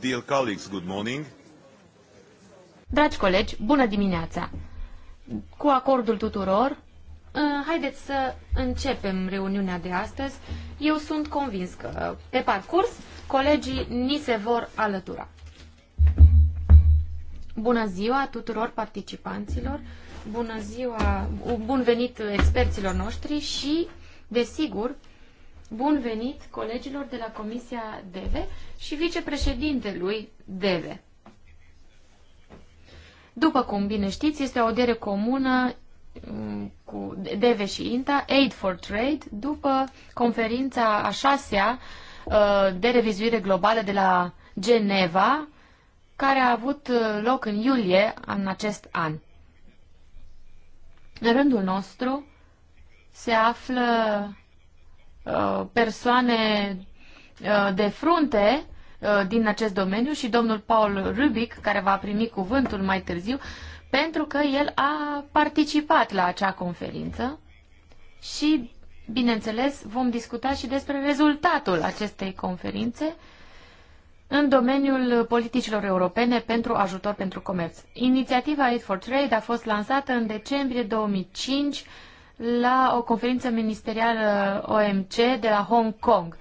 Dear colleagues, good morning. Dragi colegi, bună dimineața! Cu acordul tuturor, uh, haideți să începem reuniunea de astăzi. Eu sunt convins că pe parcurs colegii ni se vor alătura. Bună ziua tuturor participanților, bună ziua, bun venit experților noștri și, desigur, bun venit colegilor de la Comisia DEVE și vicepreședintelui DEVE. După cum bine știți, este o audiere comună mm, cu DEVE și INTA, Aid for Trade, după conferința a șasea uh, de revizuire globală de la Geneva, care a avut uh, loc în iulie în acest an. În rândul nostru se află Uh, persoane uh, de frunte uh, din acest domeniu și domnul Paul Rubic, care va primi cuvântul mai târziu, pentru că el a participat la acea conferință și, bineînțeles, vom discuta și despre rezultatul acestei conferințe în domeniul politicilor europene pentru ajutor pentru comerț. Inițiativa Aid for Trade a fost lansată în decembrie 2005 la o conferință ministerială OMC de la Hong Kong.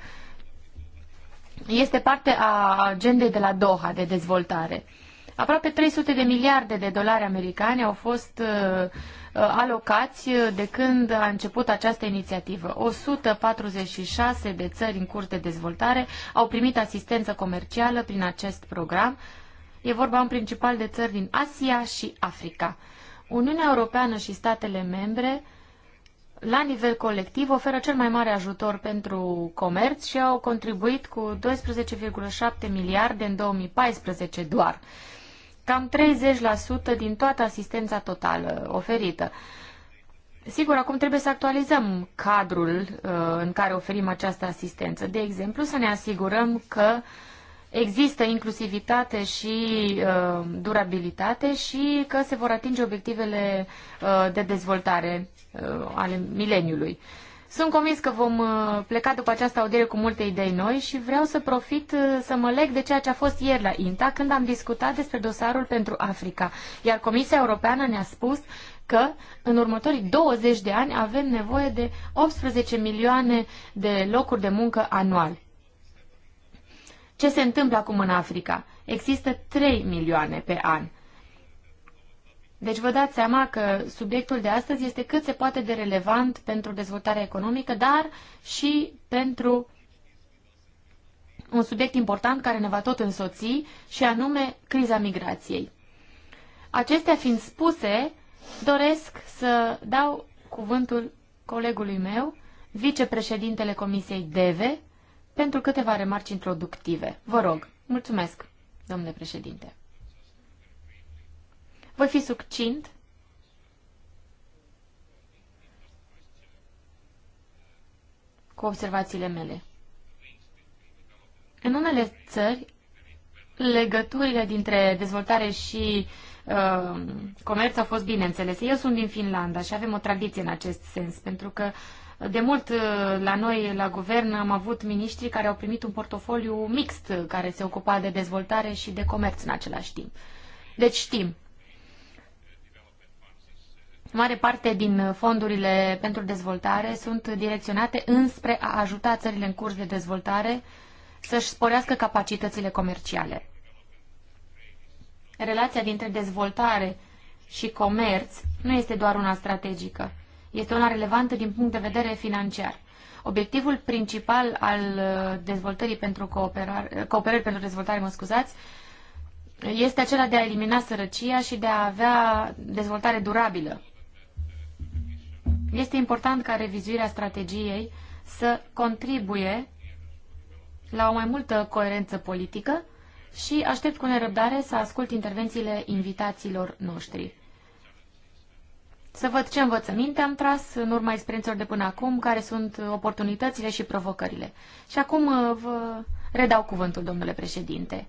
Este parte a agendei de la Doha de dezvoltare. Aproape 300 de miliarde de dolari americani au fost uh, uh alocați de când a început această inițiativă. 146 de țări în curs de dezvoltare au primit asistență comercială prin acest program. E vorba în principal de țări din Asia și Africa. Uniunea Europeană și statele membre la nivel colectiv, oferă cel mai mare ajutor pentru comerț și au contribuit cu 12,7 miliarde în 2014 doar. Cam 30% din toată asistența totală oferită. Sigur, acum trebuie să actualizăm cadrul uh, în care oferim această asistență. De exemplu, să ne asigurăm că uh, există inclusivitate și uh, durabilitate și că se vor atinge obiectivele uh, de dezvoltare uh, ale mileniului. Sunt convins că vom uh, pleca după această audiere cu multe idei noi și vreau să profit uh, să mă leg de ceea ce a fost ieri la INTA când am discutat despre dosarul pentru Africa. Iar Comisia Europeană ne-a spus că în următorii 20 de ani avem nevoie de 18 milioane de locuri de muncă anual. Ce se întâmplă acum în Africa? Există 3 milioane pe an. Deci vă dați seama că subiectul de astăzi este cât se poate de relevant pentru dezvoltarea economică, dar și pentru un subiect important care ne va tot însoți și anume criza migrației. Acestea fiind spuse, doresc să dau cuvântul colegului meu, vicepreședintele Comisiei DEVE, pentru câteva remarci introductive. Vă rog, mulțumesc, domnule președinte. Voi fi succint. cu observațiile mele. În unele țări, legăturile dintre dezvoltare și uh, comerț au fost bine înțelese. Eu sunt din Finlanda și avem o tradiție în acest sens, pentru că uh, de mult uh, la noi, la guvern, am avut miniștri care au primit un portofoliu mixt, uh, care se ocupa de dezvoltare și de comerț în același timp. Deci știm. Mare parte din fondurile pentru dezvoltare sunt direcționate înspre a ajuta țările în curs de dezvoltare să-și sporească capacitățile comerciale. Relația dintre dezvoltare și comerț nu este doar una strategică este una relevantă din punct de vedere financiar. Obiectivul principal al uh, dezvoltării pentru cooperare, uh, cooperări pentru dezvoltare, mă scuzați, este acela de a elimina sărăcia și de a avea dezvoltare durabilă. Este important ca revizuirea strategiei să contribuie la o mai multă coerență politică și aștept cu nerăbdare să ascult intervențiile invitațiilor noștri să văd ce învățăminte am tras în urma experiențelor de până acum, care sunt oportunitățile și provocările. Și acum uh, vă redau cuvântul, domnule președinte.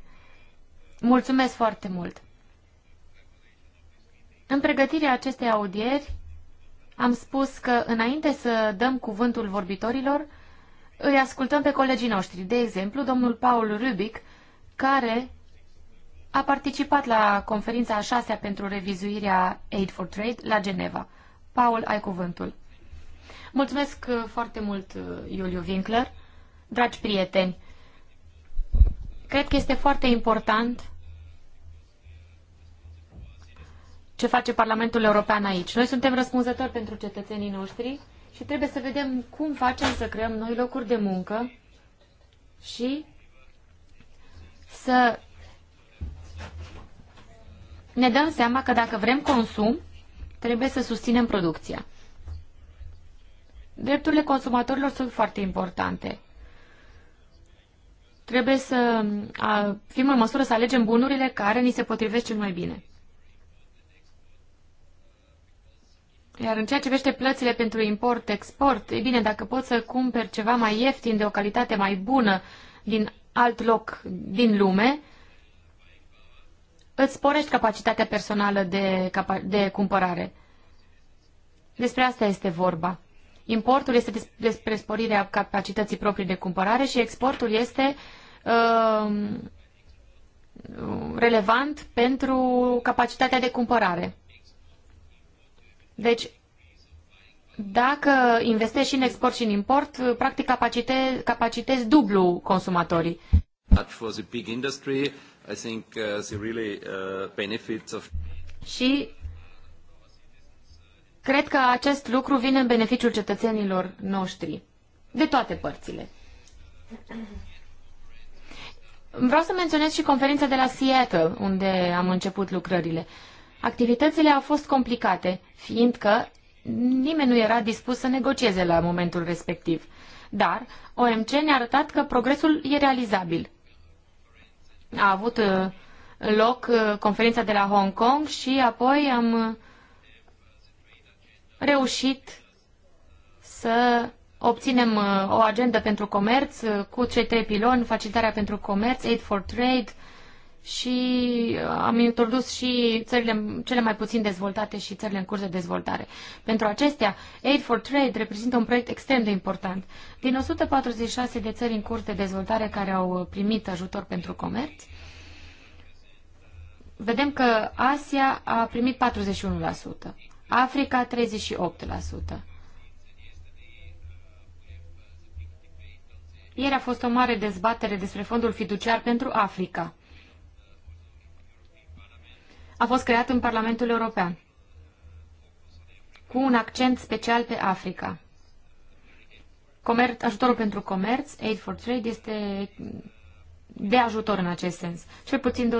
Mulțumesc foarte mult! În pregătirea acestei audieri, am spus că înainte să dăm cuvântul vorbitorilor, îi ascultăm pe colegii noștri, de exemplu, domnul Paul Rubic, care a participat la conferința a șasea pentru revizuirea Aid for Trade la Geneva. Paul, ai cuvântul. Mulțumesc uh, foarte mult, uh, Iuliu Winkler. Dragi prieteni, cred că este foarte important ce face Parlamentul European aici. Noi suntem răspunzători pentru cetățenii noștri și trebuie să vedem cum facem să creăm noi locuri de muncă și să ne dăm seama că dacă vrem consum, trebuie să susținem producția. Drepturile consumatorilor sunt foarte importante. Trebuie să fim în măsură să alegem bunurile care ni se potrivesc cel mai bine. Iar în ceea ce vește plățile pentru import-export, e bine, dacă poți să cumperi ceva mai ieftin, de o calitate mai bună din alt loc din lume, îți sporești capacitatea personală de, de cumpărare. Despre asta este vorba. Importul este despre sporirea capacității proprii de cumpărare și exportul este uh, relevant pentru capacitatea de cumpărare. Deci, dacă investești și în export și în import, practic capacite, capacitezi dublu consumatorii. I think uh, the really uh, benefits of și cred că acest lucru vine în beneficiul cetățenilor noștri de toate părțile. Vreau să menționez și conferința de la Seattle, unde am început lucrările. Activitățile au fost complicate, fiindcă nimeni nu era dispus să negocieze la momentul respectiv. Dar OMC ne-a arătat că progresul e realizabil a avut uh, loc uh, conferința de la Hong Kong și apoi am uh, reușit să obținem o agendă pentru comerț cu cei trei piloni, facilitarea pentru comerț, Aid for Trade și uh, am introdus și țările cele mai puțin dezvoltate și țările în curs de dezvoltare. Pentru acestea, Aid for Trade reprezintă un proiect extrem de important. Din 146 de țări în curs de dezvoltare care au uh, primit ajutor pentru comerț, vedem că Asia a primit 41%, Africa 38%. Ieri a fost o mare dezbatere despre fondul fiduciar pentru Africa a fost creat în Parlamentul European, cu un accent special pe Africa. Comer ajutorul pentru comerț, Aid for Trade, este de ajutor în acest sens. Cel puțin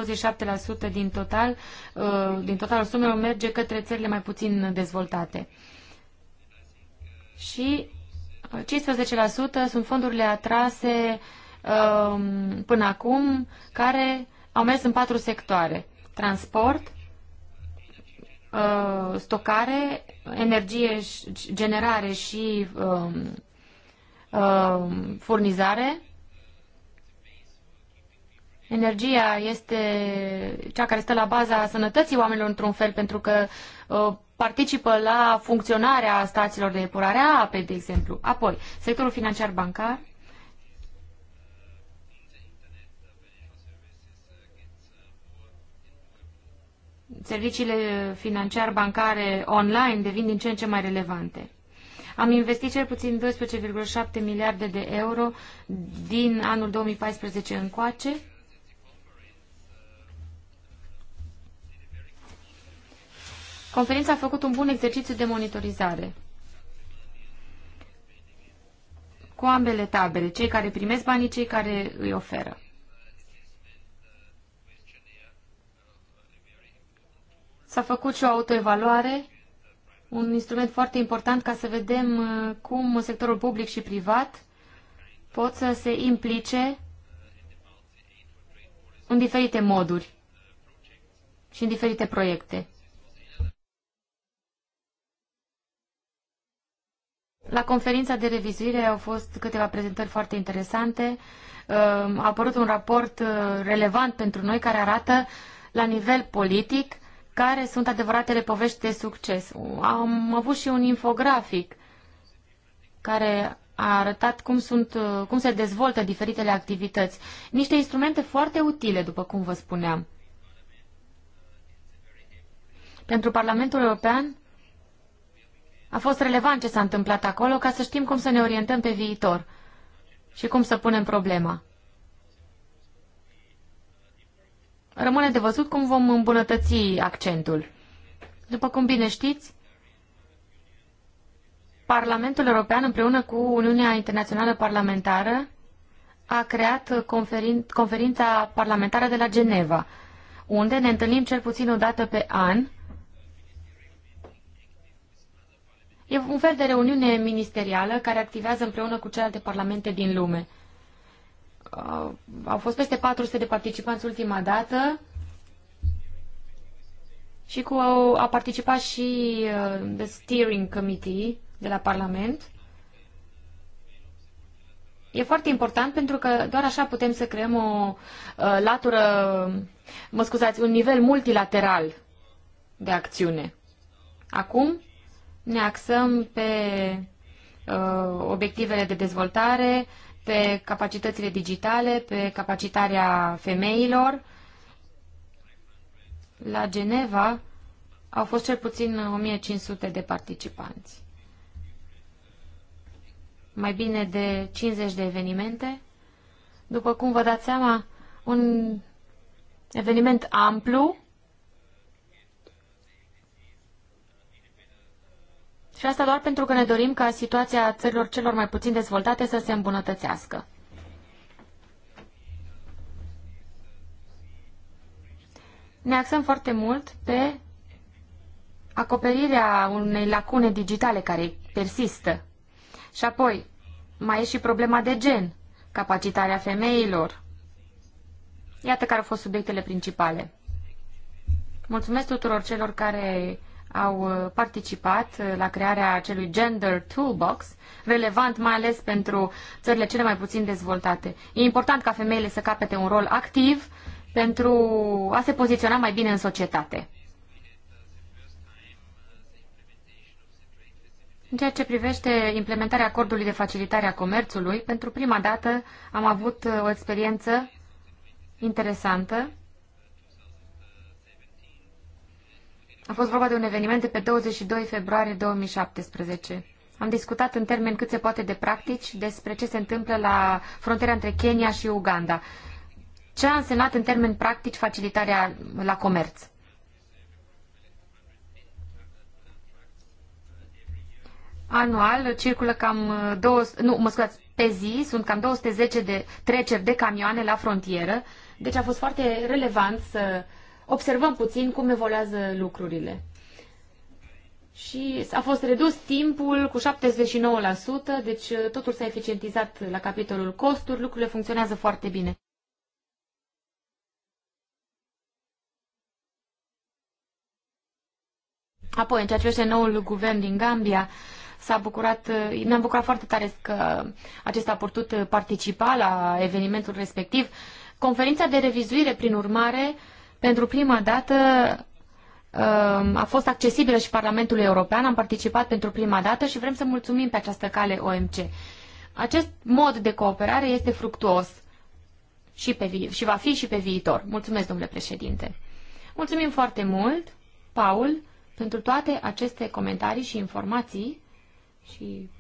27% din total, uh, din totalul sumelor merge către țările mai puțin dezvoltate. Și 15% uh, sunt fondurile atrase um, până acum, care au mers în patru sectoare transport, uh, stocare, energie, generare și um, um, furnizare. Energia este cea care stă la baza sănătății oamenilor într-un fel, pentru că uh, participă la funcționarea stațiilor de epurare a apei, de exemplu. Apoi, sectorul financiar bancar, serviciile financiar bancare online devin din ce în ce mai relevante. Am investit cel puțin 12,7 miliarde de euro din anul 2014 încoace. Conferința a făcut un bun exercițiu de monitorizare cu ambele tabere, cei care primesc banii, cei care îi oferă. S-a făcut și o autoevaluare, un instrument foarte important ca să vedem uh, cum sectorul public și privat pot să se implice în diferite moduri și în diferite proiecte. La conferința de revizuire au fost câteva prezentări foarte interesante. Uh, a apărut un raport uh, relevant pentru noi care arată la nivel politic care sunt adevăratele povești de succes. Am avut și un infografic care a arătat cum, sunt, cum se dezvoltă diferitele activități. Niște instrumente foarte utile, după cum vă spuneam. Pentru Parlamentul European a fost relevant ce s-a întâmplat acolo ca să știm cum să ne orientăm pe viitor și cum să punem problema. Rămâne de văzut cum vom îmbunătăți accentul. După cum bine știți, Parlamentul European împreună cu Uniunea Internațională Parlamentară a creat conferin, conferința parlamentară de la Geneva, unde ne întâlnim cel puțin o dată pe an. E un fel de reuniune ministerială care activează împreună cu celelalte parlamente din lume au fost peste 400 de participanți ultima dată și cu a participat și uh, The Steering Committee de la Parlament. E foarte important pentru că doar așa putem să creăm o uh, latură, mă scuzați, un nivel multilateral de acțiune. Acum ne axăm pe uh, obiectivele de dezvoltare, uh, pe capacitățile digitale, pe capacitarea femeilor. La Geneva au fost cel puțin 1500 de participanți. Mai bine de 50 de evenimente. După cum vă dați seama, un eveniment amplu Și asta doar pentru că ne dorim ca situația țărilor celor mai puțin dezvoltate să se îmbunătățească. Ne axăm foarte mult pe acoperirea unei lacune digitale care persistă. Și apoi, mai e și problema de gen, capacitarea femeilor. Iată care au fost subiectele principale. Mulțumesc tuturor celor care au uh, participat uh, la crearea acelui Gender Toolbox, relevant mai ales pentru țările cele mai puțin dezvoltate. E important ca femeile să capete un rol activ pentru a se poziționa mai bine în societate. În ceea ce privește implementarea acordului de facilitare a comerțului, pentru prima dată am avut uh, o experiență interesantă A fost vorba de un eveniment de pe 22 februarie 2017. Am discutat în termen cât se poate de practici despre ce se întâmplă la frontiera între Kenya și Uganda. Ce a însemnat în termen practic facilitarea la comerț? Anual circulă cam 200, nu, mă scuzați, pe zi sunt cam 210 de treceri de camioane la frontieră, deci a fost foarte relevant să observăm puțin cum evoluează lucrurile. Și a fost redus timpul cu 79%, deci uh, totul s-a eficientizat la capitolul costuri, lucrurile funcționează foarte bine. Apoi, în ceea ce este noul guvern din Gambia, s-a bucurat, uh, ne-am bucurat foarte tare că acesta a putut participa la evenimentul respectiv. Conferința de revizuire, prin urmare, uh, pentru prima dată um, a fost accesibilă și Parlamentului European, am participat pentru prima dată și vrem să mulțumim pe această cale OMC. Acest mod de cooperare este fructuos și, pe și va fi și pe viitor. Mulțumesc, domnule președinte. Mulțumim foarte mult, Paul, pentru toate aceste comentarii și informații și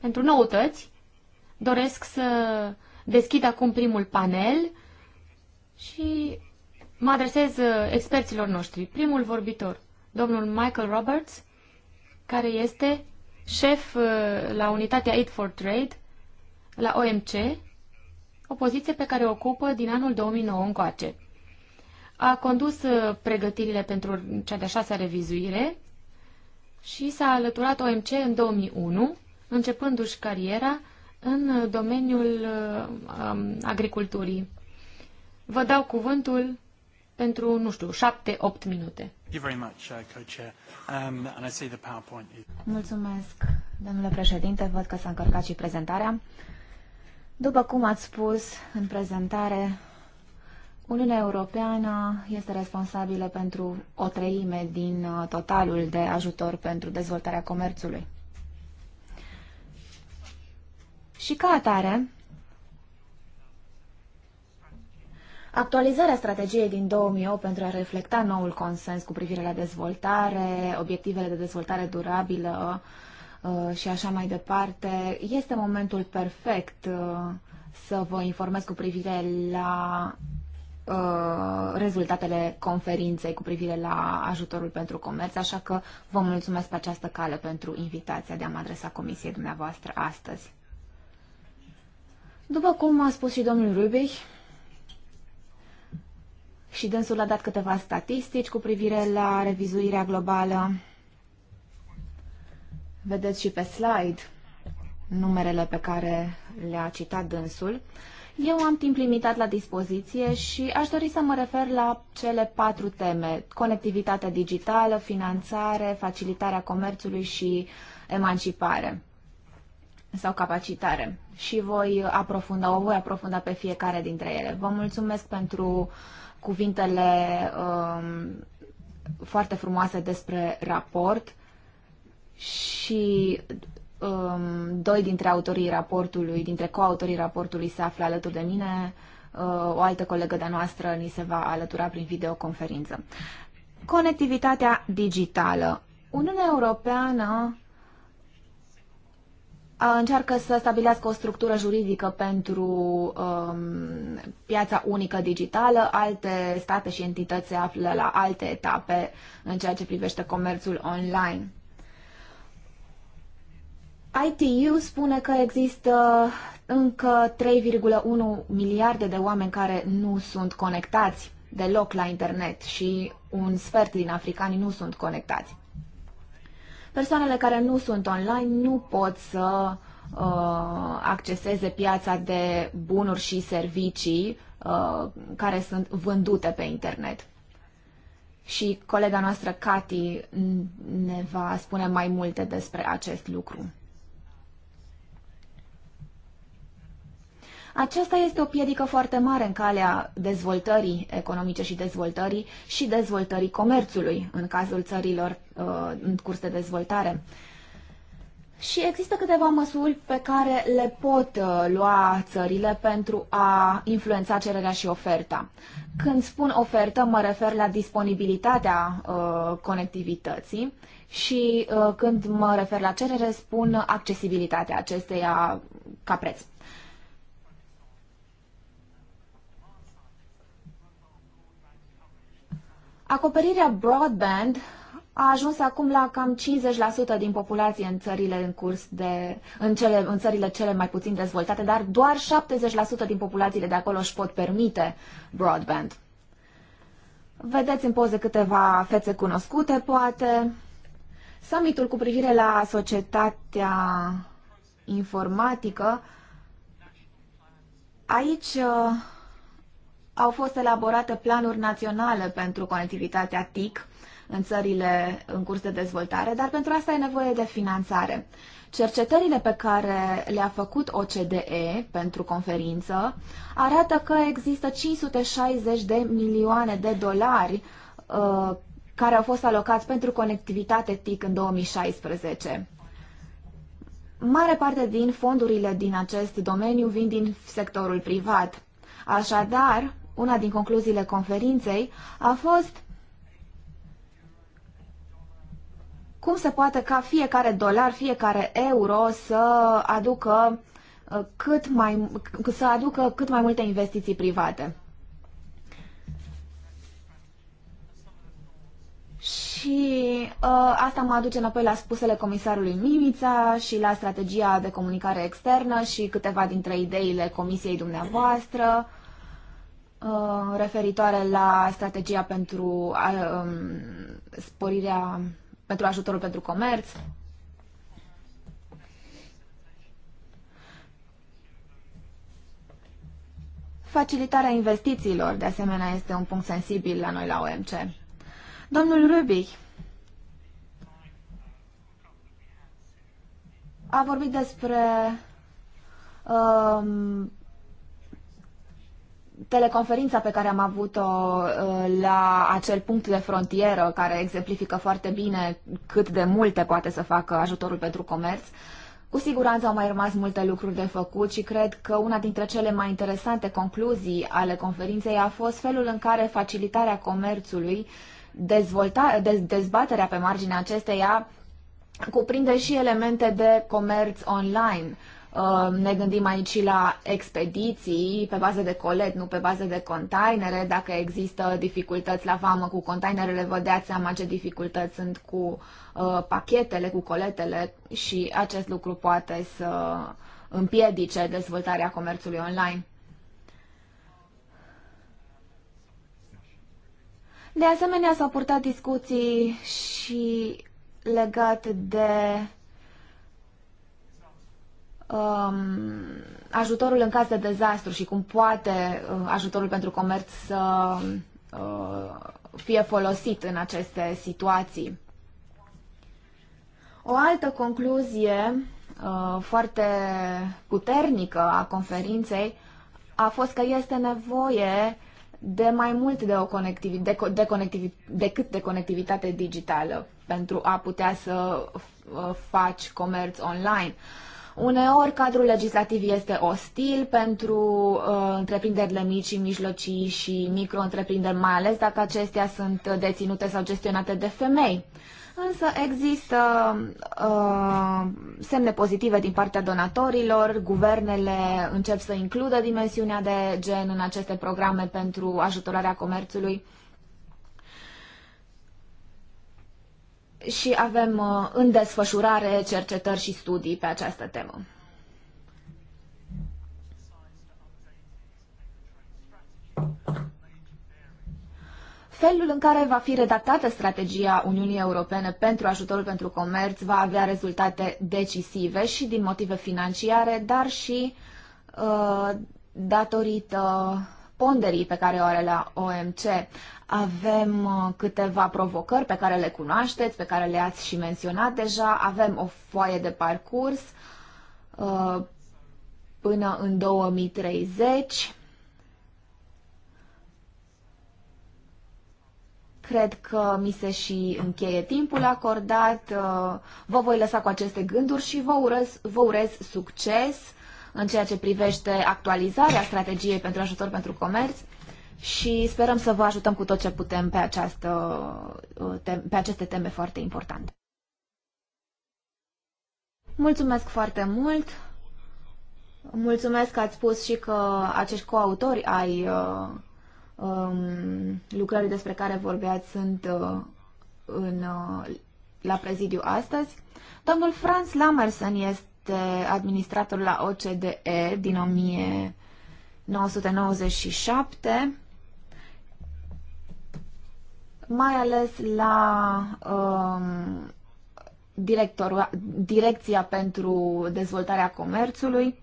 pentru noutăți. Doresc să deschid acum primul panel și mă adresez uh, experților noștri. Primul vorbitor, domnul Michael Roberts, care este șef uh, la unitatea Aid for Trade la OMC, o poziție pe care o ocupă din anul 2009 încoace. A condus uh, pregătirile pentru cea de-a șasea revizuire și s-a alăturat OMC în 2001, începându-și cariera în domeniul um, agriculturii. Vă dau cuvântul pentru, nu știu, 7-8 minute. Uh, um, Mulțumesc, domnule președinte. Văd că s-a încărcat și prezentarea. După cum ați spus în prezentare, Uniunea Europeană este responsabilă pentru o treime din uh, totalul de ajutor pentru dezvoltarea comerțului. Și ca atare, Actualizarea strategiei din 2008 pentru a reflecta noul consens cu privire la dezvoltare, obiectivele de dezvoltare durabilă uh, și așa mai departe, este momentul perfect uh, să vă informez cu privire la uh, rezultatele conferinței cu privire la ajutorul pentru comerț, așa că vă mulțumesc pe această cale pentru invitația de a mă adresa comisiei dumneavoastră astăzi. După cum a spus și domnul Rubich, și dânsul a dat câteva statistici cu privire la revizuirea globală. Vedeți și pe slide numerele pe care le-a citat dânsul. Eu am timp limitat la dispoziție și aș dori să mă refer la cele patru teme. Conectivitatea digitală, finanțare, facilitarea comerțului și emancipare sau capacitare și voi aprofunda, o voi aprofunda pe fiecare dintre ele. Vă mulțumesc pentru cuvintele um, foarte frumoase despre raport și um, doi dintre autorii raportului, dintre coautorii raportului se află alături de mine, uh, o altă colegă de-a noastră ni se va alătura prin videoconferință. Conectivitatea digitală. Uniunea Europeană încearcă să stabilească o structură juridică pentru um, piața unică digitală. Alte state și entități se află la alte etape în ceea ce privește comerțul online. ITU spune că există încă 3,1 miliarde de oameni care nu sunt conectați deloc la internet și un sfert din africani nu sunt conectați. Persoanele care nu sunt online nu pot să uh, acceseze piața de bunuri și servicii uh, care sunt vândute pe internet. Și colega noastră, Cati, ne va spune mai multe despre acest lucru. Aceasta este o piedică foarte mare în calea dezvoltării economice și dezvoltării și dezvoltării comerțului în cazul țărilor uh, în curs de dezvoltare. Și există câteva măsuri pe care le pot uh, lua țările pentru a influența cererea și oferta. Când spun ofertă, mă refer la disponibilitatea uh, conectivității și uh, când mă refer la cerere, spun accesibilitatea acesteia ca preț. Acoperirea broadband a ajuns acum la cam 50% din populație în țările în curs de, în, cele, în țările cele mai puțin dezvoltate, dar doar 70% din populațiile de acolo își pot permite broadband. Vedeți în poze câteva fețe cunoscute, poate. Summitul cu privire la societatea informatică. Aici uh, au fost elaborate planuri naționale pentru conectivitatea TIC în țările în curs de dezvoltare, dar pentru asta e nevoie de finanțare. Cercetările pe care le-a făcut OCDE pentru conferință arată că există 560 de milioane de dolari uh, care au fost alocați pentru conectivitate TIC în 2016. Mare parte din fondurile din acest domeniu vin din sectorul privat. Așadar, una din concluziile conferinței a fost cum se poate ca fiecare dolar, fiecare euro să aducă uh, cât mai, să aducă cât mai multe investiții private. Și uh, asta mă aduce înapoi la spusele comisarului Mimița și la strategia de comunicare externă și câteva dintre ideile comisiei dumneavoastră. Uh, Uh, referitoare la strategia pentru uh, um, sporirea, pentru ajutorul pentru comerț. Facilitarea investițiilor, de asemenea, este un punct sensibil la noi la OMC. Domnul Rubic a vorbit despre um, teleconferința pe care am avut-o uh, la acel punct de frontieră, care exemplifică foarte bine cât de multe poate să facă ajutorul pentru comerț, cu siguranță au mai rămas multe lucruri de făcut și cred că una dintre cele mai interesante concluzii ale conferinței a fost felul în care facilitarea comerțului, dezvolta, dez, dezbaterea pe marginea acesteia, cuprinde și elemente de comerț online. Uh, Um, ne gândim aici și la expediții pe bază de colet, nu pe bază de containere. Dacă există dificultăți la vamă cu containerele, vă dați seama ce dificultăți sunt cu uh, pachetele, cu coletele și acest lucru poate să împiedice dezvoltarea comerțului online. De asemenea, s-au purtat discuții și legat de um, ajutorul în caz de dezastru și cum poate uh, ajutorul pentru comerț să uh, fie folosit în aceste situații. O altă concluzie uh, foarte puternică a conferinței a fost că este nevoie de mai mult de o conectiv, de, co de conectiv, decât de conectivitate digitală pentru a putea să uh, faci comerț online. Uh, Uneori cadrul legislativ este ostil pentru uh, întreprinderile mici și mijlocii și micro-întreprinderi, mai ales dacă acestea sunt deținute sau gestionate de femei. Însă există uh, semne pozitive din partea donatorilor, guvernele încep să includă dimensiunea de gen în aceste programe pentru ajutorarea comerțului. Uh, și avem uh, în desfășurare cercetări și studii pe această temă. Felul în care va fi redactată strategia Uniunii Europene pentru ajutorul pentru comerț va avea rezultate decisive și din motive financiare, dar și uh, datorită ponderii pe care o are la OMC. Avem uh, câteva provocări pe care le cunoașteți, pe care le-ați și menționat deja. Avem o foaie de parcurs uh, până în 2030. Cred că mi se și încheie timpul acordat. Uh, vă voi lăsa cu aceste gânduri și vă urez, vă urez succes în ceea ce privește actualizarea strategiei pentru ajutor pentru comerț și sperăm să vă ajutăm cu tot ce putem pe, această, uh, pe aceste teme foarte importante. Mulțumesc foarte mult! Mulțumesc că ați spus și că acești coautori ai uh, um, lucrării despre care vorbeați sunt uh, în, uh, la prezidiu astăzi. Domnul Franz Lammersen este administrator la OCDE din 1997 mai ales la um, director, Direcția pentru Dezvoltarea Comerțului,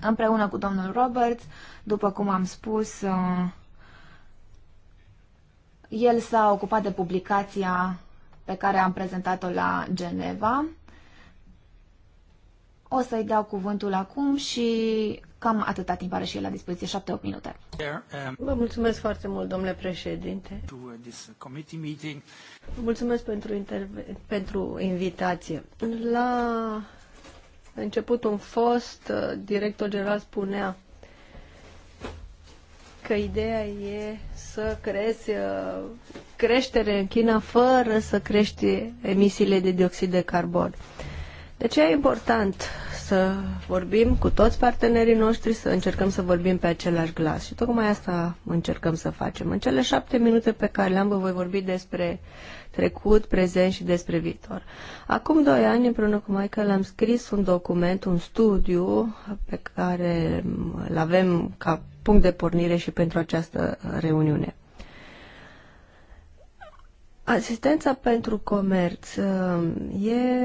împreună cu domnul Roberts. După cum am spus, uh, el s-a ocupat de publicația pe care am prezentat-o la Geneva o să-i dau cuvântul acum și cam atâta timp are și el la dispoziție, 7 8 minute. Vă mulțumesc foarte mult, domnule președinte. Uh, Vă mulțumesc pentru, interve- pentru invitație. La început un fost uh, director general spunea că ideea e să crezi uh, creștere în China fără să crești emisiile de dioxid de carbon. De ce e important să vorbim cu toți partenerii noștri, să încercăm să vorbim pe același glas. Și tocmai asta încercăm să facem. În cele șapte minute pe care le-am, vă voi vorbi despre trecut, prezent și despre viitor. Acum doi ani, împreună cu Michael, am scris un document, un studiu pe care îl avem ca punct de pornire și pentru această reuniune. Asistența pentru comerț uh, e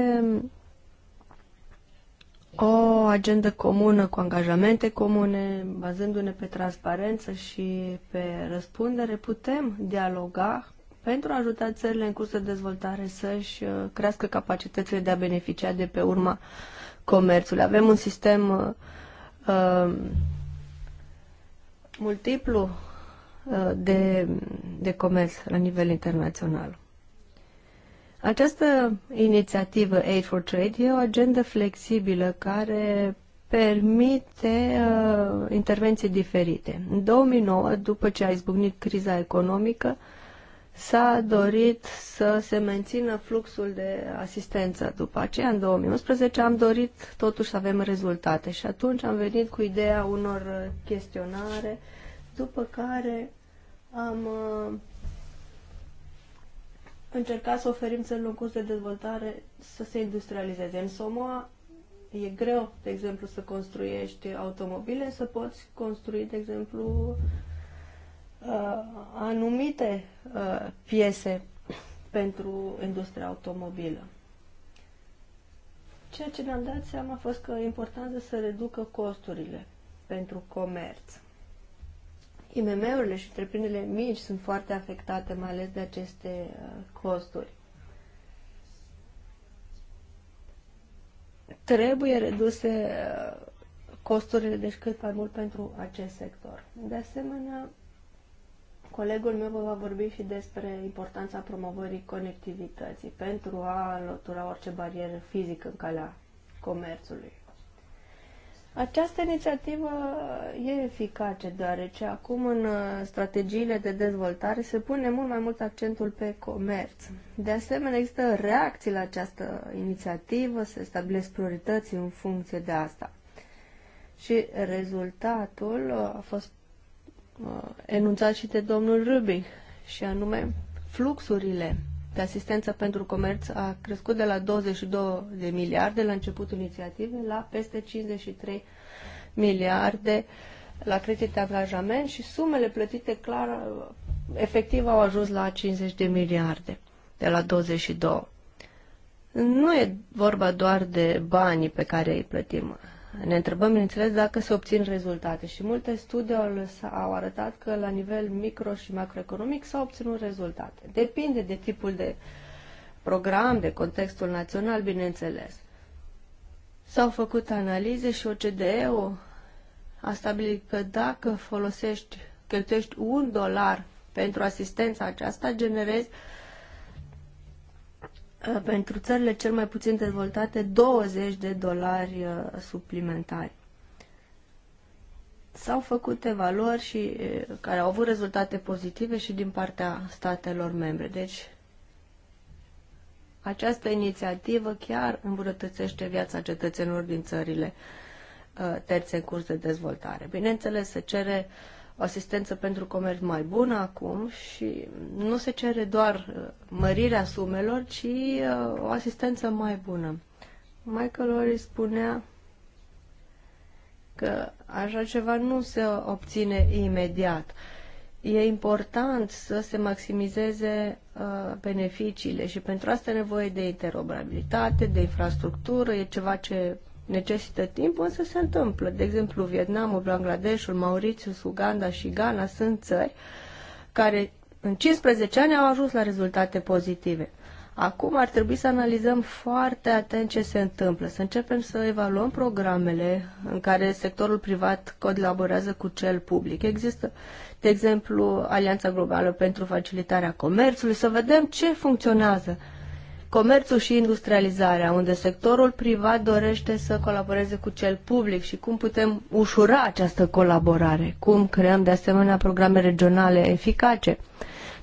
o agendă comună cu angajamente comune, bazându-ne pe transparență și pe răspundere, putem dialoga pentru a ajuta țările în curs de dezvoltare să-și uh, crească capacitățile de a beneficia de pe urma comerțului. Avem un sistem uh, uh multiplu uh, de, de comerț la nivel internațional. Această inițiativă Aid for Trade e o agendă flexibilă care permite uh, intervenții diferite. În 2009, după ce a izbucnit criza economică, s-a dorit să se mențină fluxul de asistență. După aceea, în 2011, am dorit totuși să avem rezultate și atunci am venit cu ideea unor chestionare, după care am uh, încerca să oferim țărilor un curs de dezvoltare să se industrializeze. În Somoa e greu, de exemplu, să construiești automobile, să poți construi, de exemplu, uh, anumite uh, piese pentru industria automobilă. Ceea ce ne-am dat seama a fost că e important să reducă costurile pentru comerț. IMM-urile și întreprinderile mici sunt foarte afectate, mai ales de aceste uh, costuri. Trebuie reduse uh, costurile, deci cât mai mult pentru acest sector. De asemenea, colegul meu va vorbi și despre importanța promovării conectivității pentru a înlătura orice barieră fizică în calea comerțului. Această inițiativă e eficace, deoarece acum în uh, strategiile de dezvoltare se pune mult mai mult accentul pe comerț. De asemenea, există reacții la această inițiativă, se stabilesc priorități în funcție de asta. Și rezultatul uh, a fost uh, enunțat și de domnul Rubin, și anume fluxurile de asistență pentru comerț a crescut de la 22 de miliarde la începutul inițiativei la peste 53 miliarde la credit de angajament și sumele plătite clar efectiv au ajuns la 50 de miliarde de la 22. Nu e vorba doar de banii pe care îi plătim ne întrebăm, bineînțeles, dacă se obțin rezultate. Și multe studii au arătat că la nivel micro și macroeconomic s-au obținut rezultate. Depinde de tipul de program, de contextul național, bineînțeles. S-au făcut analize și OCDE-ul a stabilit că dacă folosești, cheltuiești un dolar pentru asistența aceasta, generezi Uh, pentru țările cel mai puțin dezvoltate 20 de dolari uh, suplimentari. S-au făcut evaluări și, uh, care au avut rezultate pozitive și din partea statelor membre. Deci, această inițiativă chiar îmbunătățește viața cetățenilor din țările terțe în curs de dezvoltare. Bineînțeles, se cere uh, asistență pentru comerț mai bună acum și nu se cere doar uh, mărirea sumelor, ci uh, o asistență mai bună. Michael Ori spunea că așa ceva nu se obține imediat. E important să se maximizeze uh, beneficiile și pentru asta e nevoie de interoperabilitate, de infrastructură, e ceva ce necesită timp, însă se întâmplă. De exemplu, Vietnamul, Bangladeshul, Mauritius, Uganda și Ghana sunt țări care în 15 ani au ajuns la rezultate pozitive. Acum ar trebui să analizăm foarte atent ce se întâmplă, să începem să evaluăm programele în care sectorul privat colaborează cu cel public. Există, de exemplu, Alianța Globală pentru Facilitarea Comerțului, să vedem ce funcționează comerțul și industrializarea, unde sectorul privat dorește să colaboreze cu cel public și cum putem ușura această colaborare, cum creăm de asemenea programe regionale eficace.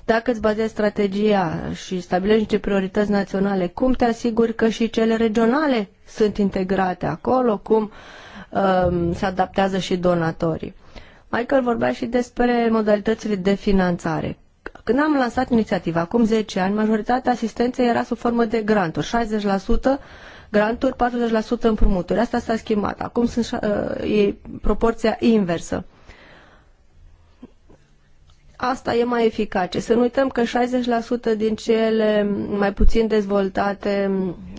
Dacă îți bazezi strategia și stabilești niște priorități naționale, cum te asiguri că și cele regionale sunt integrate acolo, cum um, se adaptează și donatorii? Michael vorbea și despre modalitățile de finanțare. Când am lansat inițiativa, acum 10 ani, majoritatea asistenței era sub formă de granturi, 60% granturi, 40% împrumuturi. Asta s-a schimbat. Acum sunt, ă, e proporția inversă. Asta e mai eficace. Să nu uităm că 60% din cele mai puțin dezvoltate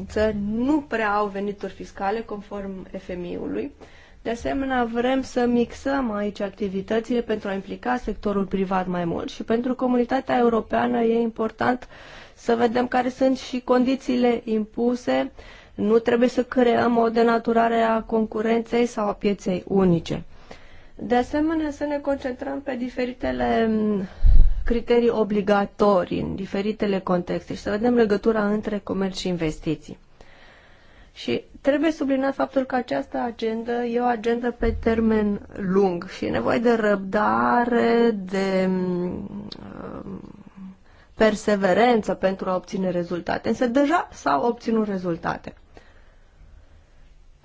țări nu prea au venituri fiscale conform FMI-ului. Uh, de asemenea, vrem să mixăm aici activitățile pentru a implica sectorul privat mai mult și pentru comunitatea europeană e important să vedem care sunt și condițiile impuse. Nu trebuie să creăm o denaturare a concurenței sau a pieței unice. De asemenea, să ne concentrăm pe diferitele mm, criterii obligatorii în diferitele contexte și să vedem legătura între comerț și investiții. Și trebuie subliniat faptul că această agendă e o agendă pe termen lung și e nevoie de răbdare, de um, perseverență pentru a obține rezultate. Însă deja s-au obținut rezultate.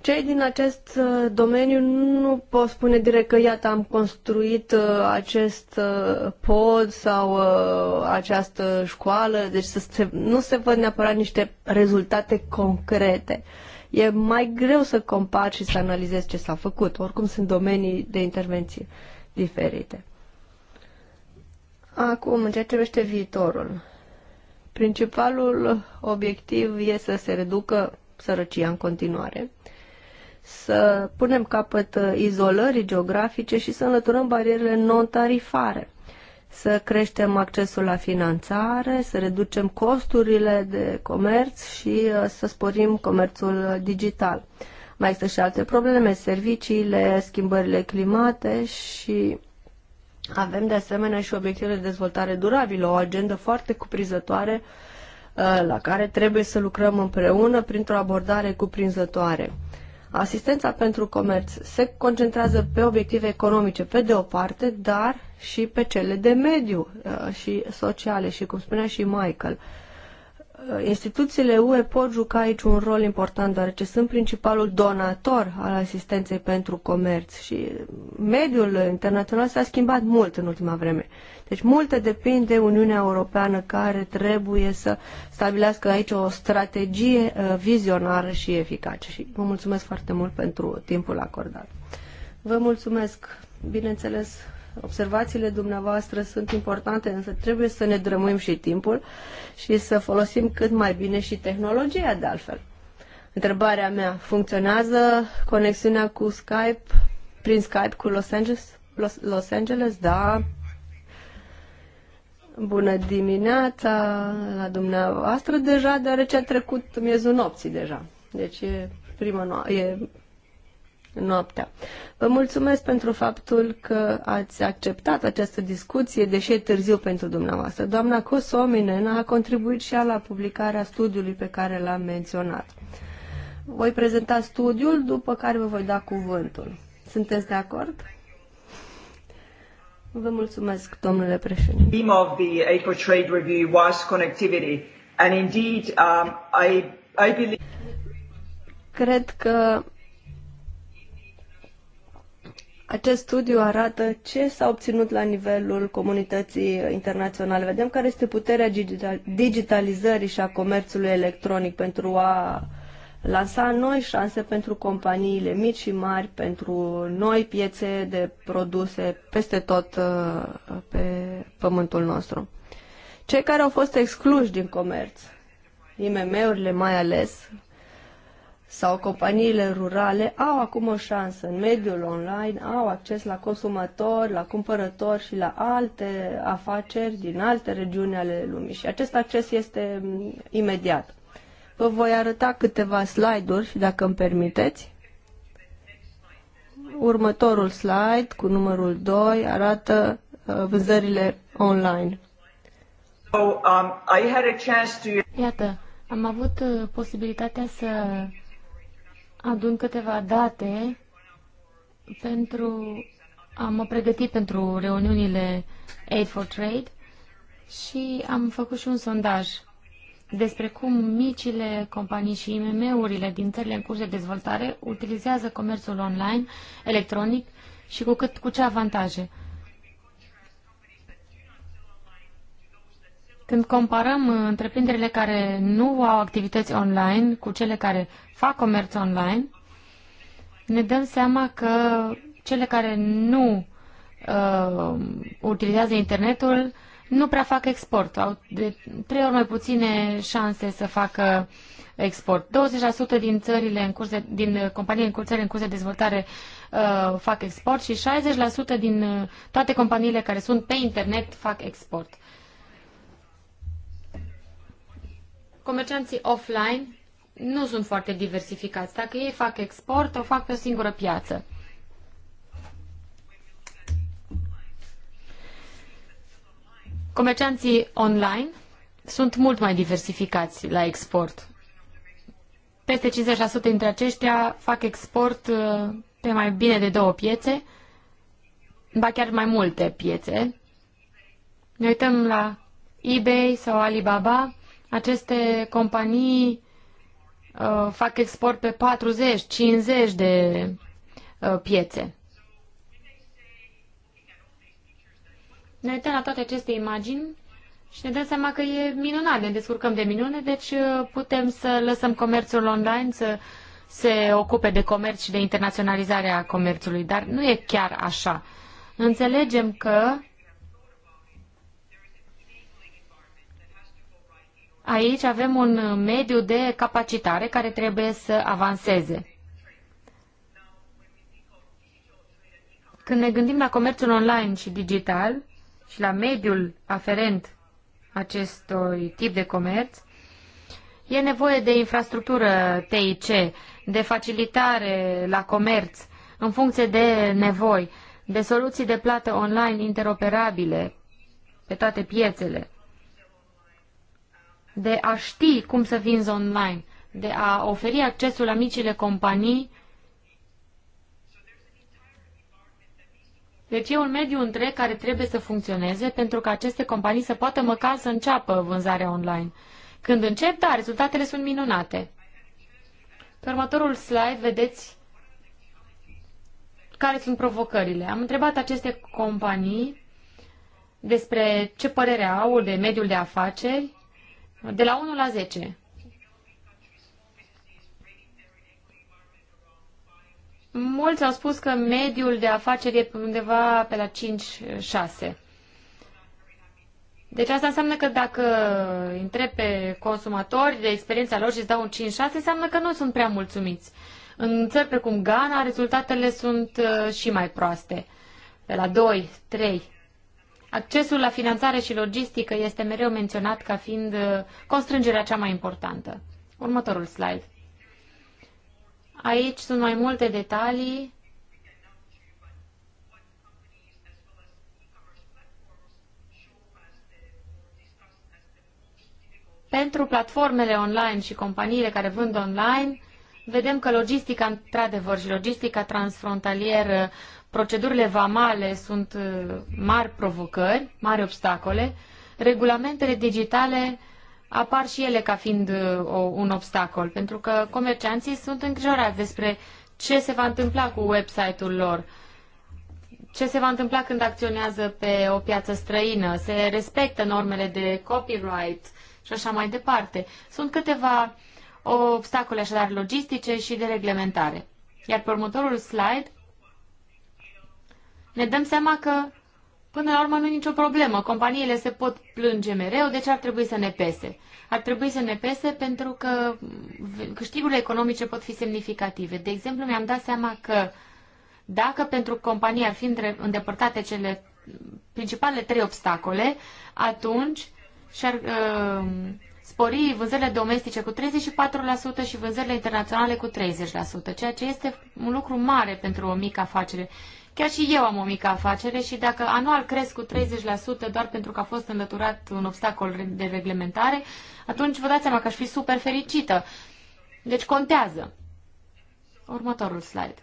Cei din acest uh, domeniu nu pot spune direct că iată am construit uh, acest uh, pod sau această școală, deci să se, nu se văd neapărat niște rezultate concrete. E mai greu să compari și să analizezi ce s-a făcut. Oricum sunt domenii de intervenție diferite. Acum, în ceea ce privește viitorul, principalul obiectiv e să se reducă sărăcia în continuare să punem capăt uh, izolării geografice și să înlăturăm barierele non-tarifare, să creștem accesul la finanțare, să reducem costurile de comerț și uh, să sporim comerțul digital. Mai există și alte probleme, serviciile, schimbările climate și avem de asemenea și obiectivele de dezvoltare durabilă, o agendă foarte cuprinzătoare uh, la care trebuie să lucrăm împreună printr-o abordare cuprinzătoare. Asistența pentru comerț se concentrează pe obiective economice, pe de o parte, dar și pe cele de mediu uh, și sociale și, cum spunea și Michael, uh, Uh, instituțiile UE pot juca aici un rol important, deoarece sunt principalul donator al asistenței pentru comerț și mediul internațional s-a schimbat mult în ultima vreme. Deci multe depind de Uniunea Europeană care trebuie să stabilească aici o strategie uh, vizionară și eficace. Și vă mulțumesc foarte mult pentru timpul acordat. Vă mulțumesc, bineînțeles, Observațiile dumneavoastră sunt importante, însă trebuie să ne drămâim și timpul și să folosim cât mai bine și tehnologia de altfel. Întrebarea mea, funcționează conexiunea cu Skype, prin Skype cu Los Angeles? Los, Los Angeles, da. Bună dimineața la dumneavoastră deja, deoarece a trecut miezul nopții deja. Deci e prima no- e noaptea. Vă mulțumesc pentru faptul că ați acceptat această discuție, deși e târziu pentru dumneavoastră. Doamna Cosominen a contribuit și ea la publicarea studiului pe care l-am menționat. Voi prezenta studiul, după care vă voi da cuvântul. Sunteți de acord? Vă mulțumesc, domnule președinte. The of the April Trade Review was connectivity and indeed um, I, I believe Cred că acest studiu arată ce s-a obținut la nivelul comunității internaționale. Vedem care este puterea digitalizării și a comerțului electronic pentru a lansa noi șanse pentru companiile mici și mari, pentru noi piețe de produse peste tot uh, pe pământul nostru. Cei care au fost excluși din comerț, IMM-urile mai ales, sau companiile rurale au acum o șansă în mediul online, au acces la consumatori, la cumpărători și la alte afaceri din alte regiuni ale lumii. Și acest acces este mm, imediat. Vă voi arăta câteva slide-uri și dacă îmi permiteți. Următorul slide cu numărul 2 arată uh, vânzările online. Um, Iată, am avut uh, posibilitatea să adun câteva date pentru a mă pregăti pentru reuniunile Aid for Trade și am făcut și un sondaj despre cum micile companii și IMM-urile din țările în curs de dezvoltare utilizează comerțul online, electronic și cu cât cu ce avantaje. Când comparăm uh, întreprinderile care nu au activități online cu cele care fac comerț online, ne dăm seama că cele care nu uh, utilizează internetul nu prea fac export. Au de trei ori mai puține șanse să facă export. 20% din țările în curs de, din uh, companii în curs, în curs de dezvoltare uh, fac export și 60% din uh, toate companiile care sunt pe internet fac export. comercianții offline nu sunt foarte diversificați. Dacă ei fac export, o fac pe o singură piață. Comercianții online sunt mult mai diversificați la export. Peste 50% dintre aceștia fac export uh, pe mai bine de două piețe, ba chiar mai multe piețe. Ne uităm la eBay sau Alibaba, aceste companii uh, fac export pe 40-50 de uh, piețe. Ne uităm la toate aceste imagini și ne dăm seama că e minunat, ne descurcăm de minune, deci uh, putem să lăsăm comerțul online să se ocupe de comerț și de internaționalizarea comerțului, dar nu e chiar așa. Înțelegem că Aici avem un uh, mediu de capacitare care trebuie să avanseze. Când ne gândim la comerțul online și digital și la mediul aferent acestui tip de comerț, e nevoie de infrastructură TIC, de facilitare la comerț în funcție de nevoi, de soluții de plată online interoperabile pe toate piețele de a ști cum să vinzi online, de a oferi accesul la micile companii. Deci e un mediu întreg care trebuie să funcționeze pentru că aceste companii să poată măcar să înceapă vânzarea online. Când încep, da, rezultatele sunt minunate. Pe următorul slide vedeți care sunt provocările. Am întrebat aceste companii despre ce părere au de mediul de afaceri de la 1 la 10. Mulți au spus că mediul de afaceri e undeva pe la 5-6. Deci asta înseamnă că dacă intre pe consumatori de experiența lor și îți dau un 5-6, înseamnă că nu sunt prea mulțumiți. În țări precum Ghana, rezultatele sunt uh, și mai proaste, Pe la 2, 3. Accesul la finanțare și logistică este mereu menționat ca fiind uh, constrângerea cea mai importantă. Următorul slide. Aici sunt mai multe detalii. Pentru platformele online și companiile care vând online, vedem că logistica, într-adevăr, și logistica transfrontalieră Procedurile vamale sunt uh, mari provocări, mari obstacole. Regulamentele digitale apar și ele ca fiind uh, un obstacol, pentru că comercianții sunt îngrijorați despre ce se va întâmpla cu website-ul lor, ce se va întâmpla când acționează pe o piață străină, se respectă normele de copyright și așa mai departe. Sunt câteva obstacole așadar logistice și de reglementare. Iar pe următorul slide ne dăm seama că până la urmă nu e nicio problemă. Companiile se pot plânge mereu, deci ar trebui să ne pese. Ar trebui să ne pese pentru că câștigurile economice pot fi semnificative. De exemplu, mi-am dat seama că dacă pentru companie ar fi îndepărtate cele principalele trei obstacole, atunci și-ar uh, spori vânzările domestice cu 34% și vânzările internaționale cu 30%, ceea ce este un lucru mare pentru o mică afacere. Chiar și eu am o mică afacere și dacă anual cresc cu 30% doar pentru că a fost înlăturat un obstacol de reglementare, atunci vă dați seama că aș fi super fericită. Deci contează. Următorul slide.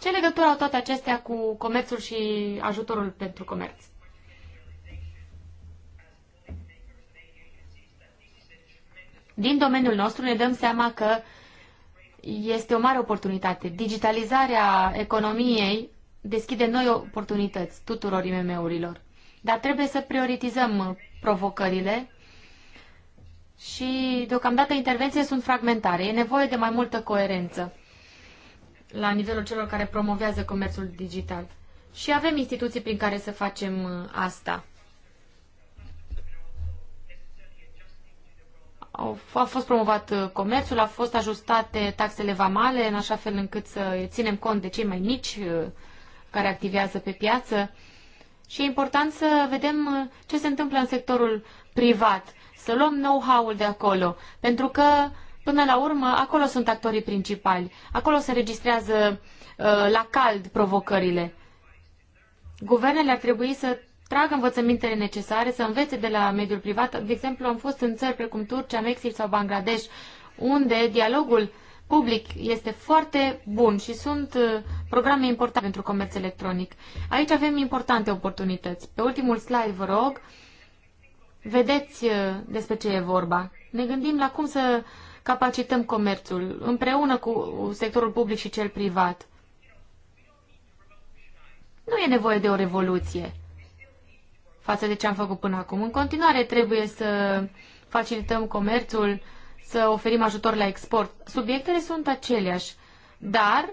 Ce legătură au toate acestea cu comerțul și ajutorul pentru comerț? Din domeniul nostru ne dăm seama că este o mare oportunitate. Digitalizarea economiei deschide noi oportunități tuturor IMM-urilor. Dar trebuie să prioritizăm provocările și deocamdată intervențiile sunt fragmentare. E nevoie de mai multă coerență la nivelul celor care promovează comerțul digital. Și avem instituții prin care să facem uh, asta. a fost promovat uh, comerțul, au fost ajustate taxele vamale în așa fel încât să ținem cont de cei mai mici uh, care activează pe piață. Și e important să vedem uh, ce se întâmplă în sectorul privat, să luăm know-how-ul de acolo, pentru că, până la urmă, acolo sunt actorii principali, acolo se registrează la cald provocările. Guvernele ar trebui să tragă învățămintele necesare, să învețe de la mediul privat. De exemplu, am fost în țări precum Turcia, Mexic sau Bangladesh, unde dialogul public este foarte bun și sunt uh, programe importante pentru comerț electronic. Aici avem importante oportunități. Pe ultimul slide, vă rog, vedeți uh, despre ce e vorba. Ne gândim la cum să capacităm comerțul împreună cu sectorul public și cel privat. Nu e nevoie de o revoluție față de ce am făcut până acum. În continuare trebuie să facilităm comerțul, să oferim ajutor la export. Subiectele sunt aceleași, dar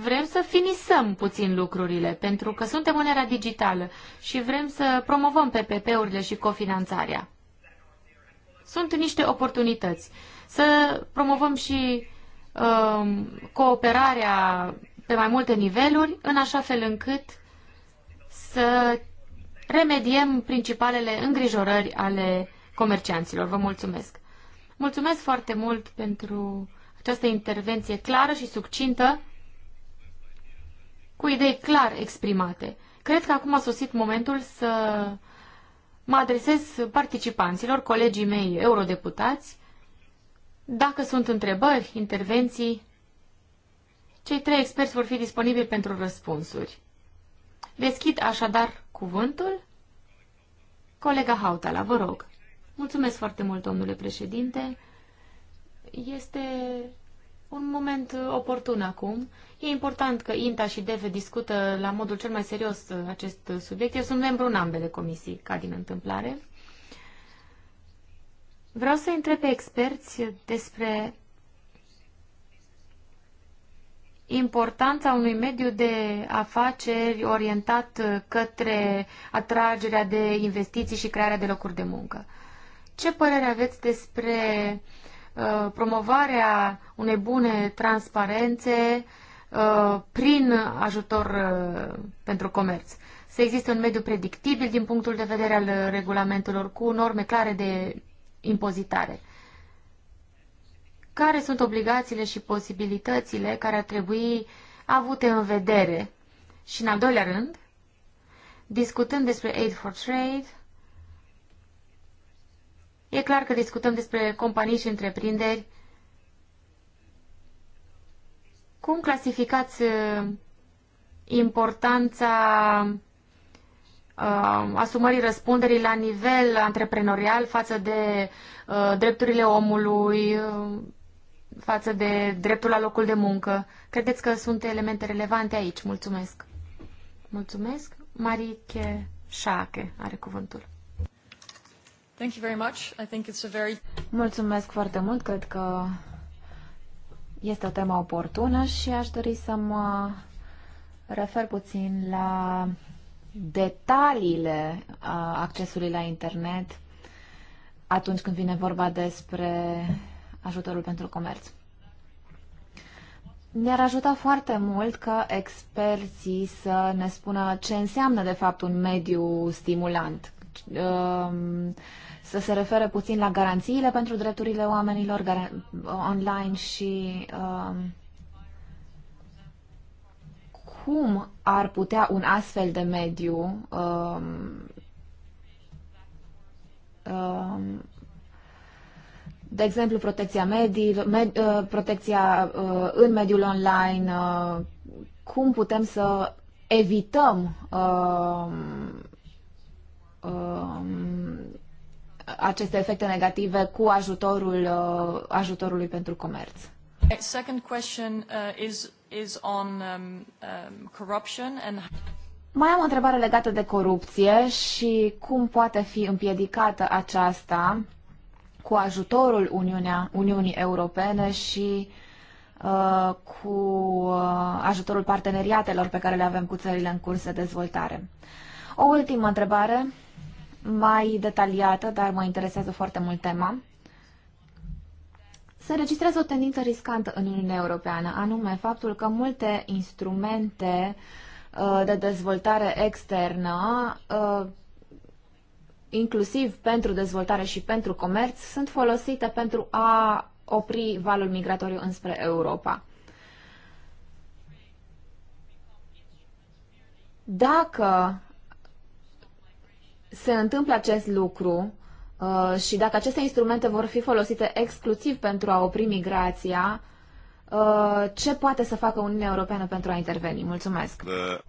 vrem să finisăm puțin lucrurile, pentru că suntem în era digitală și vrem să promovăm PPP-urile și cofinanțarea. Sunt niște oportunități. Să promovăm și um, cooperarea pe mai multe niveluri, în așa fel încât să remediem principalele îngrijorări ale comercianților. Vă mulțumesc! Mulțumesc foarte mult pentru această intervenție clară și succintă, cu idei clar exprimate. Cred că acum a sosit momentul să mă adresez participanților, colegii mei eurodeputați, dacă sunt întrebări, intervenții, cei trei experți vor fi disponibili pentru răspunsuri. Deschid așadar cuvântul. Colega Hautala, vă rog. Mulțumesc foarte mult, domnule președinte. Este un moment oportun acum. E important că INTA și DEVE discută la modul cel mai serios acest subiect. Eu sunt membru în ambele comisii, ca din întâmplare. Vreau să întreb pe experți despre importanța unui mediu de afaceri orientat uh, către atragerea de investiții și crearea de locuri de muncă. Ce părere aveți despre uh, promovarea unei bune transparențe uh, prin ajutor uh, pentru comerț? Să existe un mediu predictibil din punctul de vedere al uh, regulamentelor cu norme clare de impozitare care sunt obligațiile și posibilitățile care ar trebui avute în vedere. Și în al doilea rând, discutând despre Aid for Trade, e clar că discutăm despre companii și întreprinderi. Cum clasificați uh, importanța uh, asumării răspunderii la nivel antreprenorial față de uh, drepturile omului, uh, față de dreptul la locul de muncă. Credeți că sunt elemente relevante aici? Mulțumesc. Mulțumesc. Marike Șache are cuvântul. Thank you very much. I think it's a very... Mulțumesc foarte mult. Cred că este o temă oportună și aș dori să mă refer puțin la detaliile accesului la internet atunci când vine vorba despre ajutorul pentru comerț. Ne-ar ajuta foarte mult ca experții să ne spună ce înseamnă de fapt un mediu stimulant. Ehm, să se refere puțin la garanțiile pentru drepturile oamenilor online și ehm, cum ar putea un astfel de mediu ehm, de exemplu, protecția, medii, med, uh, protecția uh, în mediul online, uh, cum putem să evităm um, aceste efecte negative cu ajutorul ajutorului pentru comerț. Second question is is on um, um, corruption and mai am o întrebare legată de corupție și cum poate fi împiedicată aceasta cu ajutorul Uniunea, Uniunii Europene și uh, cu uh, ajutorul parteneriatelor pe care le avem cu țările în curs de dezvoltare. O ultimă întrebare, mai detaliată, dar mă interesează foarte mult tema. Se registrează o tendință riscantă în Uniunea Europeană, anume faptul că multe instrumente uh, de dezvoltare externă uh, inclusiv pentru dezvoltare și pentru comerț, sunt folosite pentru a opri valul migratoriu înspre Europa. Dacă se întâmplă acest lucru uh, și dacă aceste instrumente vor fi folosite exclusiv pentru a opri migrația, uh, ce poate să facă Uniunea Europeană pentru a interveni? Mulțumesc! The... Uh,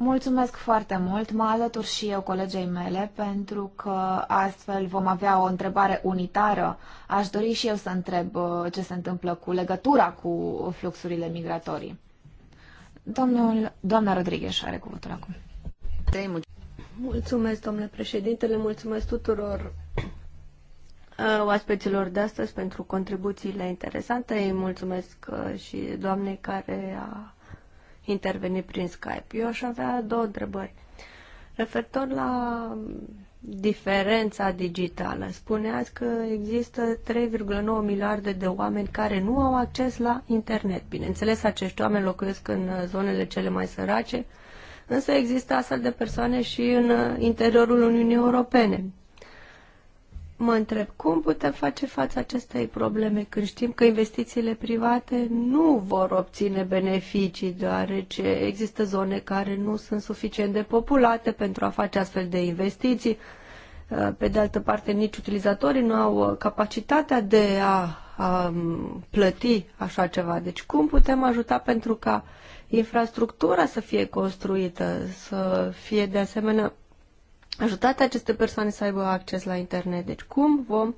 Mulțumesc foarte mult, mă alătur și eu colegei mele pentru că astfel vom avea o întrebare unitară. Aș dori și eu să întreb uh, ce se întâmplă cu legătura cu fluxurile migratorii. Domnul, doamna Rodriguez are cuvântul acum. Mulțumesc, domnule președinte, le mulțumesc tuturor uh, oaspeților de astăzi pentru contribuțiile interesante. Îi mulțumesc uh, și doamnei care a interveni prin Skype. Eu aș avea două întrebări. Referitor la diferența digitală, spuneați că există 3,9 miliarde de oameni care nu au acces la internet. Bineînțeles, acești oameni locuiesc în zonele cele mai sărace, însă există astfel de persoane și în interiorul Uniunii Europene mă întreb cum putem face față acestei probleme când știm că investițiile private nu vor obține beneficii, deoarece există zone care nu sunt suficient de populate pentru a face astfel de investiții. Uh, pe de altă parte, nici utilizatorii nu au uh, capacitatea de a, a plăti așa ceva. Deci cum putem ajuta pentru ca infrastructura să fie construită, să fie de asemenea ajutat aceste persoane să aibă acces la internet. Deci cum vom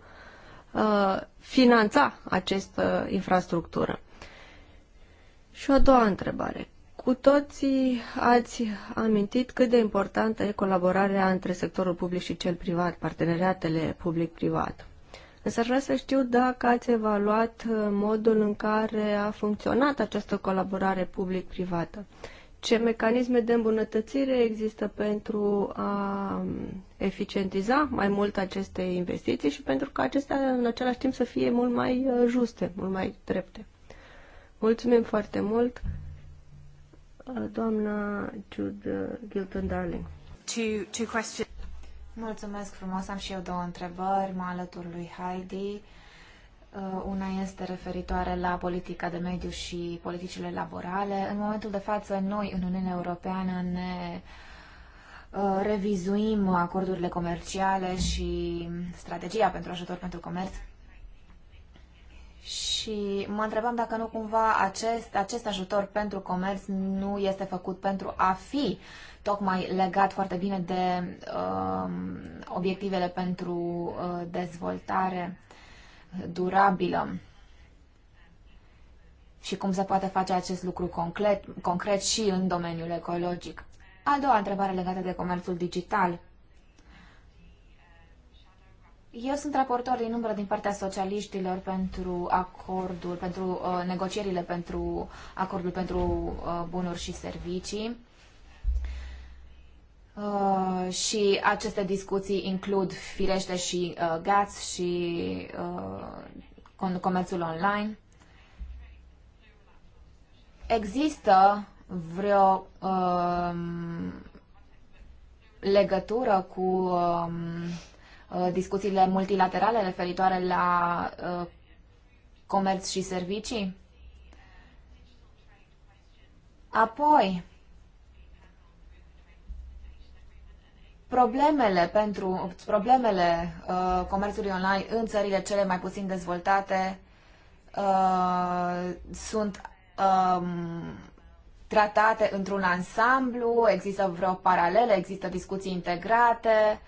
uh, finanța această infrastructură? Și o a doua întrebare. Cu toții ați amintit cât de importantă e colaborarea între sectorul public și cel privat, parteneriatele public-privat. Însă aș vrea să știu dacă ați evaluat uh, modul în care a funcționat această colaborare public-privată. Uh, ce mecanisme de îmbunătățire există pentru a um, eficientiza mai mult aceste investiții și pentru ca acestea în același timp să fie mult mai uh, juste, mult mai drepte. Mulțumim foarte mult, uh, doamna Jude uh, Gilton Darling. Mulțumesc frumos, am și eu două întrebări, mă alătur lui Heidi. Uh, una este referitoare la politica de mediu și politicile laborale. În momentul de față, noi în Uniunea Europeană ne uh, revizuim acordurile comerciale și strategia pentru ajutor pentru comerț. Și mă întrebam dacă nu cumva acest, acest ajutor pentru comerț nu este făcut pentru a fi tocmai legat foarte bine de uh, obiectivele pentru uh, dezvoltare durabilă și cum se poate face acest lucru concret, concret și în domeniul ecologic. A doua întrebare legată de comerțul digital. Eu sunt raportor din umbră din partea socialiștilor pentru acordul, pentru uh, negocierile pentru acordul pentru uh, bunuri și servicii. Uh, și aceste discuții includ firește și uh, GATS și uh, comerțul online. Există vreo uh, legătură cu um, uh, discuțiile multilaterale referitoare la uh, comerț și servicii? Apoi, problemele pentru problemele uh, comerțului online în țările cele mai puțin dezvoltate uh, sunt um, tratate într-un ansamblu, există vreo paralele? există discuții integrate.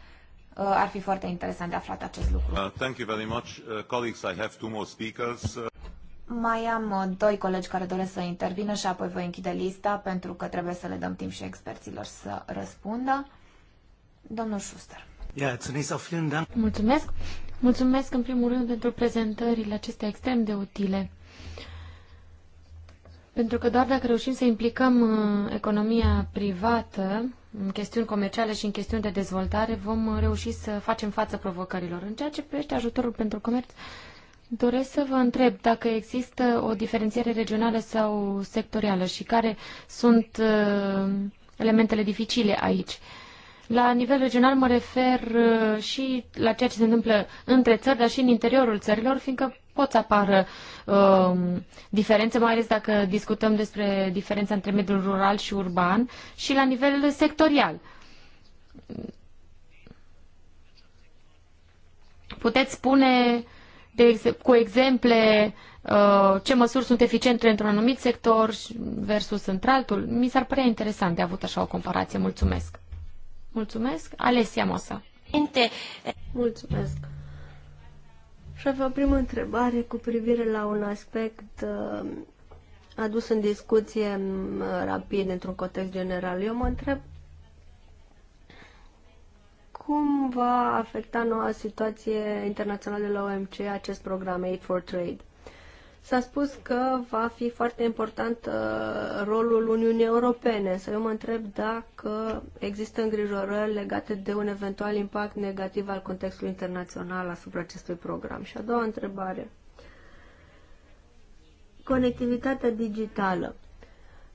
Uh, ar fi foarte interesant de aflat acest lucru. Uh, thank you very much, uh, colleagues. I have two more speakers. Uh... Mai am uh, doi colegi care doresc să intervină și apoi voi închide lista pentru că trebuie să le dăm timp și experților să răspundă. Domnul Schuster. Mulțumesc. Mulțumesc în primul rând pentru prezentările acestea extrem de utile. Pentru că doar dacă reușim să implicăm uh, economia privată în chestiuni comerciale și în chestiuni de dezvoltare, vom uh, reuși să facem față provocărilor. În ceea ce privește ajutorul pentru comerț, doresc să vă întreb dacă există o diferențiere regională sau sectorială și care sunt uh, elementele dificile aici. La nivel regional mă refer uh, și la ceea ce se întâmplă între țări, dar și în interiorul țărilor, fiindcă pot să apară uh, diferențe, mai ales dacă discutăm despre diferența între mediul rural și urban și la nivel sectorial. Puteți spune de, cu exemple uh, ce măsuri sunt eficiente într-un anumit sector versus într-altul? Mi s-ar părea interesant de avut așa o comparație. Mulțumesc! Mulțumesc. Alessia Mosa. Mulțumesc. Și avea o primă întrebare cu privire la un aspect uh, adus în discuție uh, rapid într-un context general. Eu mă întreb cum va afecta noua situație internațională la OMC acest program Aid for Trade? S-a spus că va fi foarte important uh, rolul Uniunii Europene, să eu mă întreb dacă există îngrijorări legate de un eventual impact negativ al contextului internațional asupra acestui program. Și a doua întrebare. Conectivitatea digitală.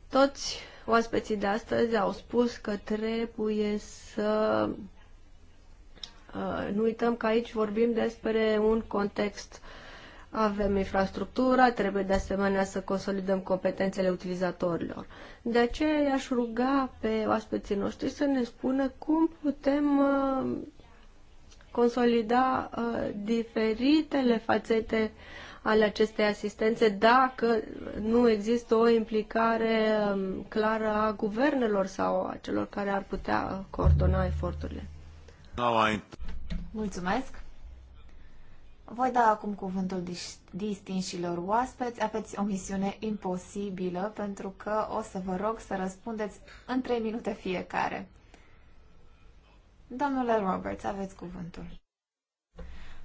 Toți oaspeții de astăzi au spus că trebuie să uh, nu uităm că aici vorbim despre un context uh, avem infrastructura, trebuie de asemenea să consolidăm competențele utilizatorilor. De aceea i-aș ruga pe oaspeții noștri să ne spună cum putem uh, consolida uh, diferitele fațete ale acestei asistențe dacă nu există o implicare um, clară a guvernelor sau a celor care ar putea coordona eforturile. Mulțumesc! Voi da acum cuvântul distinșilor oaspeți. Aveți o misiune imposibilă pentru că o să vă rog să răspundeți în 3 minute fiecare. Domnule Roberts, aveți cuvântul.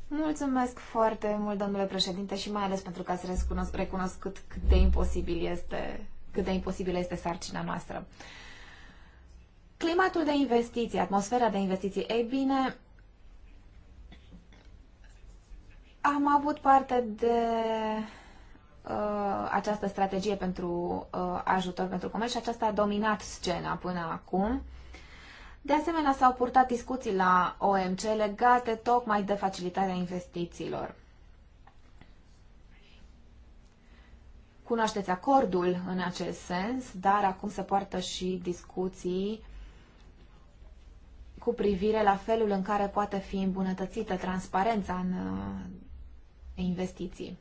Mulțumesc foarte mult, domnule președinte, și mai ales pentru că ați recunosc, recunoscut cât de imposibil este, cât de imposibilă este sarcina noastră. Climatul de investiții, atmosfera de investiții, ei bine, Am avut parte de uh, această strategie pentru uh, ajutor pentru comerț și aceasta a dominat scena până acum. De asemenea, s-au purtat discuții la OMC legate tocmai de facilitarea investițiilor. Cunoașteți acordul în acest sens, dar acum se poartă și discuții cu privire la felul în care poate fi îmbunătățită transparența în uh, investiții.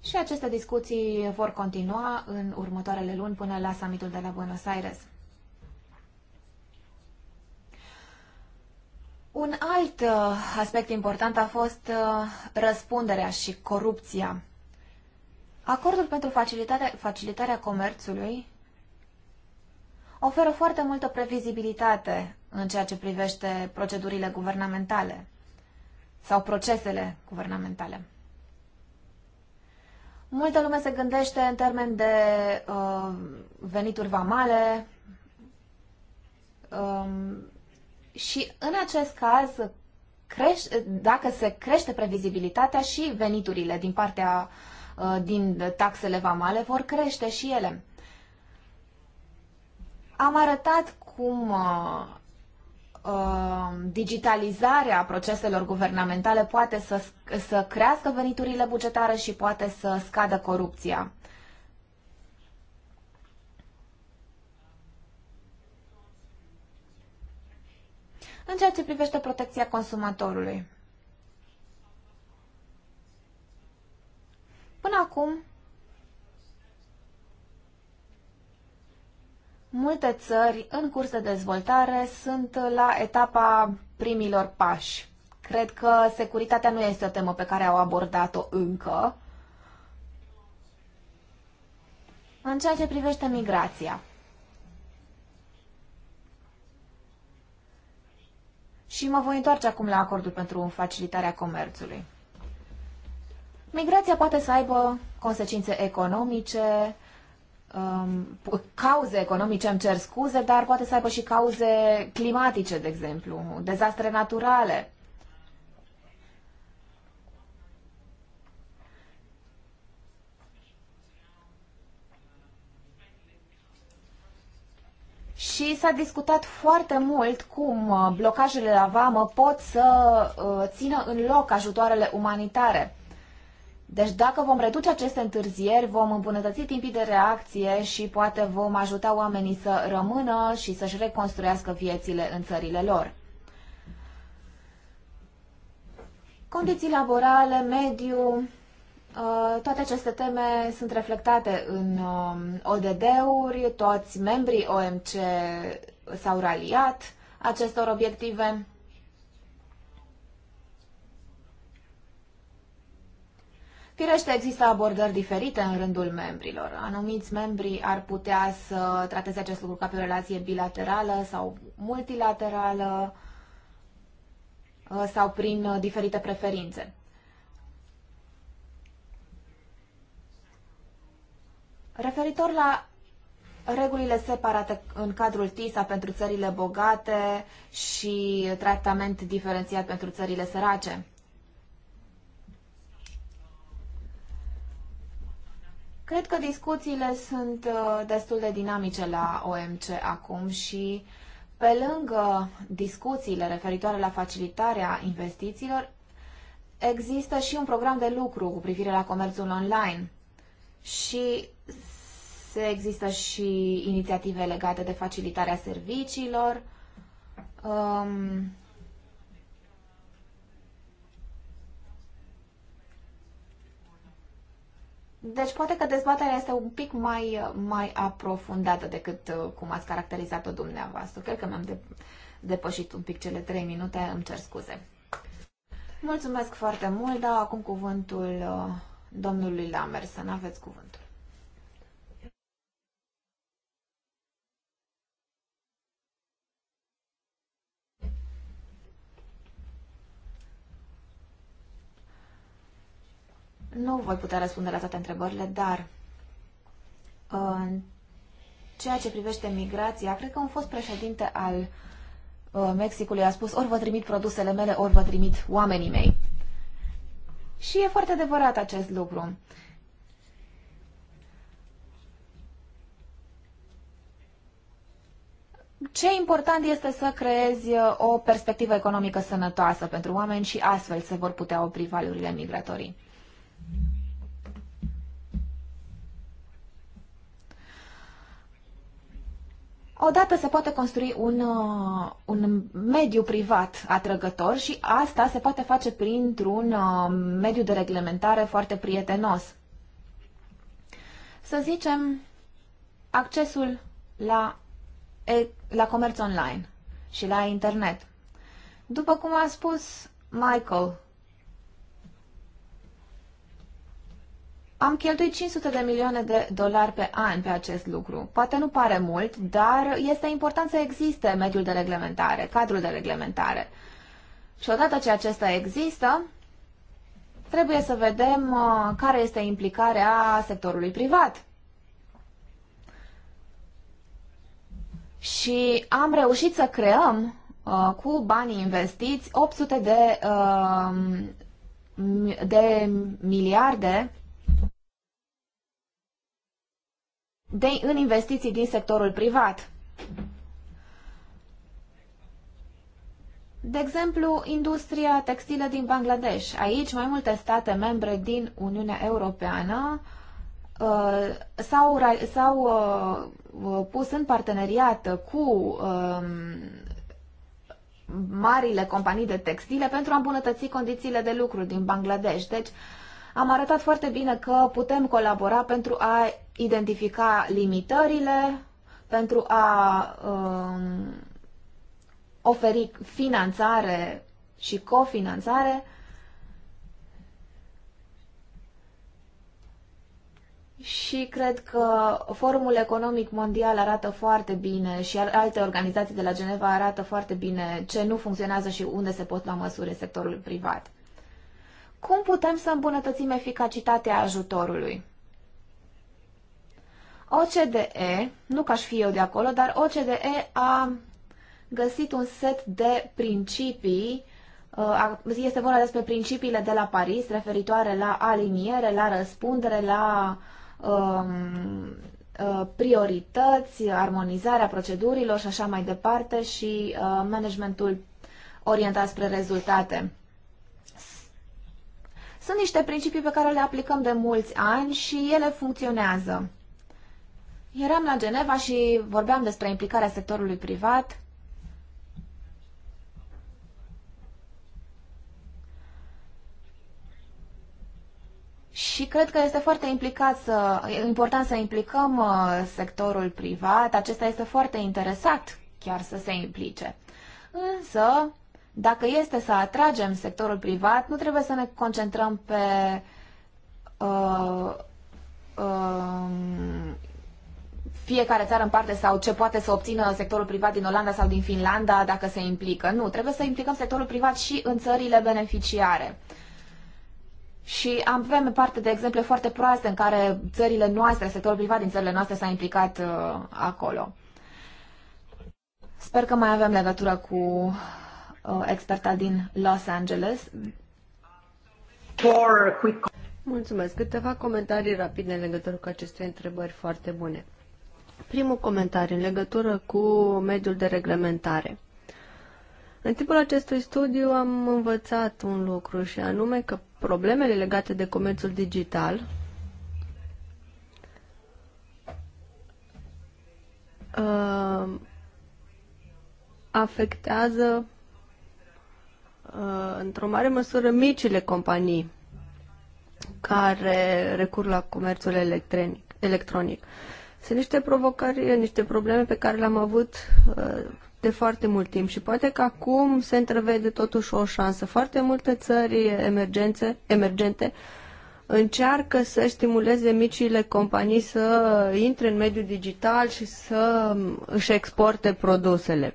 Și aceste discuții vor continua în următoarele luni până la summitul de la Buenos Aires. Un alt uh, aspect important a fost uh, răspunderea și corupția. Acordul pentru facilitarea, facilitarea comerțului oferă foarte multă previzibilitate în ceea ce privește procedurile guvernamentale sau procesele guvernamentale. Multă lume se gândește în termen de uh, venituri vamale um, și în acest caz, creș- dacă se crește previzibilitatea și veniturile din partea uh, din taxele vamale vor crește și ele. Am arătat cum uh, Um, digitalizarea proceselor guvernamentale poate să, să crească veniturile bugetare și poate să scadă corupția. În ceea ce privește protecția consumatorului. Până acum, Multe țări în curs de dezvoltare sunt la etapa primilor pași. Cred că securitatea nu este o temă pe care au abordat-o încă. În ceea ce privește migrația, Și mă voi întoarce acum la acordul pentru facilitarea comerțului. Migrația poate să aibă consecințe economice, Um, cauze economice, îmi cer scuze, dar poate să aibă și cauze climatice, de exemplu, dezastre naturale. Și s-a discutat foarte mult cum uh, blocajele la vamă pot să uh, țină în loc ajutoarele umanitare. Deci dacă vom reduce aceste întârzieri, vom îmbunătăți timpii de reacție și poate vom ajuta oamenii să rămână și să-și reconstruiască viețile în țările lor. Condiții laborale, mediu, uh, toate aceste teme sunt reflectate în um, ODD-uri, toți membrii OMC s-au raliat acestor obiective. Firește, există abordări diferite în rândul membrilor. Anumiți membri ar putea să trateze acest lucru ca pe o relație bilaterală sau multilaterală uh, sau prin uh, diferite preferințe. Referitor la regulile separate în cadrul TISA pentru țările bogate și tratament diferențiat pentru țările sărace. Cred că discuțiile sunt uh, destul de dinamice la OMC acum și pe lângă discuțiile referitoare la facilitarea investițiilor, există și un program de lucru cu privire la comerțul online și se există și inițiative legate de facilitarea serviciilor, um, Deci poate că dezbaterea este un pic mai, mai aprofundată decât uh, cum ați caracterizat-o dumneavoastră. Cred că mi-am de- depășit un pic cele trei minute, îmi cer scuze. Mulțumesc foarte mult, dau acum cuvântul uh, domnului Lamer, să n-aveți cuvântul. Nu voi putea răspunde la toate întrebările, dar în ceea ce privește migrația, cred că un fost președinte al uh, Mexicului a spus ori vă trimit produsele mele, ori vă trimit oamenii mei. Și e foarte adevărat acest lucru. Ce important este să creezi uh, o perspectivă economică sănătoasă pentru oameni și astfel se vor putea opri valurile migratorii. Odată se poate construi un, uh, un mediu privat atrăgător și asta se poate face printr-un uh, mediu de reglementare foarte prietenos. Să zicem, accesul la, e, la comerț online și la internet. După cum a spus Michael, Am cheltuit 500 de milioane de dolari pe an pe acest lucru. Poate nu pare mult, dar este important să existe mediul de reglementare, cadrul de reglementare. Și odată ce acesta există, trebuie să vedem uh, care este implicarea sectorului privat. Și am reușit să creăm uh, cu banii investiți 800 de, uh, de miliarde de, în investiții din sectorul privat. De exemplu, industria textilă din Bangladesh. Aici, mai multe state membre din Uniunea Europeană uh, s-au, s-au uh, pus în parteneriat cu uh, marile companii de textile pentru a îmbunătăți condițiile de lucru din Bangladesh. Deci, uh, am arătat foarte bine că putem colabora pentru a identifica limitările, pentru a um, oferi finanțare și cofinanțare și cred că Forumul Economic Mondial arată foarte bine și alte organizații de la Geneva arată foarte bine ce nu funcționează și unde se pot lua măsuri în sectorul privat. Cum putem să îmbunătățim eficacitatea ajutorului? OCDE, nu că aș fi eu de acolo, dar OCDE a găsit un set de principii, uh, este vorba despre principiile de la Paris referitoare la aliniere, la răspundere, la um, uh, priorități, armonizarea procedurilor și așa mai departe și uh, managementul orientat spre rezultate. Sunt niște principii pe care le aplicăm de mulți ani și ele funcționează. Eram la Geneva și vorbeam despre implicarea sectorului privat. Și cred că este foarte implicat să, important să implicăm uh, sectorul privat. Acesta este foarte interesat chiar să se implice. Însă, dacă este să atragem sectorul privat, nu trebuie să ne concentrăm pe uh, uh, fiecare țară în parte sau ce poate să obțină sectorul privat din Olanda sau din Finlanda dacă se implică. Nu, trebuie să implicăm sectorul privat și în țările beneficiare. Și am avem parte de exemple foarte proaste în care țările noastre, sectorul privat din țările noastre s-a implicat uh, acolo. Sper că mai avem legătură cu Uh, experta din Los Angeles. Mulțumesc. Câteva comentarii rapide în legătură cu aceste întrebări foarte bune. Primul comentariu în legătură cu mediul de reglementare. În timpul acestui studiu am învățat un lucru și anume că problemele legate de comerțul digital uh, afectează Uh, într-o mare măsură micile companii care recur la comerțul electronic. electronic. Sunt niște provocări, niște probleme pe care le-am avut uh, de foarte mult timp și poate că acum se întrevede totuși o șansă. Foarte multe țări emergențe, emergente încearcă să stimuleze micile companii să intre în mediul digital și să um, își exporte produsele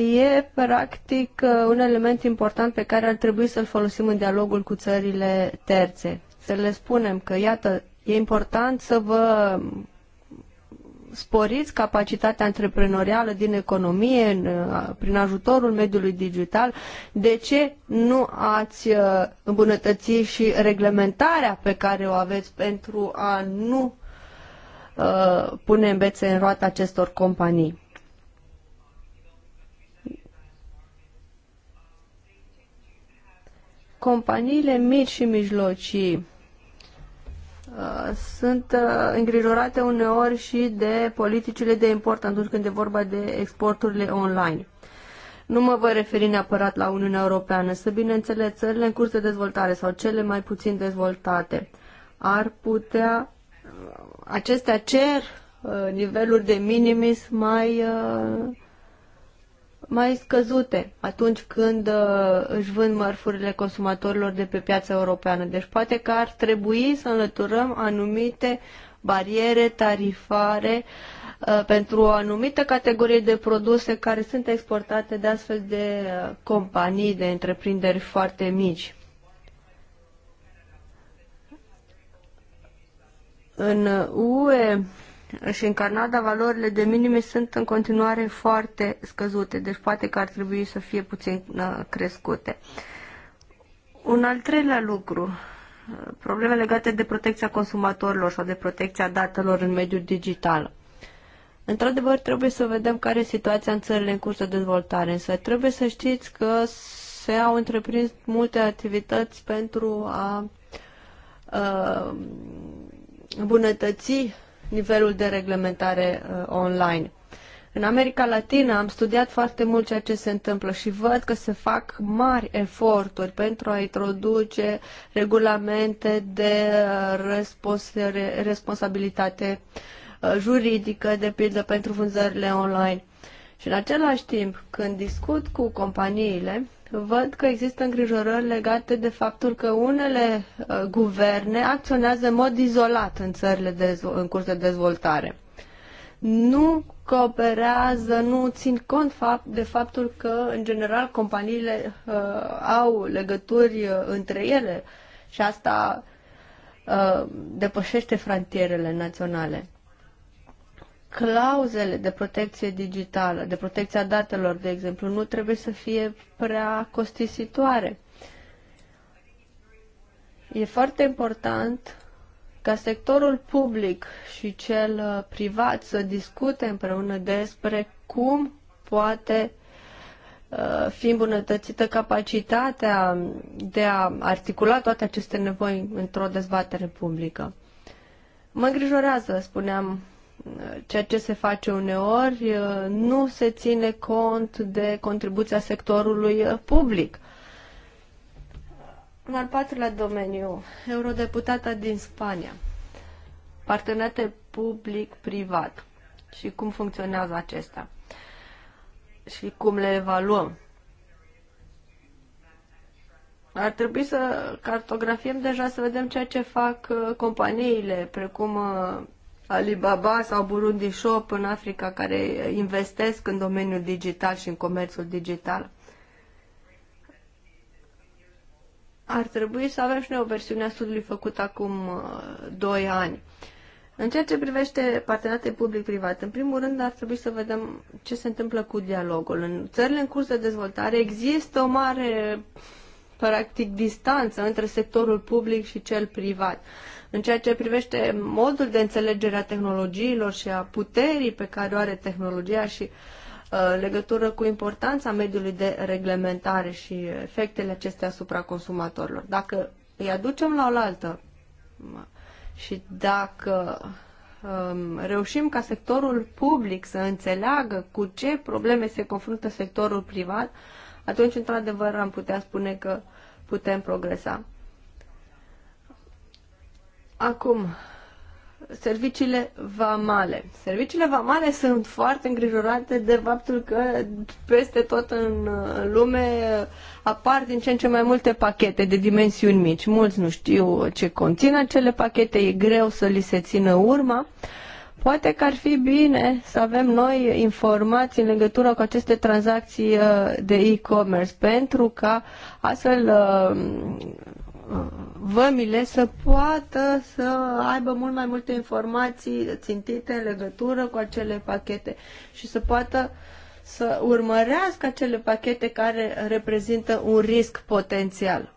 e practic un element important pe care ar trebui să-l folosim în dialogul cu țările terțe. Să le spunem că, iată, e important să vă sporiți capacitatea antreprenorială din economie în, prin ajutorul mediului digital, de ce nu ați îmbunătăți și reglementarea pe care o aveți pentru a nu uh, pune în bețe în roata acestor companii? companiile mici și mijlocii uh, sunt uh, îngrijorate uneori și de politicile de import atunci când e vorba de exporturile online. Nu mă voi referi neapărat la Uniunea Europeană, să bineînțeles țările în curs de dezvoltare sau cele mai puțin dezvoltate ar putea, uh, acestea cer niveluri de minimis mai uh, mai scăzute atunci când uh, își vând mărfurile consumatorilor de pe piața europeană. Deci poate că ar trebui să înlăturăm anumite bariere tarifare uh, pentru o anumită categorie de produse care sunt exportate de astfel de uh, companii, de întreprinderi foarte mici. În UE și în Canada valorile de minime sunt în continuare foarte scăzute, deci poate că ar trebui să fie puțin uh, crescute. Un al treilea lucru, uh, probleme legate de protecția consumatorilor sau de protecția datelor în mediul digital. Într-adevăr, trebuie să vedem care e situația în țările în curs de dezvoltare, însă trebuie să știți că se au întreprins multe activități pentru a, a uh, îmbunătăți nivelul de reglementare uh, online. În America Latină am studiat foarte mult ceea ce se întâmplă și văd că se fac mari eforturi pentru a introduce regulamente de uh, responsabilitate uh, juridică, de pildă pentru vânzările online. Și în același timp, când discut cu companiile, văd că există îngrijorări legate de faptul că unele uh, guverne acționează în mod izolat în țările în curs de dezvoltare. Nu cooperează, nu țin cont fapt, de faptul că, în general, companiile uh, au legături uh, între ele și asta uh, depășește frontierele naționale clauzele de protecție digitală, de protecția datelor, de exemplu, nu trebuie să fie prea costisitoare. E foarte important ca sectorul public și cel uh, privat să discute împreună despre cum poate uh, fi îmbunătățită capacitatea de a articula toate aceste nevoi într-o dezbatere publică. Mă îngrijorează, spuneam, ceea ce se face uneori uh, nu se ține cont de contribuția sectorului uh, public. În al patrulea domeniu, eurodeputata din Spania, parteneriate public-privat și cum funcționează acesta și cum le evaluăm. Ar trebui să cartografiem deja, să vedem ceea ce fac uh, companiile, precum Alibaba sau Burundi Shop în Africa care investesc în domeniul digital și în comerțul digital. Ar trebui să avem și noi o versiune a studiului făcut acum 2 uh, ani. În ceea ce privește parteneriatul public-privat, în primul rând ar trebui să vedem ce se întâmplă cu dialogul. În țările în curs de dezvoltare există o mare, practic, distanță între sectorul public și cel privat. În ceea ce privește modul de înțelegere a tehnologiilor și a puterii pe care o are tehnologia și uh, legătură cu importanța mediului de reglementare și efectele acestea asupra consumatorilor. Dacă îi aducem la oaltă și dacă um, reușim ca sectorul public să înțeleagă cu ce probleme se confruntă sectorul privat, atunci, într-adevăr, am putea spune că putem progresa. Acum, serviciile vamale. Serviciile vamale sunt foarte îngrijorate de faptul că peste tot în uh, lume uh, apar din ce în ce mai multe pachete de dimensiuni mici. Mulți nu știu ce conțin acele pachete, e greu să li se țină urma. Poate că ar fi bine să avem noi informații în legătură cu aceste tranzacții uh, de e-commerce pentru ca astfel vămile să poată să aibă mult mai multe informații țintite în legătură cu acele pachete și să poată să urmărească acele pachete care reprezintă un risc potențial.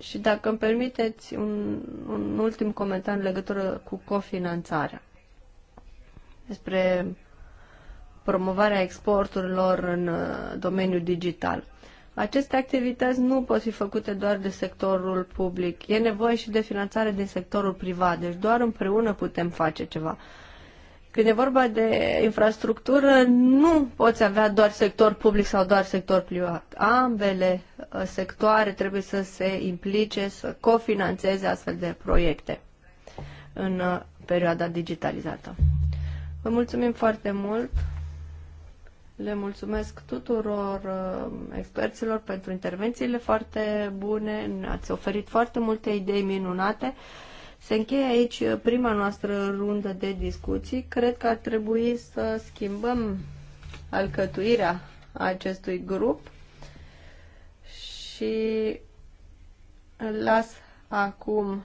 Și dacă îmi permiteți un, un ultim comentariu în legătură cu cofinanțarea. Despre promovarea exporturilor în uh, domeniul digital. Aceste activități nu pot fi făcute doar de sectorul public. E nevoie și de finanțare din sectorul privat, deci doar împreună putem face ceva. Când e vorba de infrastructură, nu poți avea doar sector public sau doar sector privat. Ambele uh, sectoare trebuie să se implice, să cofinanțeze astfel de proiecte în uh, perioada digitalizată. Vă mulțumim foarte mult! Le mulțumesc tuturor uh, experților pentru intervențiile foarte bune, ați oferit foarte multe idei minunate. Se încheie aici prima noastră rundă de discuții. Cred că ar trebui să schimbăm alcătuirea acestui grup și îl las acum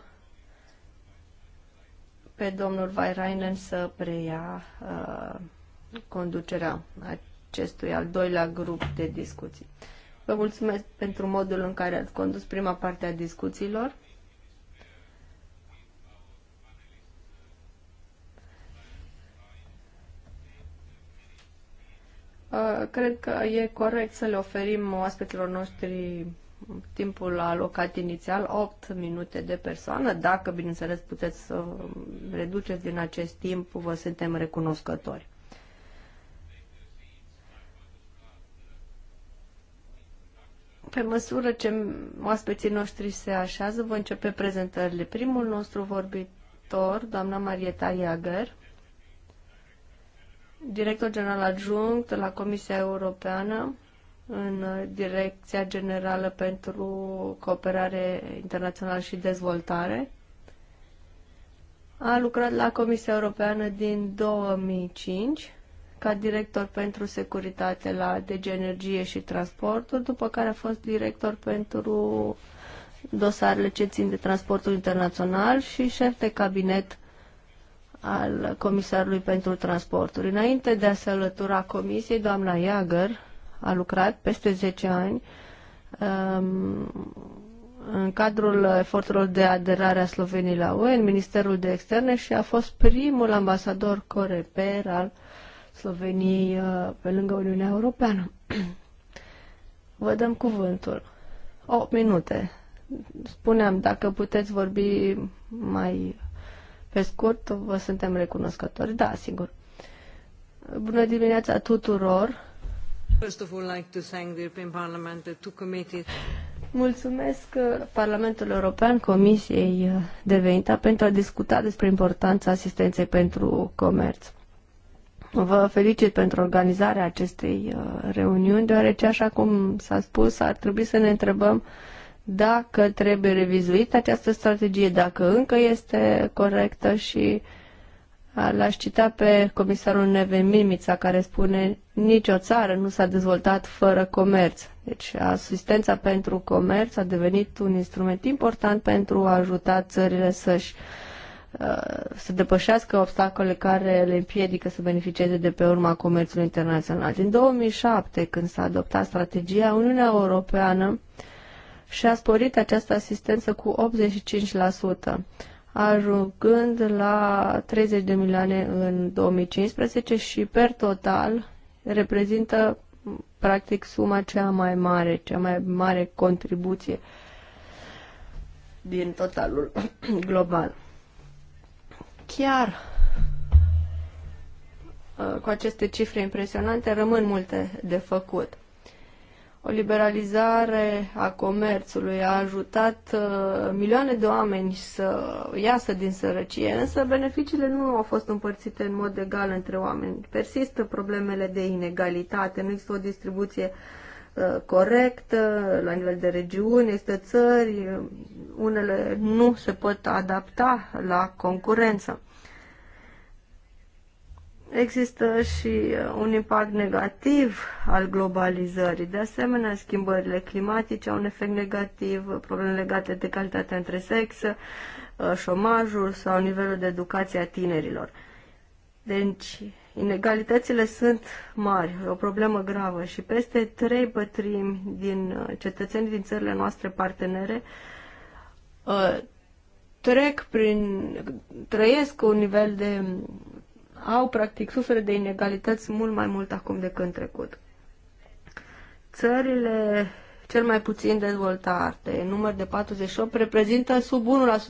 pe domnul Vairainen să preia uh, conducerea acestui al doilea grup de discuții. Vă mulțumesc pentru modul în care ați condus prima parte a discuțiilor. Uh, cred că e corect să le oferim oaspetelor noștri timpul alocat inițial, 8 minute de persoană. Dacă, bineînțeles, puteți să reduceți din acest timp, vă suntem recunoscători. Pe măsură ce oaspeții noștri se așează, voi începe prezentările. Primul nostru vorbitor, doamna Marieta Iagăr, director general adjunct la Comisia Europeană în Direcția Generală pentru Cooperare Internațională și Dezvoltare. A lucrat la Comisia Europeană din 2005 ca director pentru securitate la DG Energie și Transportul, după care a fost director pentru dosarele ce țin de transportul internațional și șef de cabinet al Comisarului pentru Transporturi. Înainte de a se alătura comisiei, doamna Iagăr a lucrat peste 10 ani um, în cadrul eforturilor de aderare a Sloveniei la UE, în Ministerul de Externe și a fost primul ambasador coreper al uh, Sloveniei uh, pe lângă Uniunea Europeană. Vă dăm cuvântul. 8 minute. Spuneam, dacă puteți vorbi mai pe scurt, vă suntem recunoscători. Da, sigur. Bună dimineața tuturor. First of all, like to thank the European Parliament, the two committees. Mulțumesc uh, Parlamentul European, Comisiei uh, de Venita, pentru a discuta despre importanța asistenței pentru comerț. Vă felicit pentru organizarea acestei uh, reuniuni, deoarece, așa cum s-a spus, ar trebui să ne întrebăm dacă trebuie revizuită această strategie, dacă încă este corectă și uh, l-aș cita pe comisarul Neve Mimița care spune nicio țară nu s-a dezvoltat fără comerț. Deci asistența pentru comerț a devenit un instrument important pentru a ajuta țările să-și uh, Uh, să depășească obstacole care le împiedică să beneficieze de pe urma comerțului internațional. Din 2007, când s-a adoptat strategia, Uniunea Europeană și-a sporit această asistență cu 85%, ajungând la 30 de milioane în 2015 și, per total, reprezintă practic suma cea mai mare, cea mai mare contribuție din totalul global chiar uh, cu aceste cifre impresionante rămân multe de făcut. O liberalizare a comerțului a ajutat uh, milioane de oameni să iasă din sărăcie, însă beneficiile nu au fost împărțite în mod egal între oameni. Persistă problemele de inegalitate, nu există o distribuție uh, corect la nivel de regiuni, este țări, unele nu se pot adapta la concurență. Există și un impact negativ al globalizării. De asemenea, schimbările climatice au un efect negativ, probleme legate de calitatea între sex, șomajul sau nivelul de educație a tinerilor. Deci, Inegalitățile sunt mari, o problemă gravă și peste trei pătrimi din uh, cetățenii din țările noastre partenere uh, trec prin, trăiesc un nivel de, au practic, suferă de inegalități mult mai mult acum decât în trecut. Țările cel mai puțin dezvoltate, număr de 48, reprezintă sub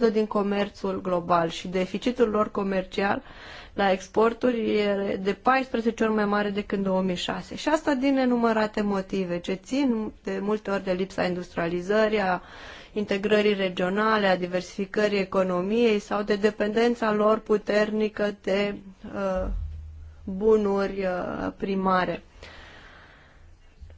1% din comerțul global și deficitul lor comercial uh, la exporturi e de 14 ori mai mare decât în 2006. Și asta din nenumărate motive, ce țin de multe ori de lipsa industrializării, a integrării regionale, a diversificării economiei sau de dependența lor puternică de uh, bunuri uh, primare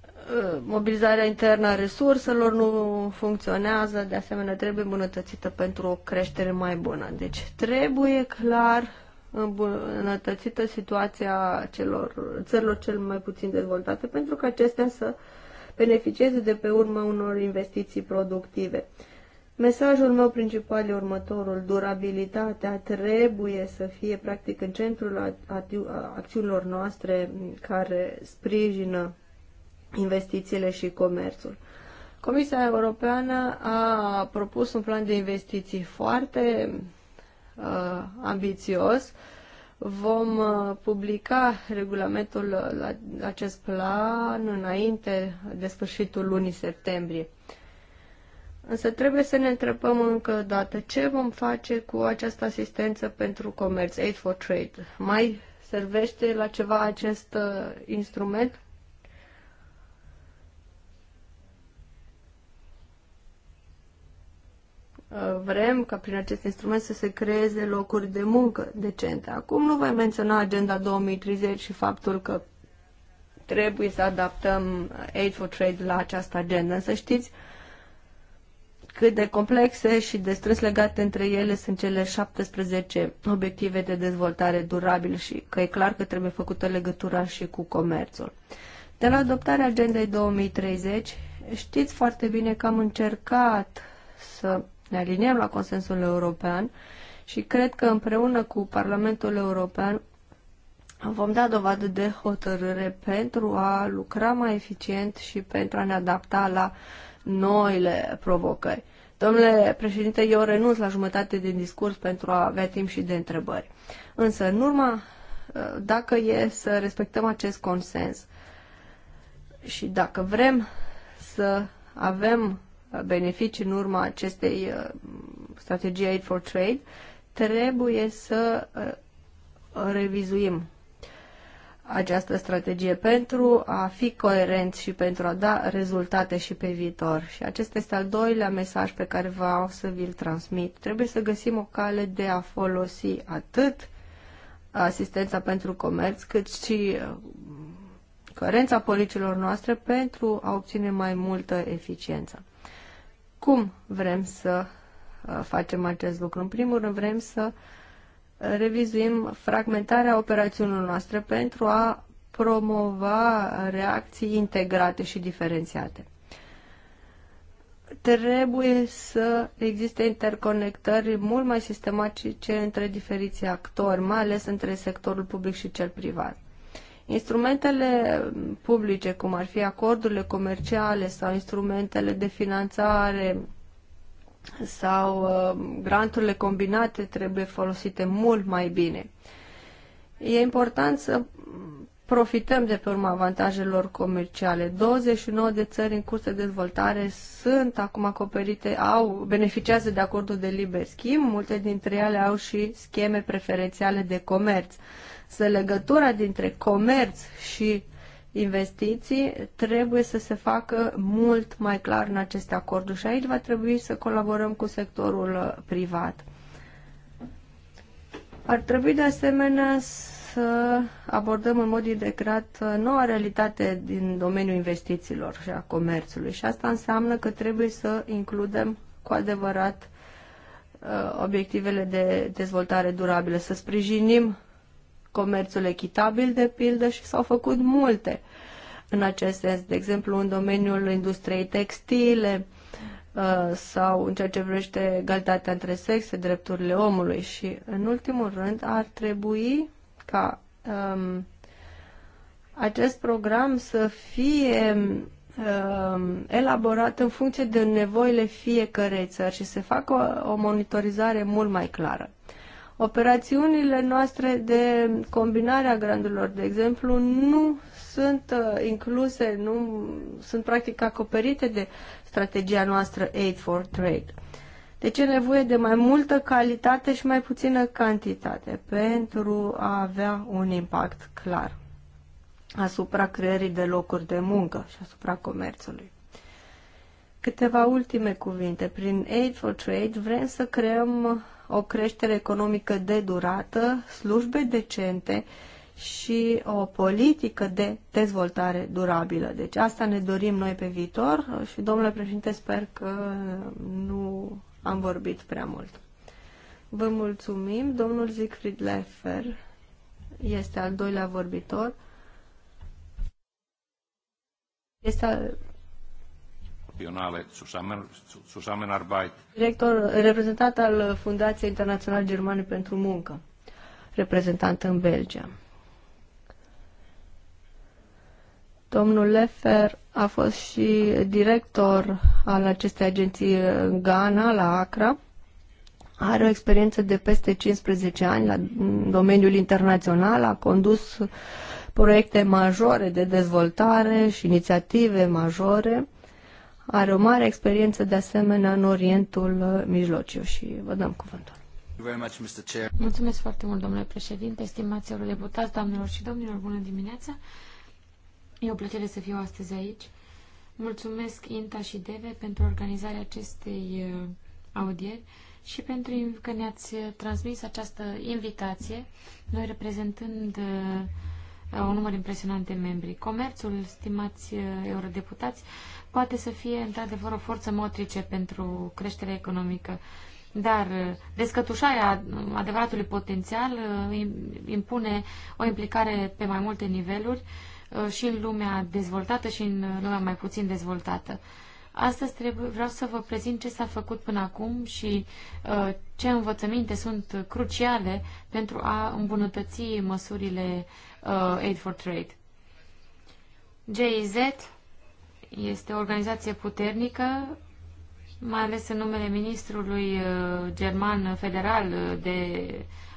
uh, mobilizarea internă a resurselor nu funcționează, de asemenea trebuie îmbunătățită pentru o creștere mai bună. Deci trebuie clar îmbunătățită situația celor, țărilor cel mai puțin dezvoltate pentru că acestea să beneficieze de pe urmă unor investiții productive. Mesajul meu principal e următorul. Durabilitatea trebuie să fie practic în centrul acțiunilor noastre care sprijină investițiile și comerțul. Comisia Europeană a propus un plan de investiții foarte uh, ambițios. Vom uh, publica regulamentul uh, la, acest plan înainte de sfârșitul lunii septembrie. Însă trebuie să ne întrebăm încă o dată ce vom face cu această asistență pentru comerț, Aid for Trade. Mai servește la ceva acest uh, instrument? Uh, vrem ca prin acest instrument să se creeze locuri de muncă decente. Acum nu voi menționa agenda 2030 și faptul că trebuie să adaptăm Aid for Trade la această agenda. Să știți cât de complexe și de strâns legate între ele sunt cele 17 obiective de dezvoltare durabilă și că e clar că trebuie făcută legătura și cu comerțul. De la adoptarea agendei 2030, știți foarte bine că am încercat să ne aliniem la consensul european și cred că împreună cu Parlamentul European vom da dovadă de hotărâre pentru a lucra mai eficient și pentru a ne adapta la noile provocări. Domnule președinte, eu renunț la jumătate din discurs pentru a avea timp și de întrebări. Însă, în urma, dacă e să respectăm acest consens și dacă vrem să avem beneficii în urma acestei uh, strategii Aid for Trade, trebuie să uh, revizuim această strategie pentru a fi coerenți și pentru a da rezultate și pe viitor. Și acesta este al doilea mesaj pe care vreau să vi-l transmit. Trebuie să găsim o cale de a folosi atât asistența pentru comerț, cât și uh, coerența politicilor noastre pentru a obține mai multă eficiență. Cum vrem să uh, facem acest lucru? În primul rând vrem să uh, revizuim fragmentarea operațiunilor noastre pentru a promova reacții integrate și diferențiate. Trebuie să existe interconectări mult mai sistematice între diferiții actori, mai ales între sectorul public și cel privat. Instrumentele publice, cum ar fi acordurile comerciale sau instrumentele de finanțare sau uh, granturile combinate, trebuie folosite mult mai bine. E important să profităm de pe urma avantajelor comerciale. 29 de țări în curs de dezvoltare sunt acum acoperite, au, beneficiază de acordul de liber schimb, multe dintre ele au și scheme preferențiale de comerț. Uh, să legătura dintre comerț și investiții trebuie să se facă mult mai clar în aceste acorduri și aici va trebui să colaborăm cu sectorul uh, privat. Ar trebui de asemenea să abordăm în mod integrat uh, noua realitate din domeniul investițiilor și a comerțului și asta înseamnă că trebuie să includem cu adevărat uh, obiectivele de dezvoltare durabilă, să sprijinim comerțul echitabil, de pildă, și s-au făcut multe în acest sens, de exemplu în domeniul industriei textile uh, sau în ceea ce vrește egalitatea între sexe, drepturile omului și, în ultimul rând, ar trebui ca um, acest program să fie um, elaborat în funcție de nevoile fiecărei țări și să facă o, o monitorizare mult mai clară. Operațiunile noastre de combinare a grandurilor, de exemplu, nu sunt uh, incluse, nu sunt practic acoperite de strategia noastră Aid for Trade. Deci e nevoie de mai multă calitate și mai puțină cantitate pentru a avea un impact clar asupra creării de locuri de muncă și asupra comerțului. Câteva ultime cuvinte. Prin Aid for Trade vrem să creăm o creștere economică de durată, slujbe decente și o politică de dezvoltare durabilă. Deci asta ne dorim noi pe viitor și, domnule președinte, sper că nu am vorbit prea mult. Vă mulțumim. Domnul Siegfried Leffer este al doilea vorbitor. Este al Director, reprezentant al Fundației Internaționale Germane pentru Muncă, reprezentant în Belgia. Domnul Leffer a fost și director al acestei agenții în Ghana, la Accra. Are o experiență de peste 15 ani la, în domeniul internațional, a condus proiecte majore de dezvoltare și inițiative majore are o mare experiență de asemenea în Orientul uh, Mijlociu și vă dăm cuvântul. Mulțumesc foarte mult, domnule președinte, stimați eurodeputați, doamnelor și domnilor, bună dimineața! E o plăcere să fiu astăzi aici. Mulțumesc INTA și DEVE pentru organizarea acestei uh, audieri și pentru că ne-ați uh, transmis această invitație, noi reprezentând un număr impresionant de membri. Comerțul, stimați uh, eurodeputați, poate să fie într-adevăr o forță motrice pentru creșterea economică. Dar uh, descătușarea adevăratului potențial uh, impune o implicare pe mai multe niveluri și în lumea dezvoltată și în lumea mai puțin dezvoltată. Astăzi trebuie, vreau să vă prezint ce s-a făcut până acum și ce învățăminte sunt cruciale pentru a îmbunătăți măsurile uh, uh, Aid for Trade. JZ este o organizație puternică, mai ales în numele ministrului uh, german federal uh, de,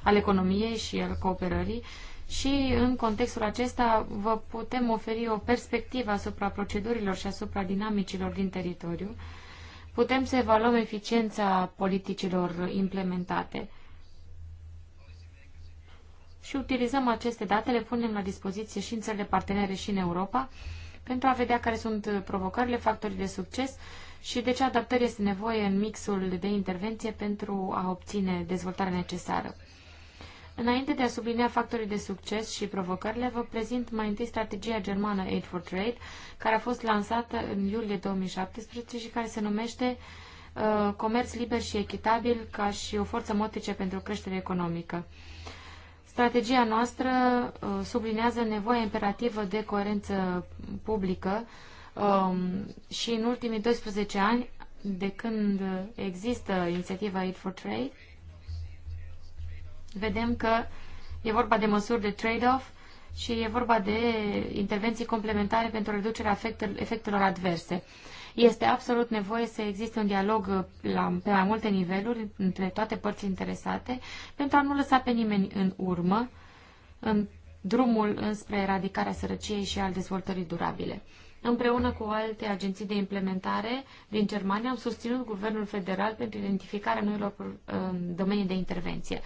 al economiei și al cooperării și în contextul acesta vă putem oferi o perspectivă asupra procedurilor și asupra dinamicilor din teritoriu. Putem să evaluăm eficiența politicilor implementate și utilizăm aceste date, le punem la dispoziție și în țările partenere și în Europa, pentru a vedea care sunt provocările, factorii de succes și de ce adaptări este nevoie în mixul de intervenție pentru a obține dezvoltarea necesară. Înainte de a sublinia factorii de succes și provocările, vă prezint mai întâi strategia germană Aid for Trade, care a fost lansată în iulie 2017 și care se numește uh, Comerț liber și echitabil ca și o forță motrice pentru creștere economică. Uh, Strategia noastră uh, sublinează nevoia imperativă de coerență publică um, și în ultimii 12 ani, de când există inițiativa Aid for Trade, vedem că e vorba de măsuri de trade-off și e vorba de intervenții complementare pentru reducerea efectelor adverse. Este absolut nevoie să existe un dialog uh, la, pe mai multe niveluri între toate părți interesate pentru a nu lăsa pe nimeni în urmă în drumul înspre eradicarea sărăciei și al dezvoltării durabile. Împreună cu alte agenții de implementare din Germania am susținut Guvernul Federal pentru identificarea noilor uh, domenii de intervenție.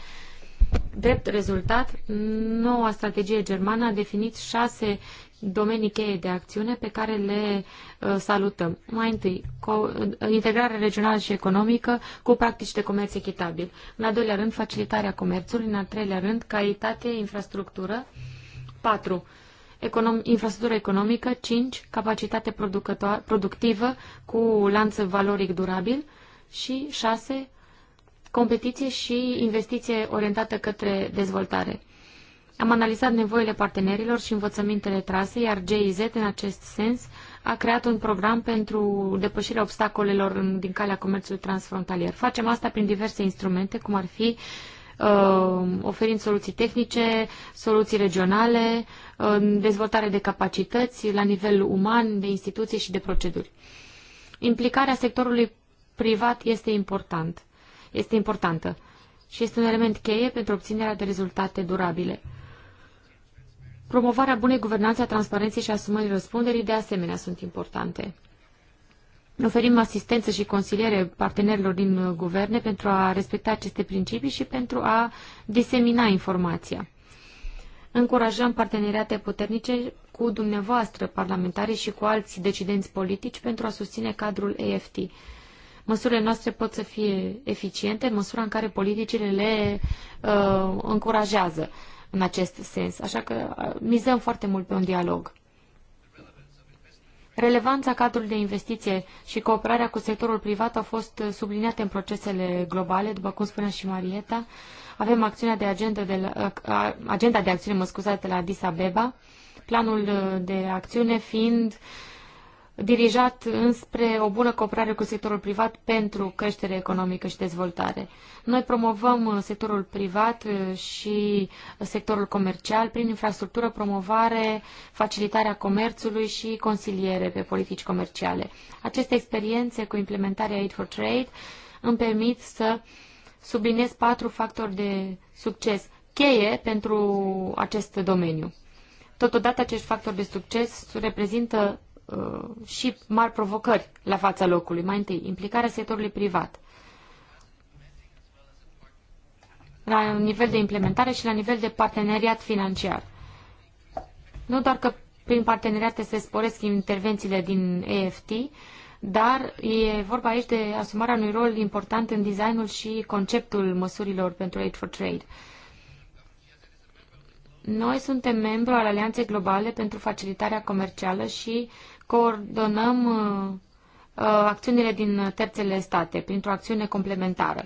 Drept rezultat, noua strategie germană a definit șase domenii cheie de acțiune pe care le uh, salutăm. Mai întâi, uh, integrare regională și economică cu practici de comerț echitabil. În al doilea rând, facilitarea comerțului. În al treilea rând, calitate, infrastructură. 4. Econom, infrastructură economică. 5. Capacitate productivă cu lanț valoric durabil. Și 6. Competiție și investiție orientată către dezvoltare. Am analizat nevoile partenerilor și învățămintele trase, iar GIZ, în acest sens, a creat un program pentru depășirea obstacolelor în, din calea comerțului transfrontalier. Facem asta prin diverse instrumente, cum ar fi uh, oferind soluții tehnice, soluții regionale, uh, dezvoltare de capacități la nivel uman, de instituții și de proceduri. Implicarea sectorului privat este, important, este importantă și este un element cheie pentru obținerea de rezultate durabile. Promovarea bunei guvernanțe a transparenței și asumării răspunderii de asemenea sunt importante. Oferim asistență și consiliere partenerilor din uh, guverne pentru a respecta aceste principii și pentru a disemina informația. Încurajăm parteneriate puternice cu dumneavoastră, parlamentari și cu alți decidenți politici pentru a susține cadrul EFT. Măsurile noastre pot să fie eficiente în măsura în care politicile le uh, încurajează. Uh, în acest sens, așa că mizăm foarte mult pe un dialog. Relevanța cadrului de investiție și cooperarea cu sectorul privat au fost uh, subliniate în procesele globale, după cum spunea și Marieta. Avem acțiunea de agenda de la, uh, agenda de acțiune, mă scuzați, de la Addis Abeba, planul uh, de acțiune fiind dirijat înspre o bună cooperare cu sectorul privat pentru creștere economică și dezvoltare. Noi promovăm uh, sectorul privat uh, și sectorul comercial prin infrastructură, promovare, facilitarea comerțului și consiliere pe politici comerciale. Aceste experiențe cu implementarea Aid for Trade îmi permit să subliniez patru factori de succes cheie pentru acest domeniu. Totodată, acești factori de succes reprezintă Uh, și mari provocări la fața locului. Mai întâi, implicarea sectorului privat. La nivel de implementare și la nivel de parteneriat financiar. Nu doar că prin parteneriate se sporesc intervențiile din EFT, dar e vorba aici de asumarea unui rol important în designul și conceptul măsurilor pentru Aid for Trade. Noi suntem membru al Alianței Globale pentru Facilitarea Comercială și coordonăm uh, uh, acțiunile din terțele state printr-o acțiune complementară.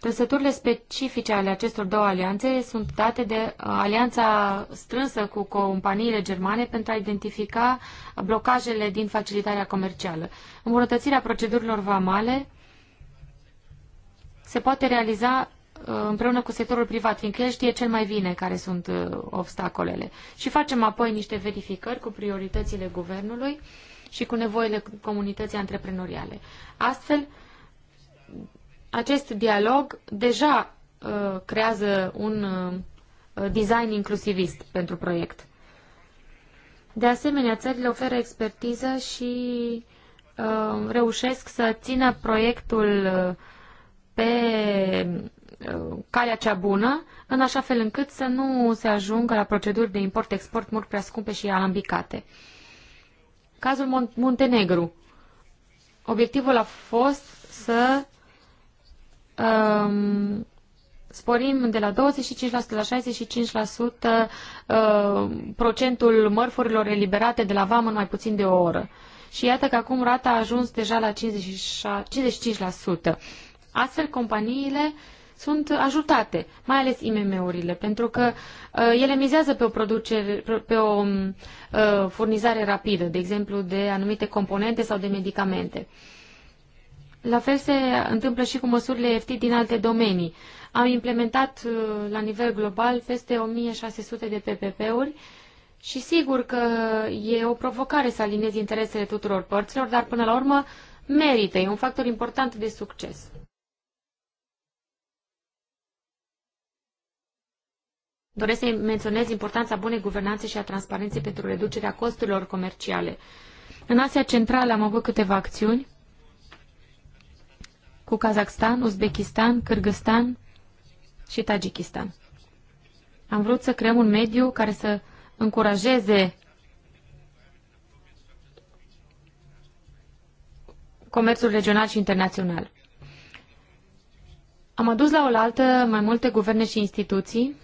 Trăsăturile specifice ale acestor două alianțe sunt date de uh, alianța strânsă cu companiile germane pentru a identifica blocajele din facilitarea comercială. Îmbunătățirea procedurilor vamale se poate realiza Uh, împreună cu sectorul privat, fiindcă el știe cel mai bine care sunt uh, obstacolele. Și facem apoi niște verificări cu prioritățile guvernului și cu nevoile comunității antreprenoriale. Astfel, acest dialog deja uh, creează un design inclusivist pentru proiect. De asemenea, țările oferă expertiză și uh, reușesc să țină proiectul pe Uh, calea cea bună, în așa fel încât să nu se ajungă la proceduri de import-export mult prea scumpe și alambicate. Cazul Muntenegru. Obiectivul a fost să um, sporim de la 25% la 65% uh, procentul mărfurilor eliberate de la vamă în mai puțin de o oră. Și iată că acum rata a ajuns deja la 56, 55%. Astfel, companiile uh, sunt ajutate, mai ales IMM-urile, pentru că uh, ele mizează pe o, producere, pe o uh, furnizare rapidă, de exemplu, de anumite componente sau de medicamente. La fel se întâmplă și cu măsurile EFT din alte domenii. Am implementat uh, la nivel global peste 1600 de PPP-uri și sigur că e o provocare să alinezi interesele tuturor părților, dar până la urmă merită, e un factor important de succes. Doresc să menționez importanța bunei guvernanțe și a transparenței pentru reducerea costurilor comerciale. În Asia Centrală am avut câteva acțiuni cu Kazakhstan, Uzbekistan, Kyrgyzstan și Tajikistan. Am vrut să creăm un mediu care să încurajeze comerțul regional și internațional. Am adus la oaltă mai multe guverne și instituții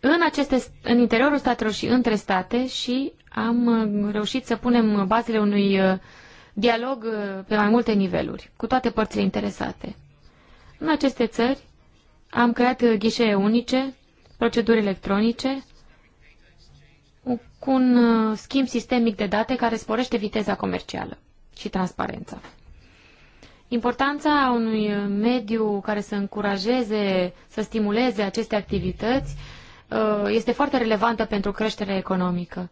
în, aceste, în interiorul statelor și între state și am uh, reușit să punem bazele unui uh, dialog uh, pe mai multe niveluri, cu toate părțile interesate. În aceste țări am creat ghișee unice, proceduri electronice, cu un schimb sistemic de date care sporește viteza comercială și transparența. Importanța unui mediu care să încurajeze, să stimuleze aceste activități Uh, este foarte relevantă pentru creșterea economică.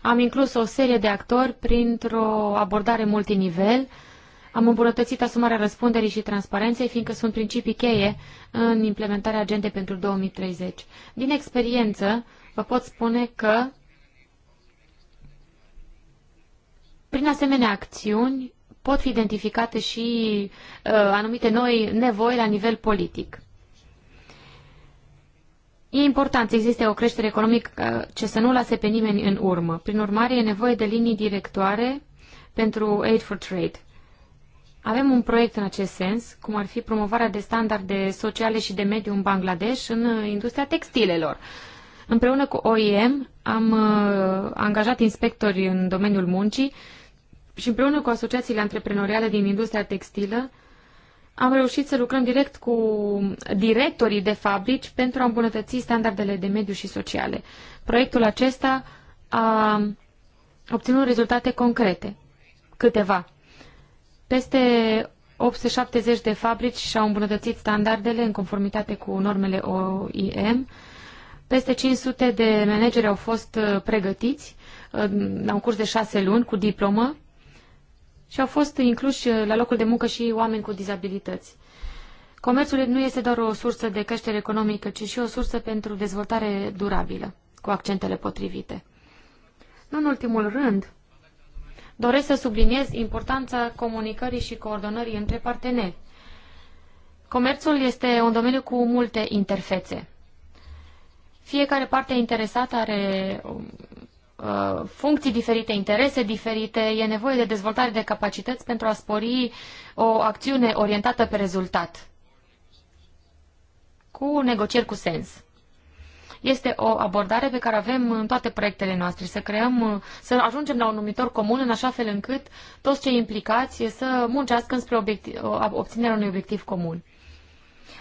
Am inclus o serie de actori printr-o abordare multinivel, am îmbunătățit asumarea răspunderii și transparenței, fiindcă sunt principii cheie în implementarea agendei pentru 2030. Din experiență, vă pot spune că prin asemenea acțiuni pot fi identificate și uh, anumite noi nevoi la nivel politic. E important să existe o creștere economică ce să nu lase pe nimeni în urmă. Prin urmare, e nevoie de linii directoare pentru Aid for Trade. Avem un proiect în acest sens, cum ar fi promovarea de standarde sociale și de mediu în Bangladesh în uh, industria textilelor. Împreună cu OIM am uh, angajat inspectori în domeniul muncii și împreună cu asociațiile antreprenoriale din industria textilă am reușit să lucrăm direct cu directorii de fabrici pentru a îmbunătăți standardele de mediu și sociale. Proiectul acesta a obținut rezultate concrete, câteva. Peste 870 de fabrici și-au îmbunătățit standardele în conformitate cu normele OIM. Peste 500 de manageri au fost uh, pregătiți uh, la un curs de șase luni cu diplomă și au fost incluși la locul de muncă și oameni cu dizabilități. Comerțul nu este doar o sursă de creștere economică, ci și o sursă pentru dezvoltare durabilă, cu accentele potrivite. Nu în ultimul rând, doresc să subliniez importanța comunicării și coordonării între parteneri. Comerțul este un domeniu cu multe interfețe. Fiecare parte interesată are Uh, funcții diferite, interese diferite, e nevoie de dezvoltare de capacități pentru a spori o acțiune orientată pe rezultat, cu negocieri cu sens. Este o abordare pe care avem în toate proiectele noastre, să creăm, să ajungem la un numitor comun în așa fel încât toți cei implicați să muncească spre obținerea unui obiectiv comun.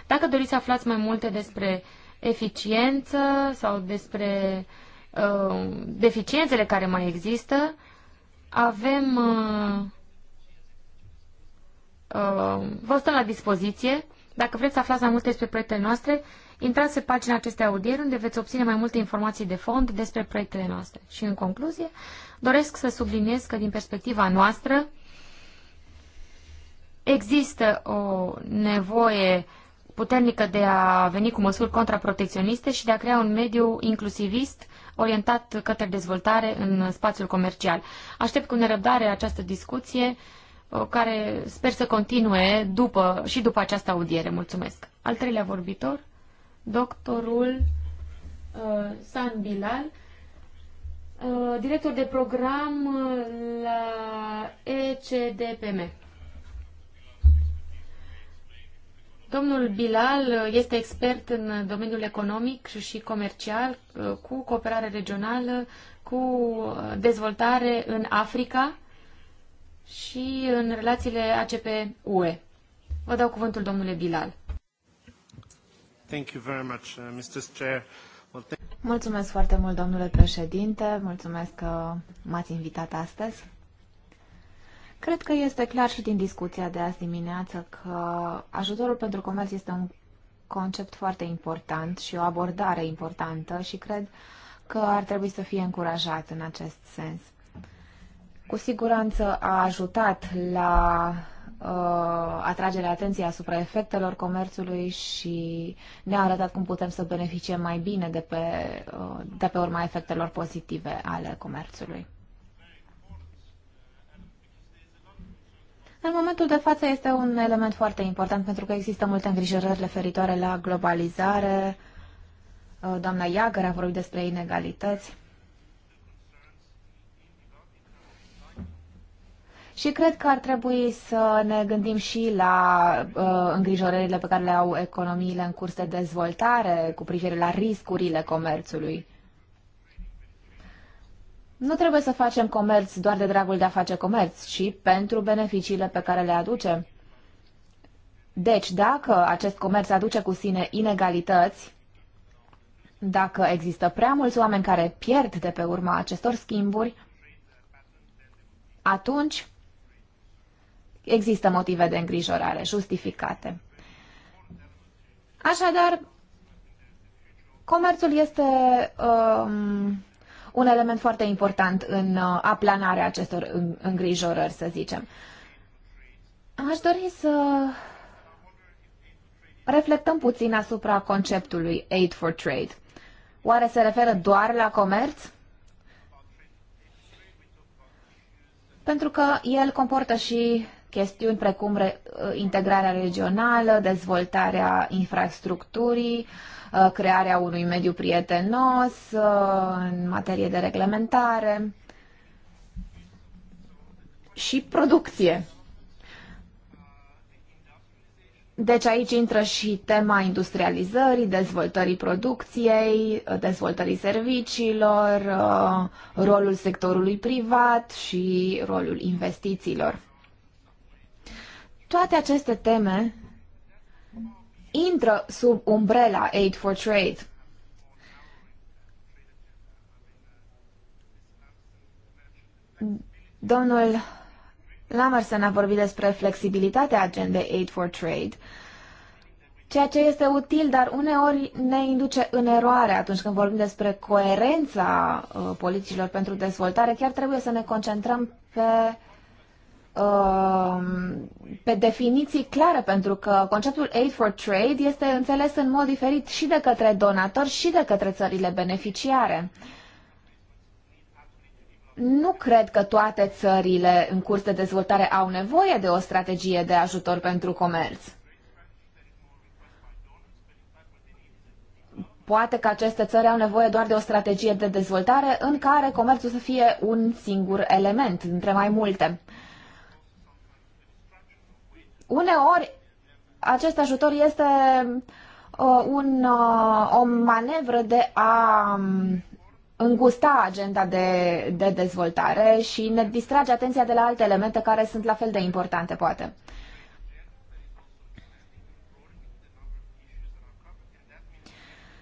Dacă doriți să aflați mai multe despre eficiență sau despre uh, Uh, deficiențele care mai există, avem uh, uh, vă stăm la dispoziție. Dacă vreți să aflați mai multe despre proiectele noastre, intrați pe pagina acestei audieri unde veți obține mai multe informații de fond despre proiectele noastre. Și în concluzie, doresc să subliniez că din perspectiva noastră există o nevoie puternică de a veni cu măsuri contraprotecționiste și de a crea un mediu inclusivist orientat către dezvoltare în spațiul comercial. Aștept cu nerăbdare această discuție uh, care sper să continue după, și după această audiere. Mulțumesc. Al treilea vorbitor, doctorul uh, San Bilal, uh, director de program uh, la ECDPM. Domnul Bilal uh, este expert în domeniul economic și comercial, uh, cu cooperare regională, cu uh, dezvoltare în Africa și în relațiile ACP-UE. Vă dau cuvântul, domnule Bilal. Thank you very much, Mr. Chair. Mulțumesc foarte mult, domnule președinte. Mulțumesc că m-ați invitat astăzi. Cred că este clar și din discuția de azi dimineață că ajutorul pentru comerț este un concept foarte important și o abordare importantă și cred că ar trebui să fie încurajat în acest sens. Cu siguranță a ajutat la uh, atragerea atenției asupra efectelor comerțului și ne-a arătat cum putem să beneficiem mai bine de pe, uh, de pe urma efectelor pozitive ale comerțului. În momentul de față este un element foarte important pentru că există multe îngrijorări referitoare la globalizare. Uh, doamna Iagăr a vorbit despre inegalități. Și cred că ar trebui să ne gândim și la uh, îngrijorările pe care le au economiile în curs de dezvoltare cu privire la riscurile comerțului. Nu trebuie să facem comerț doar de dragul de a face comerț, ci pentru beneficiile pe care le aduce. Deci, dacă acest comerț aduce cu sine inegalități, dacă există prea mulți oameni care pierd de pe urma acestor schimburi, atunci există motive de îngrijorare justificate. Așadar, comerțul este Uh, un element foarte important în uh, aplanarea acestor îngrijorări, să zicem. Aș dori să reflectăm puțin asupra conceptului aid for trade. Oare se referă doar la comerț? Pentru că el comportă și chestiuni precum uh, integrarea regională, dezvoltarea infrastructurii, uh, Uh, crearea unui mediu prietenos uh, în materie de reglementare și producție. Deci aici intră și tema industrializării, dezvoltării producției, dezvoltării serviciilor, uh, rolul sectorului privat și rolul investițiilor. Toate aceste teme intră sub umbrela Aid for Trade. Domnul Lamerson a vorbit despre flexibilitatea agendei Aid for Trade, ceea ce este util, dar uneori ne induce în eroare atunci când vorbim despre coerența uh, politicilor pentru dezvoltare. Chiar trebuie să ne concentrăm pe Um, pe definiții clare, pentru că conceptul aid for trade este înțeles în mod diferit și de către donatori și de către țările beneficiare. Nu cred că toate țările în curs de dezvoltare au nevoie de o strategie de ajutor pentru comerț. Poate că aceste țări au nevoie doar de o strategie de dezvoltare în care comerțul să fie un singur element între mai multe. Uh, uneori acest ajutor este uh, un, uh, o manevră de a um, îngusta agenda de, de dezvoltare și ne distrage atenția de la alte elemente care sunt la fel de importante, poate.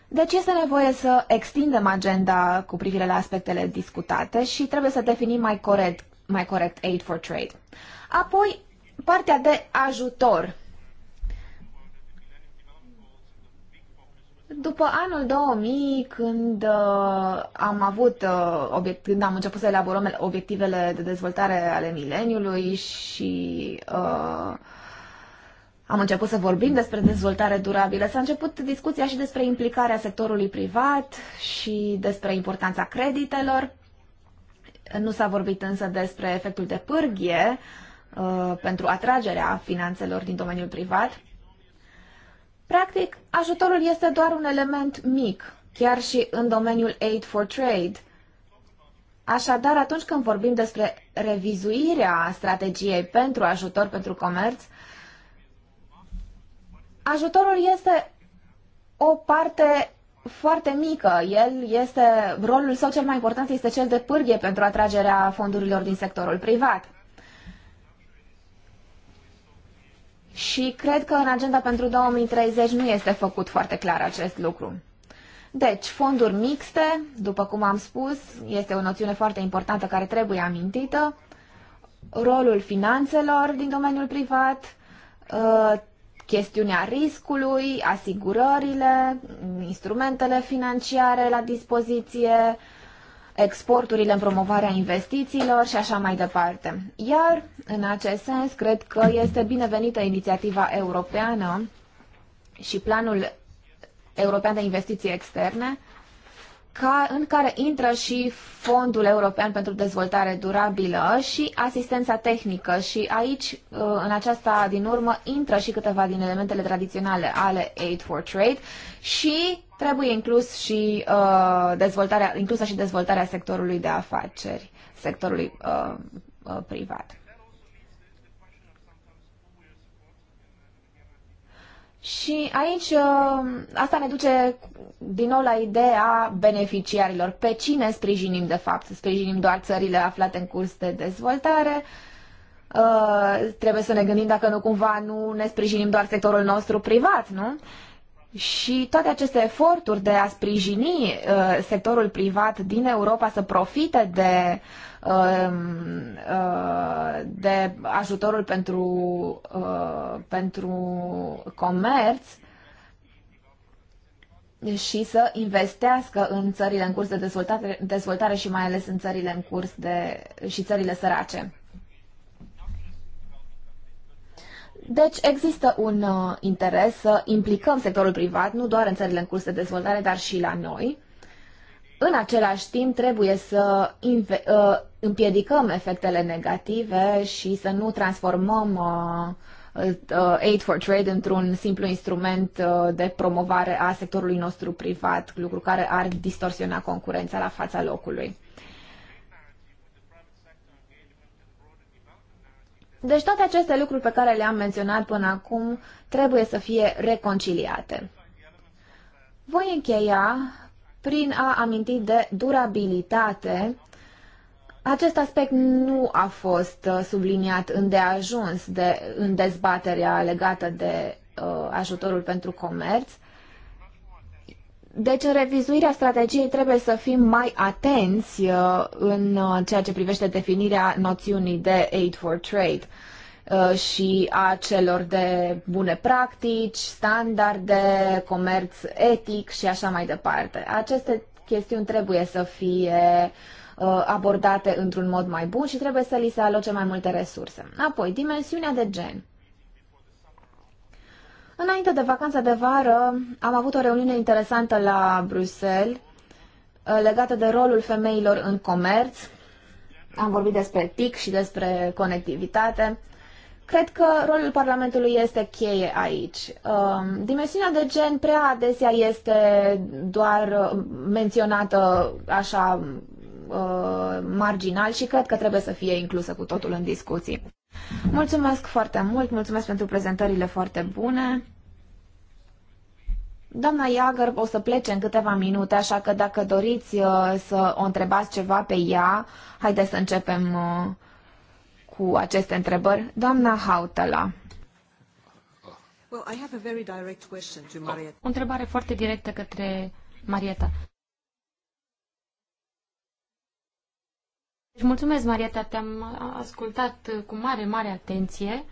Deci este nevoie să extindem agenda cu privire la aspectele discutate și trebuie să definim mai corect, mai corect aid for trade. Apoi, partea de ajutor. După anul 2000, când uh, am avut uh, obiect, când am început să elaborăm obiectivele de dezvoltare ale mileniului și uh, am început să vorbim despre dezvoltare durabilă, s-a început discuția și despre implicarea sectorului privat și despre importanța creditelor. Nu s-a vorbit însă despre efectul de pârghie uh, Uh, pentru atragerea finanțelor din domeniul privat. Practic, ajutorul este doar un element mic, chiar și în domeniul Aid for Trade. Așadar, atunci când vorbim despre revizuirea strategiei pentru ajutor pentru comerț, ajutorul este o parte foarte mică. El este, rolul său cel mai important este cel de pârghie pentru atragerea fondurilor din sectorul privat. și cred că în agenda pentru 2030 nu este făcut foarte clar acest lucru. Deci, fonduri mixte, după cum am spus, este o noțiune foarte importantă care trebuie amintită, rolul finanțelor din domeniul privat, uh, chestiunea riscului, asigurările, instrumentele financiare la dispoziție, exporturile în promovarea investițiilor și așa mai departe. Iar, în acest sens, cred că este binevenită inițiativa europeană și planul european de investiții externe, ca, în care intră și Fondul European pentru Dezvoltare Durabilă și asistența tehnică. Și aici, uh, în aceasta din urmă, intră și câteva din elementele tradiționale ale Aid for Trade și Trebuie inclus și, uh, dezvoltarea, inclusă și dezvoltarea sectorului de afaceri, sectorului uh, uh, privat. Și aici uh, asta ne duce din nou la ideea beneficiarilor. Pe cine sprijinim de fapt? Sprijinim doar țările aflate în curs de dezvoltare? Uh, trebuie să ne gândim dacă nu cumva nu ne sprijinim doar sectorul nostru privat, nu? Uh, și toate aceste eforturi de a sprijini uh, sectorul privat din Europa să profite de, uh, uh, de ajutorul pentru, uh, pentru comerț și să investească în țările în curs de dezvoltare, dezvoltare și mai ales în țările în curs de, și țările sărace. Deci există un uh, interes să implicăm sectorul privat, nu doar în țările în curs de dezvoltare, dar și la noi. În același timp, trebuie să inve- uh, împiedicăm efectele negative și să nu transformăm uh, uh, Aid for Trade într-un simplu instrument uh, de promovare a sectorului nostru privat, lucru care ar distorsiona concurența la fața locului. Deci toate aceste lucruri pe care le-am menționat până acum trebuie să fie reconciliate. Voi încheia prin a aminti de durabilitate. Acest aspect nu a fost uh, subliniat îndeajuns de, în dezbaterea legată de uh, ajutorul pentru comerț. Uh, deci, în revizuirea strategiei trebuie să fim mai atenți uh, în uh, ceea ce privește definirea noțiunii de aid for trade uh, și a celor de bune practici, standarde, comerț etic și așa mai departe. Aceste chestiuni trebuie să fie abordate într-un mod mai bun și trebuie să li se aloce mai multe resurse. Apoi, dimensiunea de gen. Înainte de vacanța de vară am avut o reuniune interesantă la Bruxelles eh, legată de rolul femeilor în comerț. Am vorbit despre TIC și despre conectivitate. Cred că rolul Parlamentului este cheie aici. Eh, dimensiunea de gen prea adesea este doar eh, menționată așa marginal și cred că trebuie să fie inclusă cu totul în discuții. Mulțumesc foarte mult, mulțumesc pentru prezentările foarte bune. Doamna Iagăr o să plece în câteva minute, așa că dacă doriți uh, să o întrebați ceva pe ea, haideți să începem uh, cu aceste întrebări. Doamna Hautala. Well, I have a very direct question to Marietta. O întrebare foarte directă către Marieta. Deci, mulțumesc, Marieta, te-am ascultat cu mare, mare atenție,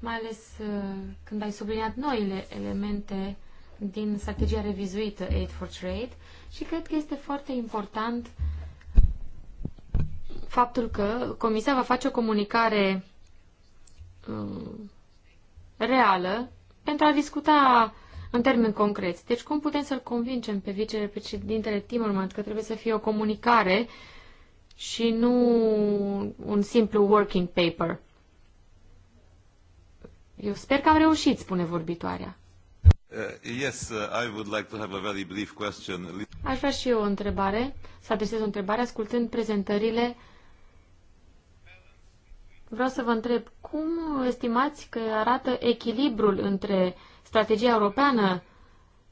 mai ales uh, când ai subliniat noile elemente din strategia revizuită Aid for Trade și cred că este foarte important faptul că Comisia va face o comunicare uh, reală pentru a discuta în termeni concreți. Deci cum putem să-l convingem pe vicepreședintele Timmermans că trebuie să fie o comunicare și nu un simplu working paper. Eu sper că am reușit, spune vorbitoarea. Uh, yes, uh, I would like to have a very brief question. Aș vrea și eu o întrebare, să adresez o întrebare ascultând prezentările. Vreau să vă întreb, cum estimați că arată echilibrul între strategia europeană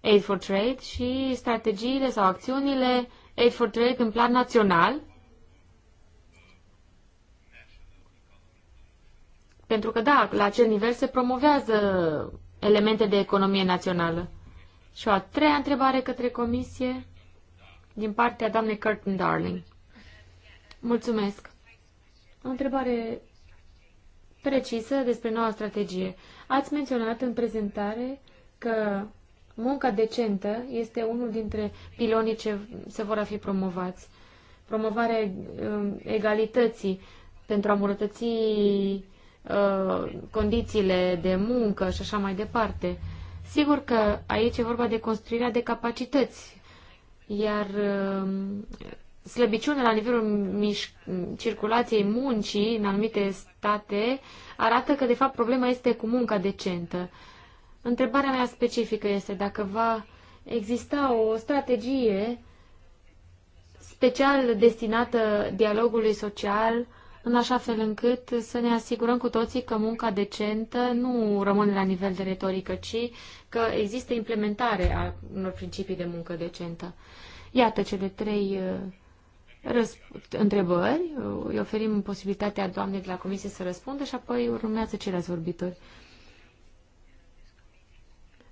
Aid for Trade și strategiile sau acțiunile Aid for Trade în plan național, Pentru că, da, la acel nivel se promovează elemente de economie națională. Și o a treia întrebare către comisie din partea doamnei Curtin Darling. Mulțumesc. O întrebare precisă despre noua strategie. Ați menționat în prezentare că munca decentă este unul dintre pilonii ce se vor a fi promovați. Promovarea um, egalității pentru a îmbunătăți Uh, condițiile de muncă și așa mai departe. Sigur că aici e vorba de construirea de capacități, iar uh, slăbiciunea la nivelul circulației muncii în anumite state arată că, de fapt, problema este cu munca decentă. Întrebarea mea specifică este dacă va exista o strategie special destinată dialogului social în așa fel încât să ne asigurăm cu toții că munca decentă nu rămâne la nivel de retorică, ci că există implementare a unor principii de muncă decentă. Iată cele trei uh, întrebări. Uh, îi oferim posibilitatea doamnei de la comisie să răspundă și apoi urmează ceilalți vorbitori.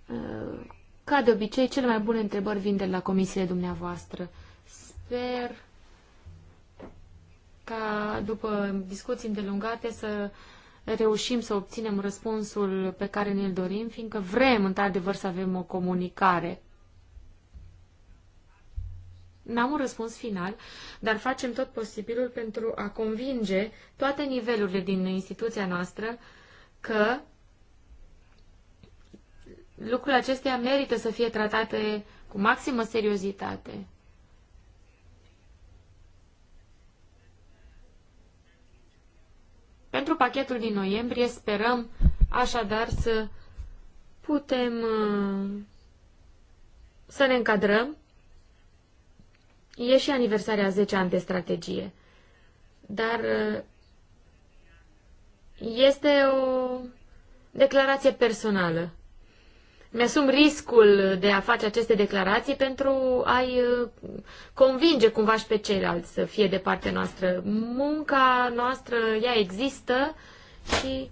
Uh, ca de obicei, cele mai bune întrebări vin de la comisiile dumneavoastră. Sper ca după discuții îndelungate să reușim să obținem răspunsul pe care ne-l dorim, fiindcă vrem într-adevăr să avem o comunicare. N-am un răspuns final, dar facem tot posibilul pentru a convinge toate nivelurile din instituția noastră că lucrurile acestea merită să fie tratate cu maximă seriozitate. Pentru pachetul din noiembrie sperăm așadar să putem uh, să ne încadrăm. E și aniversarea 10 ani de strategie. Dar uh, este o declarație personală mi-asum riscul de a face aceste declarații pentru a-i uh, convinge cumva și pe ceilalți să fie de partea noastră. Munca noastră, ea există și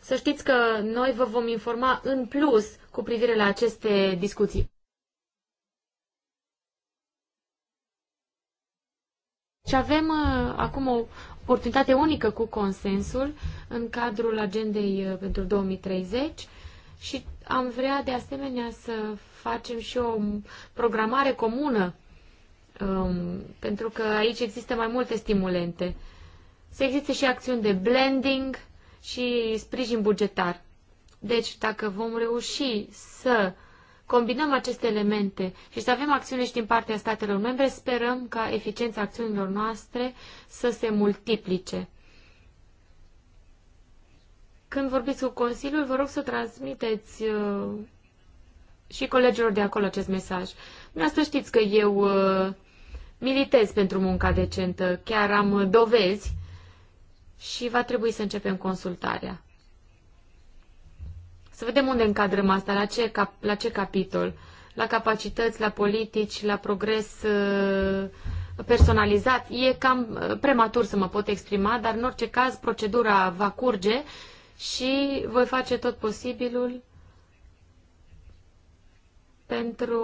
să știți că noi vă vom informa în plus cu privire la aceste discuții. Și avem uh, acum o oportunitate unică cu consensul în cadrul agendei uh, pentru 2030 și am vrea de asemenea să facem și o programare comună, um, pentru că aici există mai multe stimulente. Să existe și acțiuni de blending și sprijin bugetar. Deci, dacă vom reuși să combinăm aceste elemente și să avem acțiune și din partea statelor membre, sperăm ca eficiența acțiunilor noastre să se multiplice. Când vorbiți cu Consiliul, vă rog să transmiteți uh, și colegilor de acolo acest mesaj. să știți că eu uh, militez pentru munca decentă, chiar am uh, dovezi și va trebui să începem consultarea. Să vedem unde încadrăm asta, la ce, cap, la ce capitol, la capacități, la politici, la progres uh, personalizat. E cam uh, prematur să mă pot exprima, dar în orice caz procedura va curge și voi face tot posibilul pentru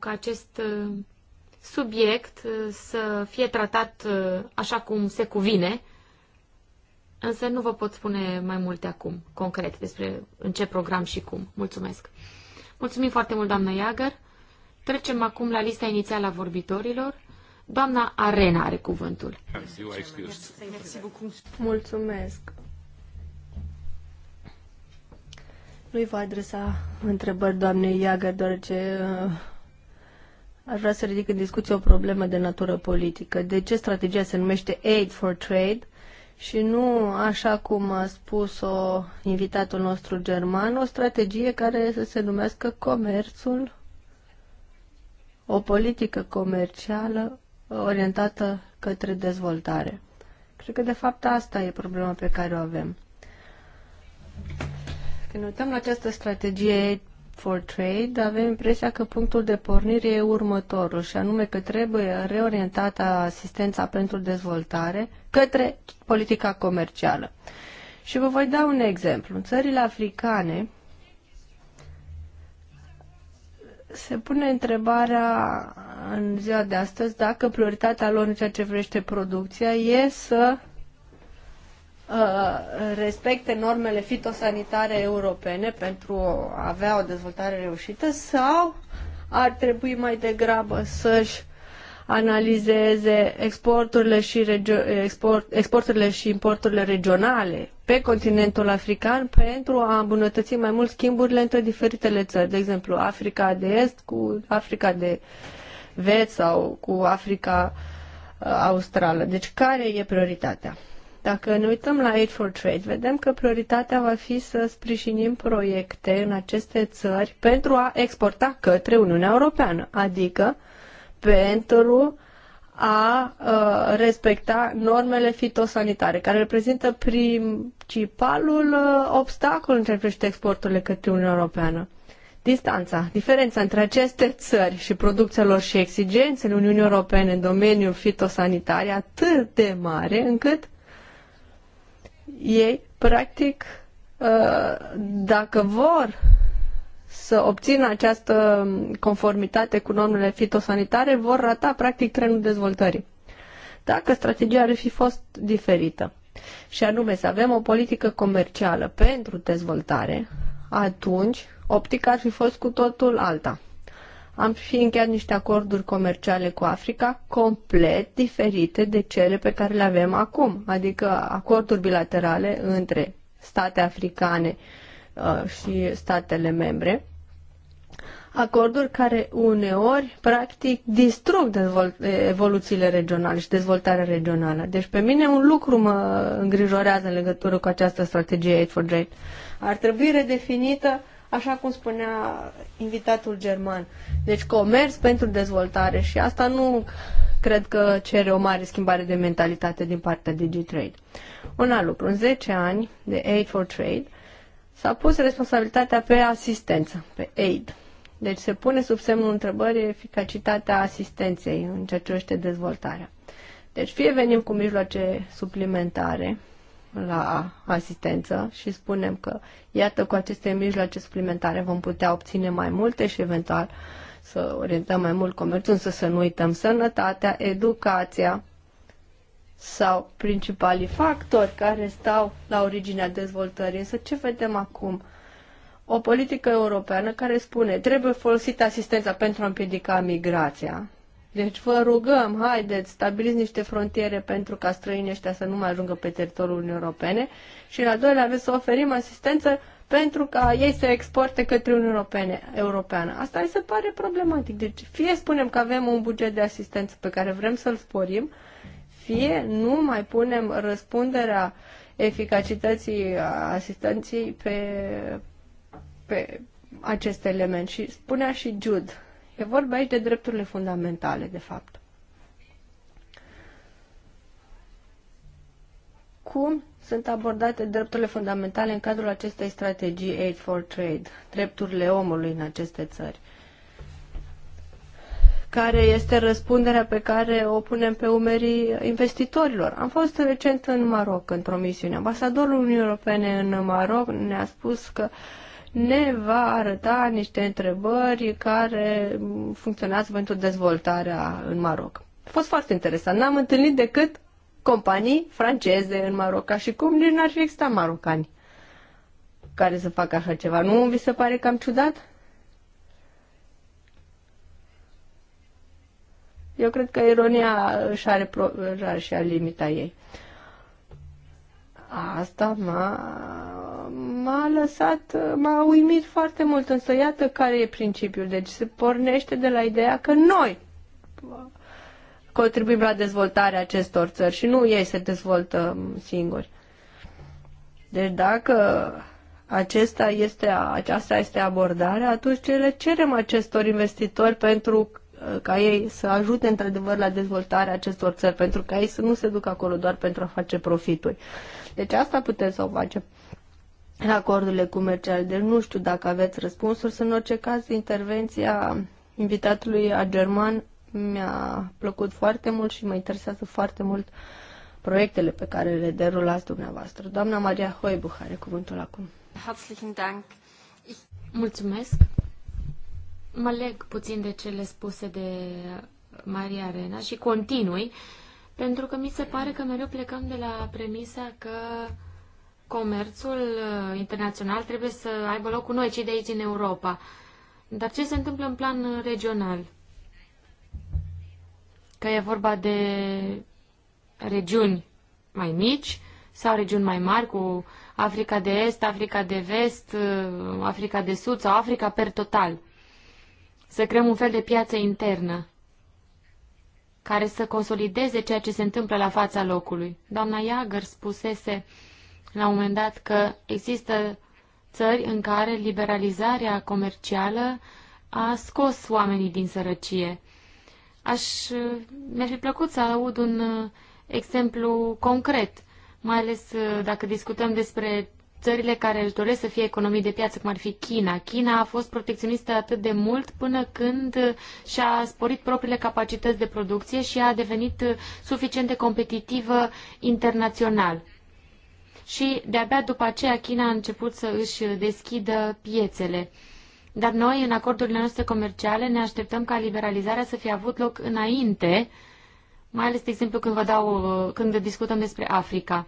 ca acest uh, subiect uh, să fie tratat uh, așa cum se cuvine, însă nu vă pot spune mai multe acum, concret, despre în ce program și cum. Mulțumesc! Mulțumim foarte mult, doamnă Iagăr. Trecem acum la lista inițială a vorbitorilor. Doamna Arena are cuvântul. Mulțumesc. Nu i va adresa întrebări doamnei Iagă, deoarece uh, ar vrea să ridic în discuție o problemă de natură politică. De ce strategia se numește Aid for Trade și nu, așa cum a spus-o invitatul nostru german, o strategie care să se numească comerțul, o politică comercială orientată către dezvoltare. Cred că, de fapt, asta e problema pe care o avem. Când uităm la această strategie for Trade, avem impresia că punctul de pornire e următorul, și anume că trebuie reorientată asistența pentru dezvoltare către politica comercială. Și vă voi da un exemplu. În țările africane se pune întrebarea în ziua de astăzi dacă prioritatea lor în ceea ce vrește producția e să Uh, respecte normele fitosanitare europene pentru a avea o dezvoltare reușită sau ar trebui mai degrabă să-și analizeze exporturile și, regio- export, exporturile și importurile regionale pe continentul african pentru a îmbunătăți mai mult schimburile între diferitele țări, de exemplu Africa de Est cu Africa de Vest sau cu Africa uh, Australă. Deci care e prioritatea? Dacă ne uităm la Aid for Trade, vedem că prioritatea va fi să sprijinim proiecte în aceste țări pentru a exporta către Uniunea Europeană, adică pentru a uh, respecta normele fitosanitare, care reprezintă principalul uh, obstacol în ce privește exporturile către Uniunea Europeană. Distanța, diferența între aceste țări și producția lor și exigențele Uniunii Europene în domeniul fitosanitar e atât de mare încât ei, practic, ă, dacă vor să obțină această conformitate cu normele fitosanitare, vor rata, practic, trenul dezvoltării. Dacă strategia ar fi fost diferită, și anume să avem o politică comercială pentru dezvoltare, atunci optica ar fi fost cu totul alta am fi încheiat niște acorduri comerciale cu Africa complet diferite de cele pe care le avem acum, adică acorduri bilaterale între state africane uh, și statele membre, acorduri care uneori practic distrug evoluțiile regionale și dezvoltarea regională. Deci pe mine un lucru mă îngrijorează în legătură cu această strategie Aid for Trade. Ar trebui redefinită uh, așa cum spunea invitatul german. Deci comerț pentru dezvoltare și asta nu cred că cere o mare schimbare de mentalitate din partea DigiTrade. Un alt lucru, în 10 ani de Aid for Trade s-a pus responsabilitatea pe asistență, pe aid. Deci se pune sub semnul întrebării eficacitatea asistenței în ceea ce dezvoltarea. Deci fie venim cu mijloace suplimentare, la asistență și spunem că, iată, cu aceste mijloace suplimentare vom putea obține mai multe și eventual să orientăm mai mult comerțul, însă să nu uităm sănătatea, educația sau principalii factori care stau la originea dezvoltării. Însă ce vedem acum? O politică europeană care spune trebuie folosită asistența pentru a împiedica migrația, deci vă rugăm, haideți, stabiliți niște frontiere pentru ca străinii ăștia să nu mai ajungă pe teritoriul Uniunii Europene și, la doilea, aveți să oferim asistență pentru ca ei să exporte către Uniunea Europene, Europeană. Asta mi se pare problematic. Deci fie spunem că avem un buget de asistență pe care vrem să-l sporim, fie nu mai punem răspunderea eficacității asistenței pe, pe acest element. Și spunea și Jude, E vorba aici de drepturile fundamentale, de fapt. Cum sunt abordate drepturile fundamentale în cadrul acestei strategii Aid for Trade, drepturile omului în aceste țări? care este răspunderea pe care o punem pe umerii investitorilor. Am fost recent în Maroc, într-o misiune. Ambasadorul Uniunii Europene în Maroc ne-a spus că uh, ne va arăta niște întrebări care funcționează pentru dezvoltarea în Maroc. A fost foarte interesant. N-am întâlnit decât companii franceze în Maroc, ca și cum nici n-ar fi existat marocani care să facă așa ceva. Nu vi se pare cam ciudat? Eu cred că ironia își are, pro- își are limita ei. Asta m-a m-a lăsat, m-a uimit foarte mult, însă iată care e principiul. Deci se pornește de la ideea că noi contribuim la dezvoltarea acestor țări și nu ei se dezvoltă singuri. Deci dacă acesta este, aceasta este abordarea, atunci ce le cerem acestor investitori pentru uh, ca ei să ajute într-adevăr la dezvoltarea acestor țări, pentru ca ei să nu se ducă acolo doar pentru a face profituri. Deci asta putem să o facem în acordurile comerciale. Deci nu știu dacă aveți răspunsuri, în orice caz intervenția invitatului a german mi-a plăcut foarte mult și mă interesează foarte mult proiectele pe care le derulați dumneavoastră. Doamna Maria Hoibuch are cuvântul acum. Mulțumesc. Mă leg puțin de cele spuse de Maria Arena și continui, pentru că mi se pare că mereu plecăm de la premisa că comerțul uh, internațional trebuie să aibă loc cu noi, cei de aici în Europa. Dar ce se întâmplă în plan regional? Că e vorba de regiuni mai mici sau regiuni mai mari cu Africa de Est, Africa de Vest, uh, Africa de Sud sau Africa per total. Să creăm un fel de piață internă care să consolideze ceea ce se întâmplă la fața locului. Doamna Iagăr spusese la un moment dat că există țări în care liberalizarea comercială a scos oamenii din sărăcie. Aș, mi aș fi plăcut să aud un uh, exemplu concret, mai ales uh, dacă discutăm despre țările care își doresc să fie economii de piață, cum ar fi China. China a fost protecționistă atât de mult până când uh, și-a sporit propriile capacități de producție și a devenit suficient de competitivă internațional și de-abia după aceea China a început să își deschidă piețele. Dar noi, în acordurile noastre comerciale, ne așteptăm ca liberalizarea să fie avut loc înainte, mai ales, de exemplu, când, vă dau, când discutăm despre Africa.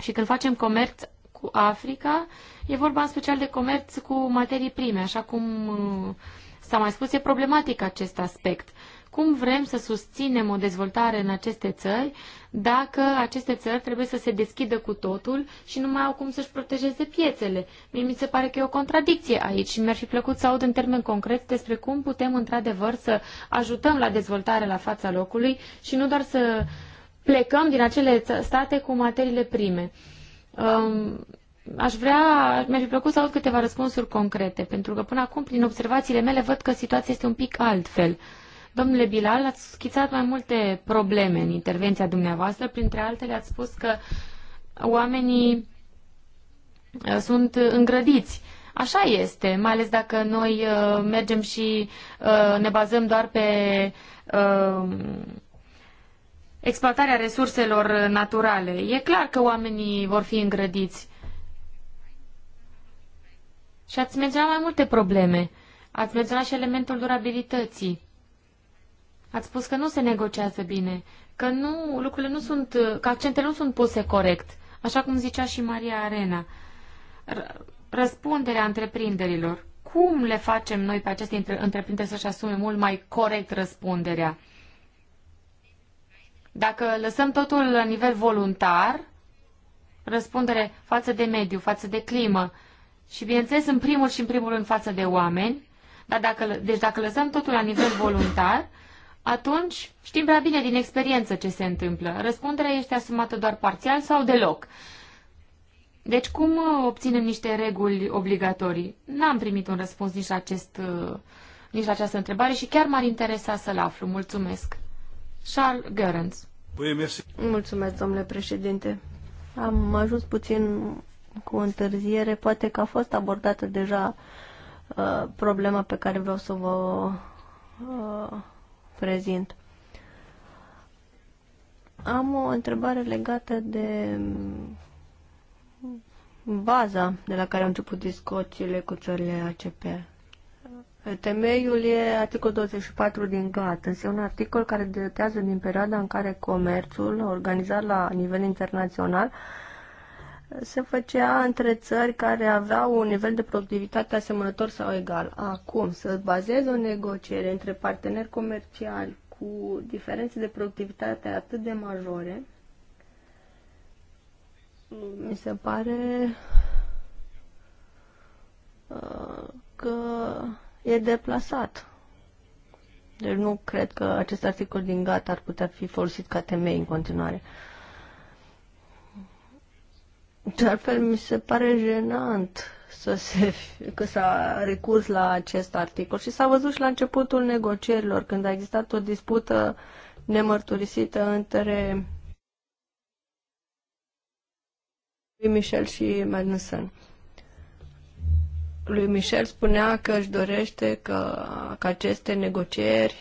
Și când facem comerț cu Africa, e vorba în special de comerț cu materii prime, așa cum uh, s-a mai spus, e problematic acest aspect. Cum vrem să susținem o dezvoltare în aceste țări dacă aceste țări trebuie să se deschidă cu totul și nu mai au cum să-și protejeze piețele. Mie mi se pare că e o contradicție aici și mi-ar fi plăcut să aud în termen concret despre cum putem într-adevăr să ajutăm la dezvoltare la fața locului și nu doar să plecăm din acele state cu materiile prime. Um, aș vrea, mi-ar fi plăcut să aud câteva răspunsuri concrete, pentru că până acum, prin observațiile mele, văd că situația este un pic altfel. Uh, Domnule Bilal, ați schițat mai multe probleme în intervenția dumneavoastră. Printre altele, ați spus că oamenii uh, sunt îngrădiți. Așa este, mai ales dacă noi uh, mergem și uh, ne bazăm doar pe exploatarea resurselor naturale. E clar că oamenii vor fi îngrădiți. Și ați menționat mai multe probleme. Ați menționat și elementul durabilității. Ați spus că nu se negociază bine, că nu, lucrurile nu sunt, că accentele nu sunt puse corect, așa cum zicea și Maria Arena. R- răspunderea întreprinderilor. Cum le facem noi pe aceste întreprinderi să-și asume mult mai corect răspunderea? Dacă lăsăm totul la nivel voluntar, răspundere față de mediu, față de climă și, bineînțeles, în primul și în primul rând față de oameni, dar dacă, deci dacă lăsăm totul la nivel voluntar, atunci știm prea bine din experiență ce se întâmplă. Răspunderea este asumată doar parțial sau deloc. Deci cum uh, obținem niște reguli obligatorii? N-am primit un răspuns nici la, acest, uh, nici la această întrebare și chiar m-ar interesa să-l aflu. Mulțumesc. Charles Görens. Mulțumesc, domnule președinte. Am ajuns puțin cu întârziere. Poate că a fost abordată deja uh, problema pe care vreau să vă uh, prezint. Am o întrebare legată de baza de la care au început discuțiile cu țările ACP. Temeiul e articolul 24 din GATT, Este un articol care datează din perioada în care comerțul, organizat la nivel internațional, se făcea între țări care aveau un nivel de productivitate asemănător sau egal. Acum, să bazezi o negociere între parteneri comerciali cu diferențe de productivitate atât de majore, mi se pare uh, că e deplasat. Deci nu cred că acest articol din GAT ar putea fi folosit ca temei în continuare. De altfel, mi se pare jenant să se, că s-a recurs la acest articol și s-a văzut și la începutul negocierilor, când a existat o dispută nemărturisită între lui Michel și Magnussen. Lui Michel spunea că își dorește că, că aceste negocieri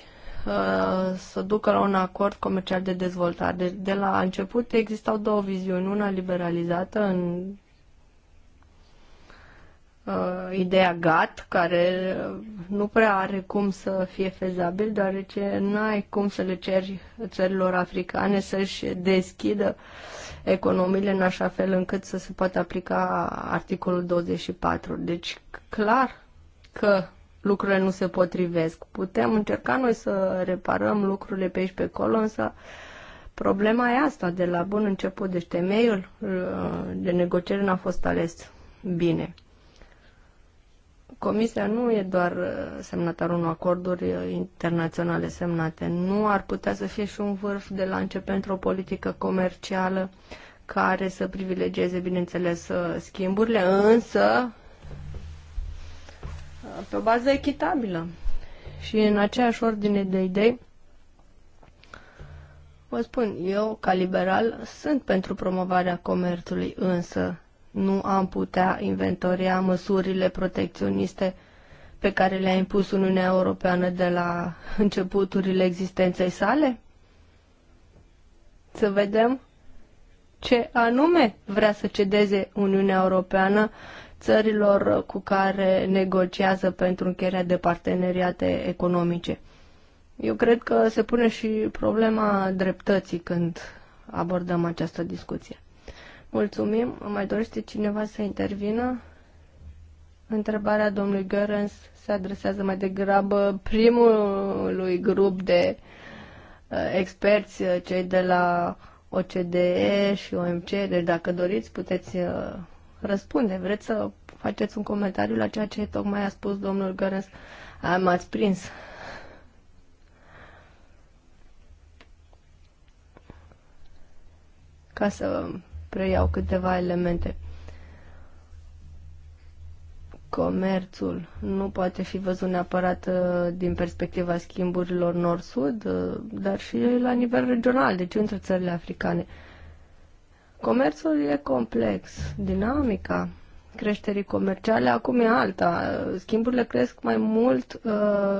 Uh, să ducă la un acord comercial de dezvoltare. De, de la început existau două viziuni, una liberalizată în uh, ideea GATT, care nu prea are cum să fie fezabil, deoarece n-ai cum să le ceri țărilor africane să-și deschidă economiile în așa fel încât să se poată aplica articolul 24. Deci, clar că lucrurile nu se potrivesc. Putem încerca noi să reparăm lucrurile pe aici pe acolo, însă problema e asta de la bun început. Deci temeiul uh, de negociere n-a fost ales bine. Comisia nu e doar uh, semnatarul unor acorduri uh, internaționale semnate. Nu ar putea să fie și un vârf de la început într-o politică comercială care să privilegieze, bineînțeles, schimburile, însă pe o bază echitabilă. Și în aceeași ordine de idei, vă spun, eu, ca liberal, sunt pentru promovarea comerțului, însă nu am putea inventoria măsurile protecționiste pe care le-a impus Uniunea Europeană de la începuturile existenței sale? Să vedem ce anume vrea să cedeze Uniunea Europeană țărilor cu care negociază pentru încheierea de parteneriate economice. Eu cred că se pune și problema dreptății când abordăm această discuție. Mulțumim. Mai dorește cineva să intervină? Întrebarea domnului Gărens se adresează mai degrabă primului grup de uh, experți, uh, cei de la OCDE și OMC, deci dacă doriți puteți uh, răspunde. Vreți să faceți un comentariu la ceea ce tocmai a spus domnul Gărăs? M-ați prins. Ca să preiau câteva elemente. Comerțul nu poate fi văzut neapărat uh, din perspectiva schimburilor nord-sud, uh, dar și la nivel regional, deci între țările africane. Comerțul e complex, dinamica creșterii comerciale acum e alta. Schimburile cresc mai mult uh,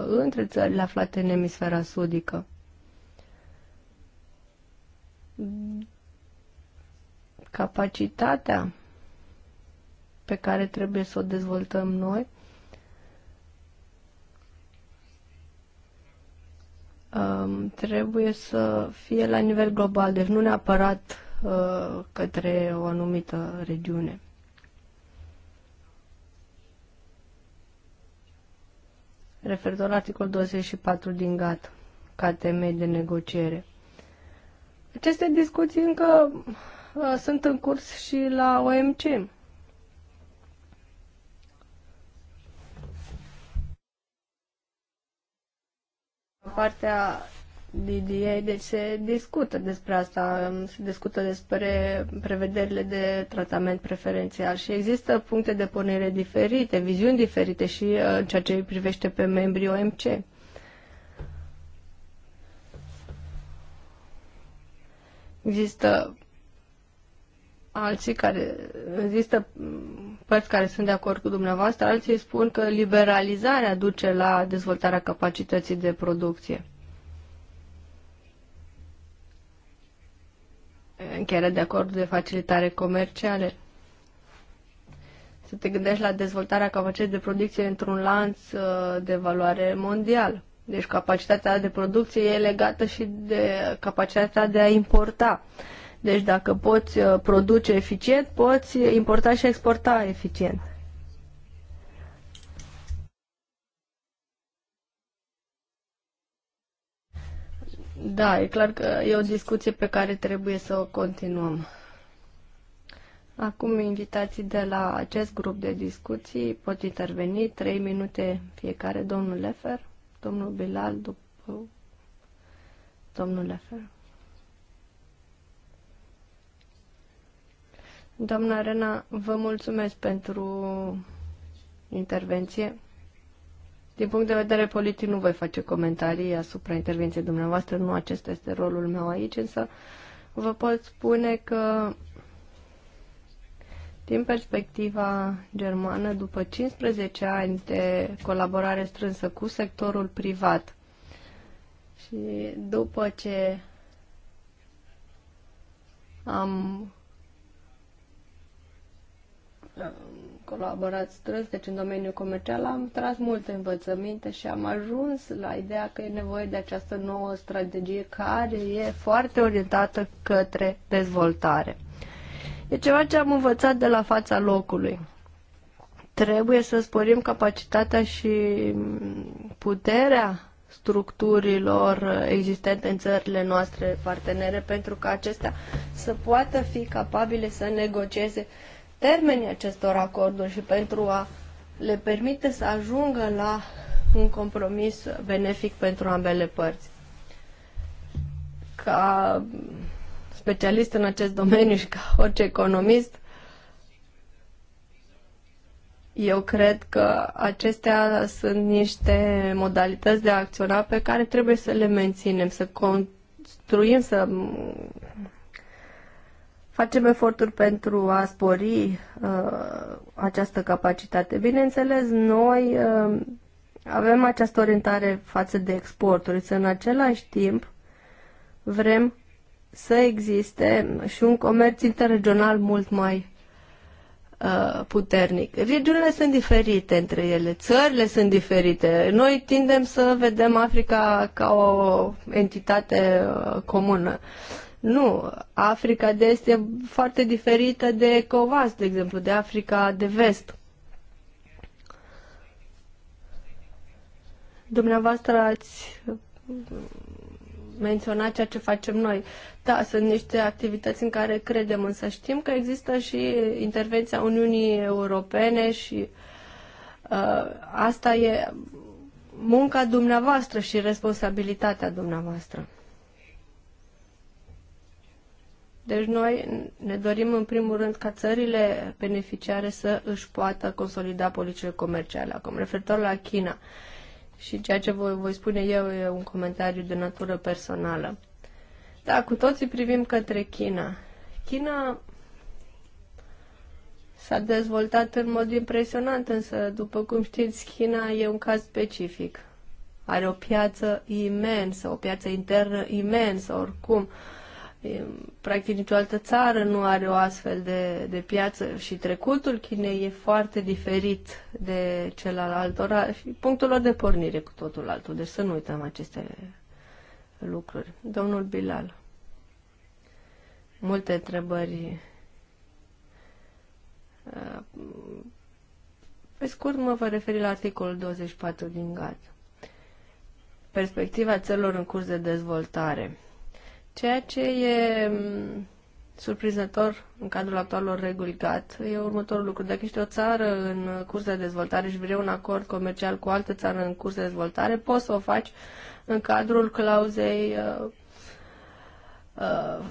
între țările aflate în emisfera sudică. Capacitatea pe care trebuie să o dezvoltăm noi um, trebuie să fie la nivel global, deci nu neapărat Uh, către o anumită regiune. referitor la articolul 24 din GAT, ca temei de negociere. Aceste discuții încă uh, sunt în curs și la OMC. Partea DDA, deci se discută despre asta, se discută despre prevederile de tratament preferențial și există puncte de pornire diferite, viziuni diferite și uh, în ceea ce îi privește pe membrii OMC. Există alții care, există părți care sunt de acord cu dumneavoastră, alții spun că liberalizarea duce la dezvoltarea capacității de producție. încheierea de acorduri de facilitare comerciale. Să te gândești la dezvoltarea capacității de producție într-un lanț uh, de valoare mondial. Deci capacitatea de producție e legată și de capacitatea de a importa. Deci dacă poți uh, produce eficient, poți importa și exporta eficient. Da, e clar că e o discuție pe care trebuie să o continuăm. Acum invitații de la acest grup de discuții pot interveni, trei minute fiecare, domnul Lefer, domnul Bilal, după domnul Lefer. Doamna Arena, vă mulțumesc pentru intervenție. Din punct de vedere politic nu voi face comentarii asupra intervenției dumneavoastră, nu acesta este rolul meu aici, însă vă pot spune că din perspectiva germană, după 15 ani de colaborare strânsă cu sectorul privat și după ce am colaborat strâns, deci în domeniul comercial, am tras multe învățăminte și am ajuns la ideea că e nevoie de această nouă strategie care e foarte orientată către dezvoltare. E ceva ce am învățat de la fața locului. Trebuie să sporim capacitatea și puterea structurilor existente în țările noastre partenere pentru ca acestea să poată fi capabile să negocieze uh, termenii acestor acorduri și pentru a le permite să ajungă la un compromis benefic pentru ambele părți. Ca specialist în acest domeniu și ca orice economist, eu cred că acestea sunt niște modalități de a acționa pe care trebuie să le menținem, să construim, să Facem eforturi pentru a spori uh, această capacitate. Bineînțeles, noi uh, avem această orientare față de exporturi, însă în același timp vrem să existe și un comerț interregional mult mai uh, puternic. Regiunile sunt diferite între ele, țările sunt diferite. Noi tindem să vedem Africa ca o entitate uh, comună. Nu, Africa de Est e foarte diferită de Covas, de exemplu, de Africa de Vest. Dumneavoastră ați menționat ceea ce facem noi. Da, sunt niște activități în care credem, însă știm că există și intervenția Uniunii Europene și uh, asta e munca dumneavoastră și responsabilitatea dumneavoastră. Deci noi ne dorim în primul rând ca țările beneficiare să își poată consolida politicile comerciale. Acum, referitor la China și ceea ce voi, voi spune eu e un comentariu de natură personală. Da, cu toții privim către China. China s-a dezvoltat în mod impresionant, însă, după cum știți, China e un caz specific. Are o piață imensă, o piață internă imensă, oricum. Uh, Practic nicio altă țară nu are o astfel de, de piață și trecutul Chinei e foarte diferit de cel al altora și punctul lor de pornire cu totul altul. Deci să nu uităm aceste lucruri. Domnul Bilal, multe întrebări. Pe scurt mă vă referi la articolul 24 din GAT. Perspectiva țărilor în curs de dezvoltare. Ceea ce e mm, surprinzător în cadrul actualor reguli GATT e următorul lucru. Dacă ești o țară în curs de dezvoltare și vrei un acord comercial cu altă țară în curs de dezvoltare, poți să o faci în cadrul clauzei uh, uh,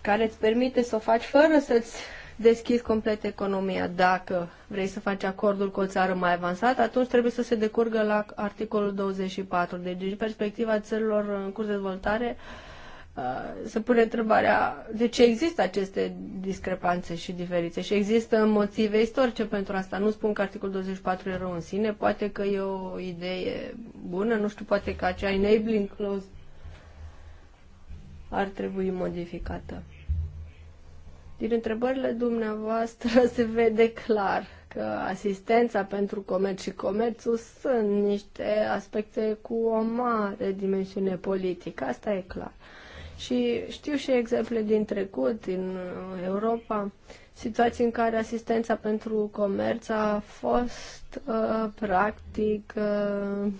care îți permite să o faci fără să-ți deschizi complet economia. Dacă vrei să faci acordul cu o țară mai avansată, atunci trebuie să se decurgă la articolul 24. Deci, din perspectiva țărilor în curs de dezvoltare, uh, Uh, se pune întrebarea de ce există aceste discrepanțe și diferențe și există motive istorice pentru asta. Nu spun că articolul 24 e rău în sine, poate că e o idee bună, nu știu, poate că acea enabling clause ar trebui modificată. Din întrebările dumneavoastră se vede clar că asistența pentru comerț și comerțul sunt niște aspecte cu o mare dimensiune politică, asta e clar. Și știu și exemple din trecut, în Europa, situații în care asistența pentru comerț a fost uh, practic uh,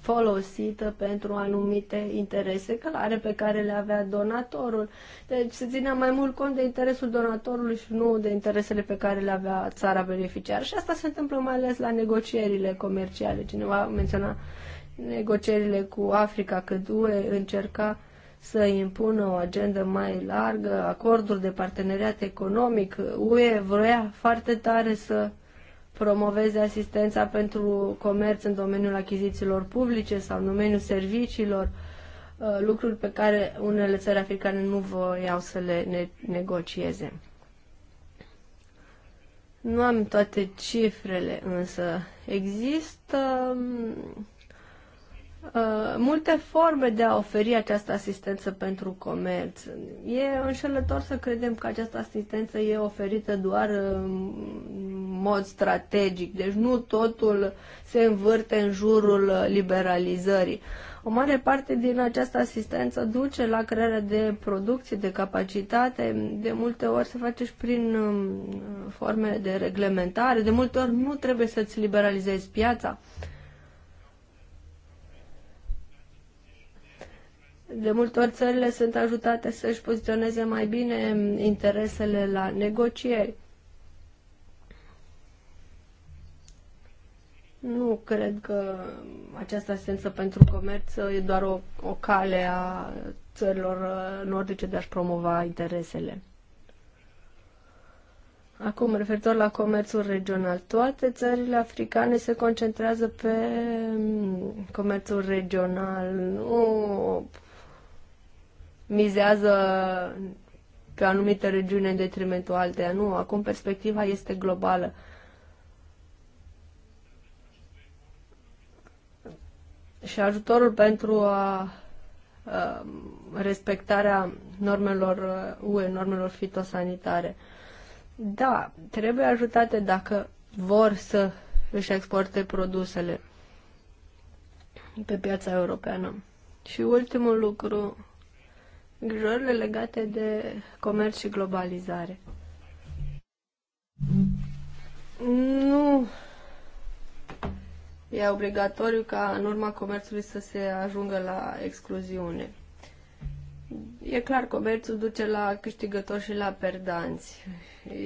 folosită pentru anumite interese clare pe care le avea donatorul. Deci se ținea mai mult cont de interesul donatorului și nu de interesele pe care le avea țara beneficiară. Și asta se întâmplă mai ales la negocierile comerciale. Cineva menționa negocierile cu Africa, că UE încerca uh, să impună o agendă mai largă, acorduri de parteneriat economic. UE vrea foarte tare să promoveze asistența pentru comerț în domeniul achizițiilor publice sau în domeniul serviciilor, uh, lucruri pe care unele țări africane nu voiau să le ne negocieze. Nu am toate cifrele, însă există um, Uh, multe forme de a oferi această asistență pentru comerț. E înșelător să credem că această asistență e oferită doar uh, în mod strategic, deci nu totul se învârte în jurul liberalizării. O mare parte din această asistență duce la crearea de producție, de capacitate, de multe ori se face și prin um, forme de reglementare, de multe ori nu trebuie să-ți liberalizezi piața. De multe ori țările sunt ajutate să-și poziționeze mai bine interesele la negocieri. Nu cred că această asistență pentru comerț e doar o, o cale a țărilor uh, nordice de a-și promova interesele. Acum, referitor la comerțul regional, toate țările africane se concentrează pe mm, comerțul regional. Nu mizează pe anumite regiuni în detrimentul altea. Nu, acum perspectiva este globală. Și ajutorul pentru a, a respectarea normelor uh, UE, normelor fitosanitare. Da, trebuie ajutate dacă vor să își exporte produsele pe piața europeană. Și ultimul lucru îngrijorările legate de comerț și globalizare. Nu e obligatoriu ca în urma comerțului să se ajungă la excluziune. E clar, comerțul duce la câștigători și la perdanți.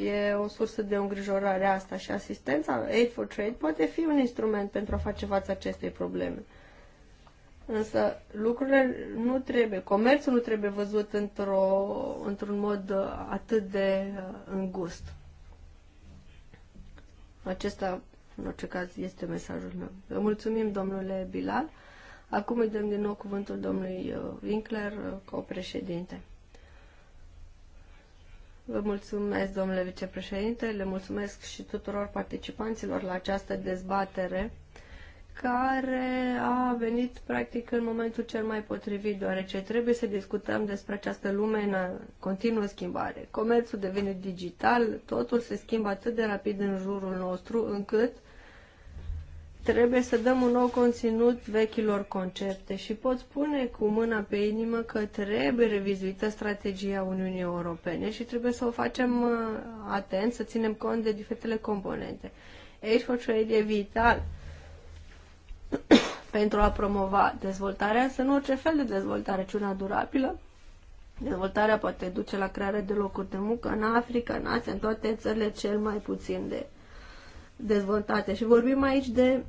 E o sursă de îngrijorare asta și asistența Aid for Trade poate fi un instrument pentru a face față acestei probleme. Însă lucrurile nu trebuie, comerțul nu trebuie văzut într-o, într-un mod uh, atât de uh, îngust. Acesta, în orice caz, este mesajul meu. Vă mulțumim, domnule Bilal. Acum îi dăm din nou cuvântul domnului uh, Winkler, co-președinte. Vă mulțumesc, domnule vicepreședinte, le mulțumesc și tuturor participanților la această dezbatere care a venit practic în momentul cel mai potrivit, deoarece trebuie să discutăm despre această lume în continuă schimbare. Comerțul devine digital, totul se schimbă atât de rapid în jurul nostru, încât trebuie să dăm un nou conținut vechilor concepte și pot spune cu mâna pe inimă că trebuie revizuită strategia Uniunii Europene și trebuie să o facem uh, atent, să ținem cont de diferitele componente. Aici for Trade e vital pentru a promova dezvoltarea, să nu orice fel de dezvoltare, ci una durabilă. Dezvoltarea poate duce la crearea de locuri de muncă în Africa, în Asia, în toate țările cel mai puțin de dezvoltate. Și vorbim aici de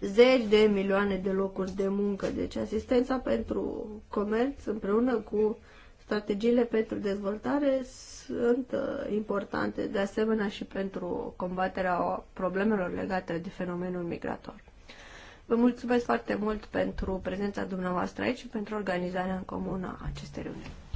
zeci de milioane de locuri de muncă. Deci asistența pentru comerț împreună cu strategiile pentru dezvoltare sunt uh, importante de asemenea și pentru combaterea problemelor legate de fenomenul migrator. Vă mulțumesc foarte mult pentru prezența dumneavoastră aici și pentru organizarea în comună a acestei reuniuni.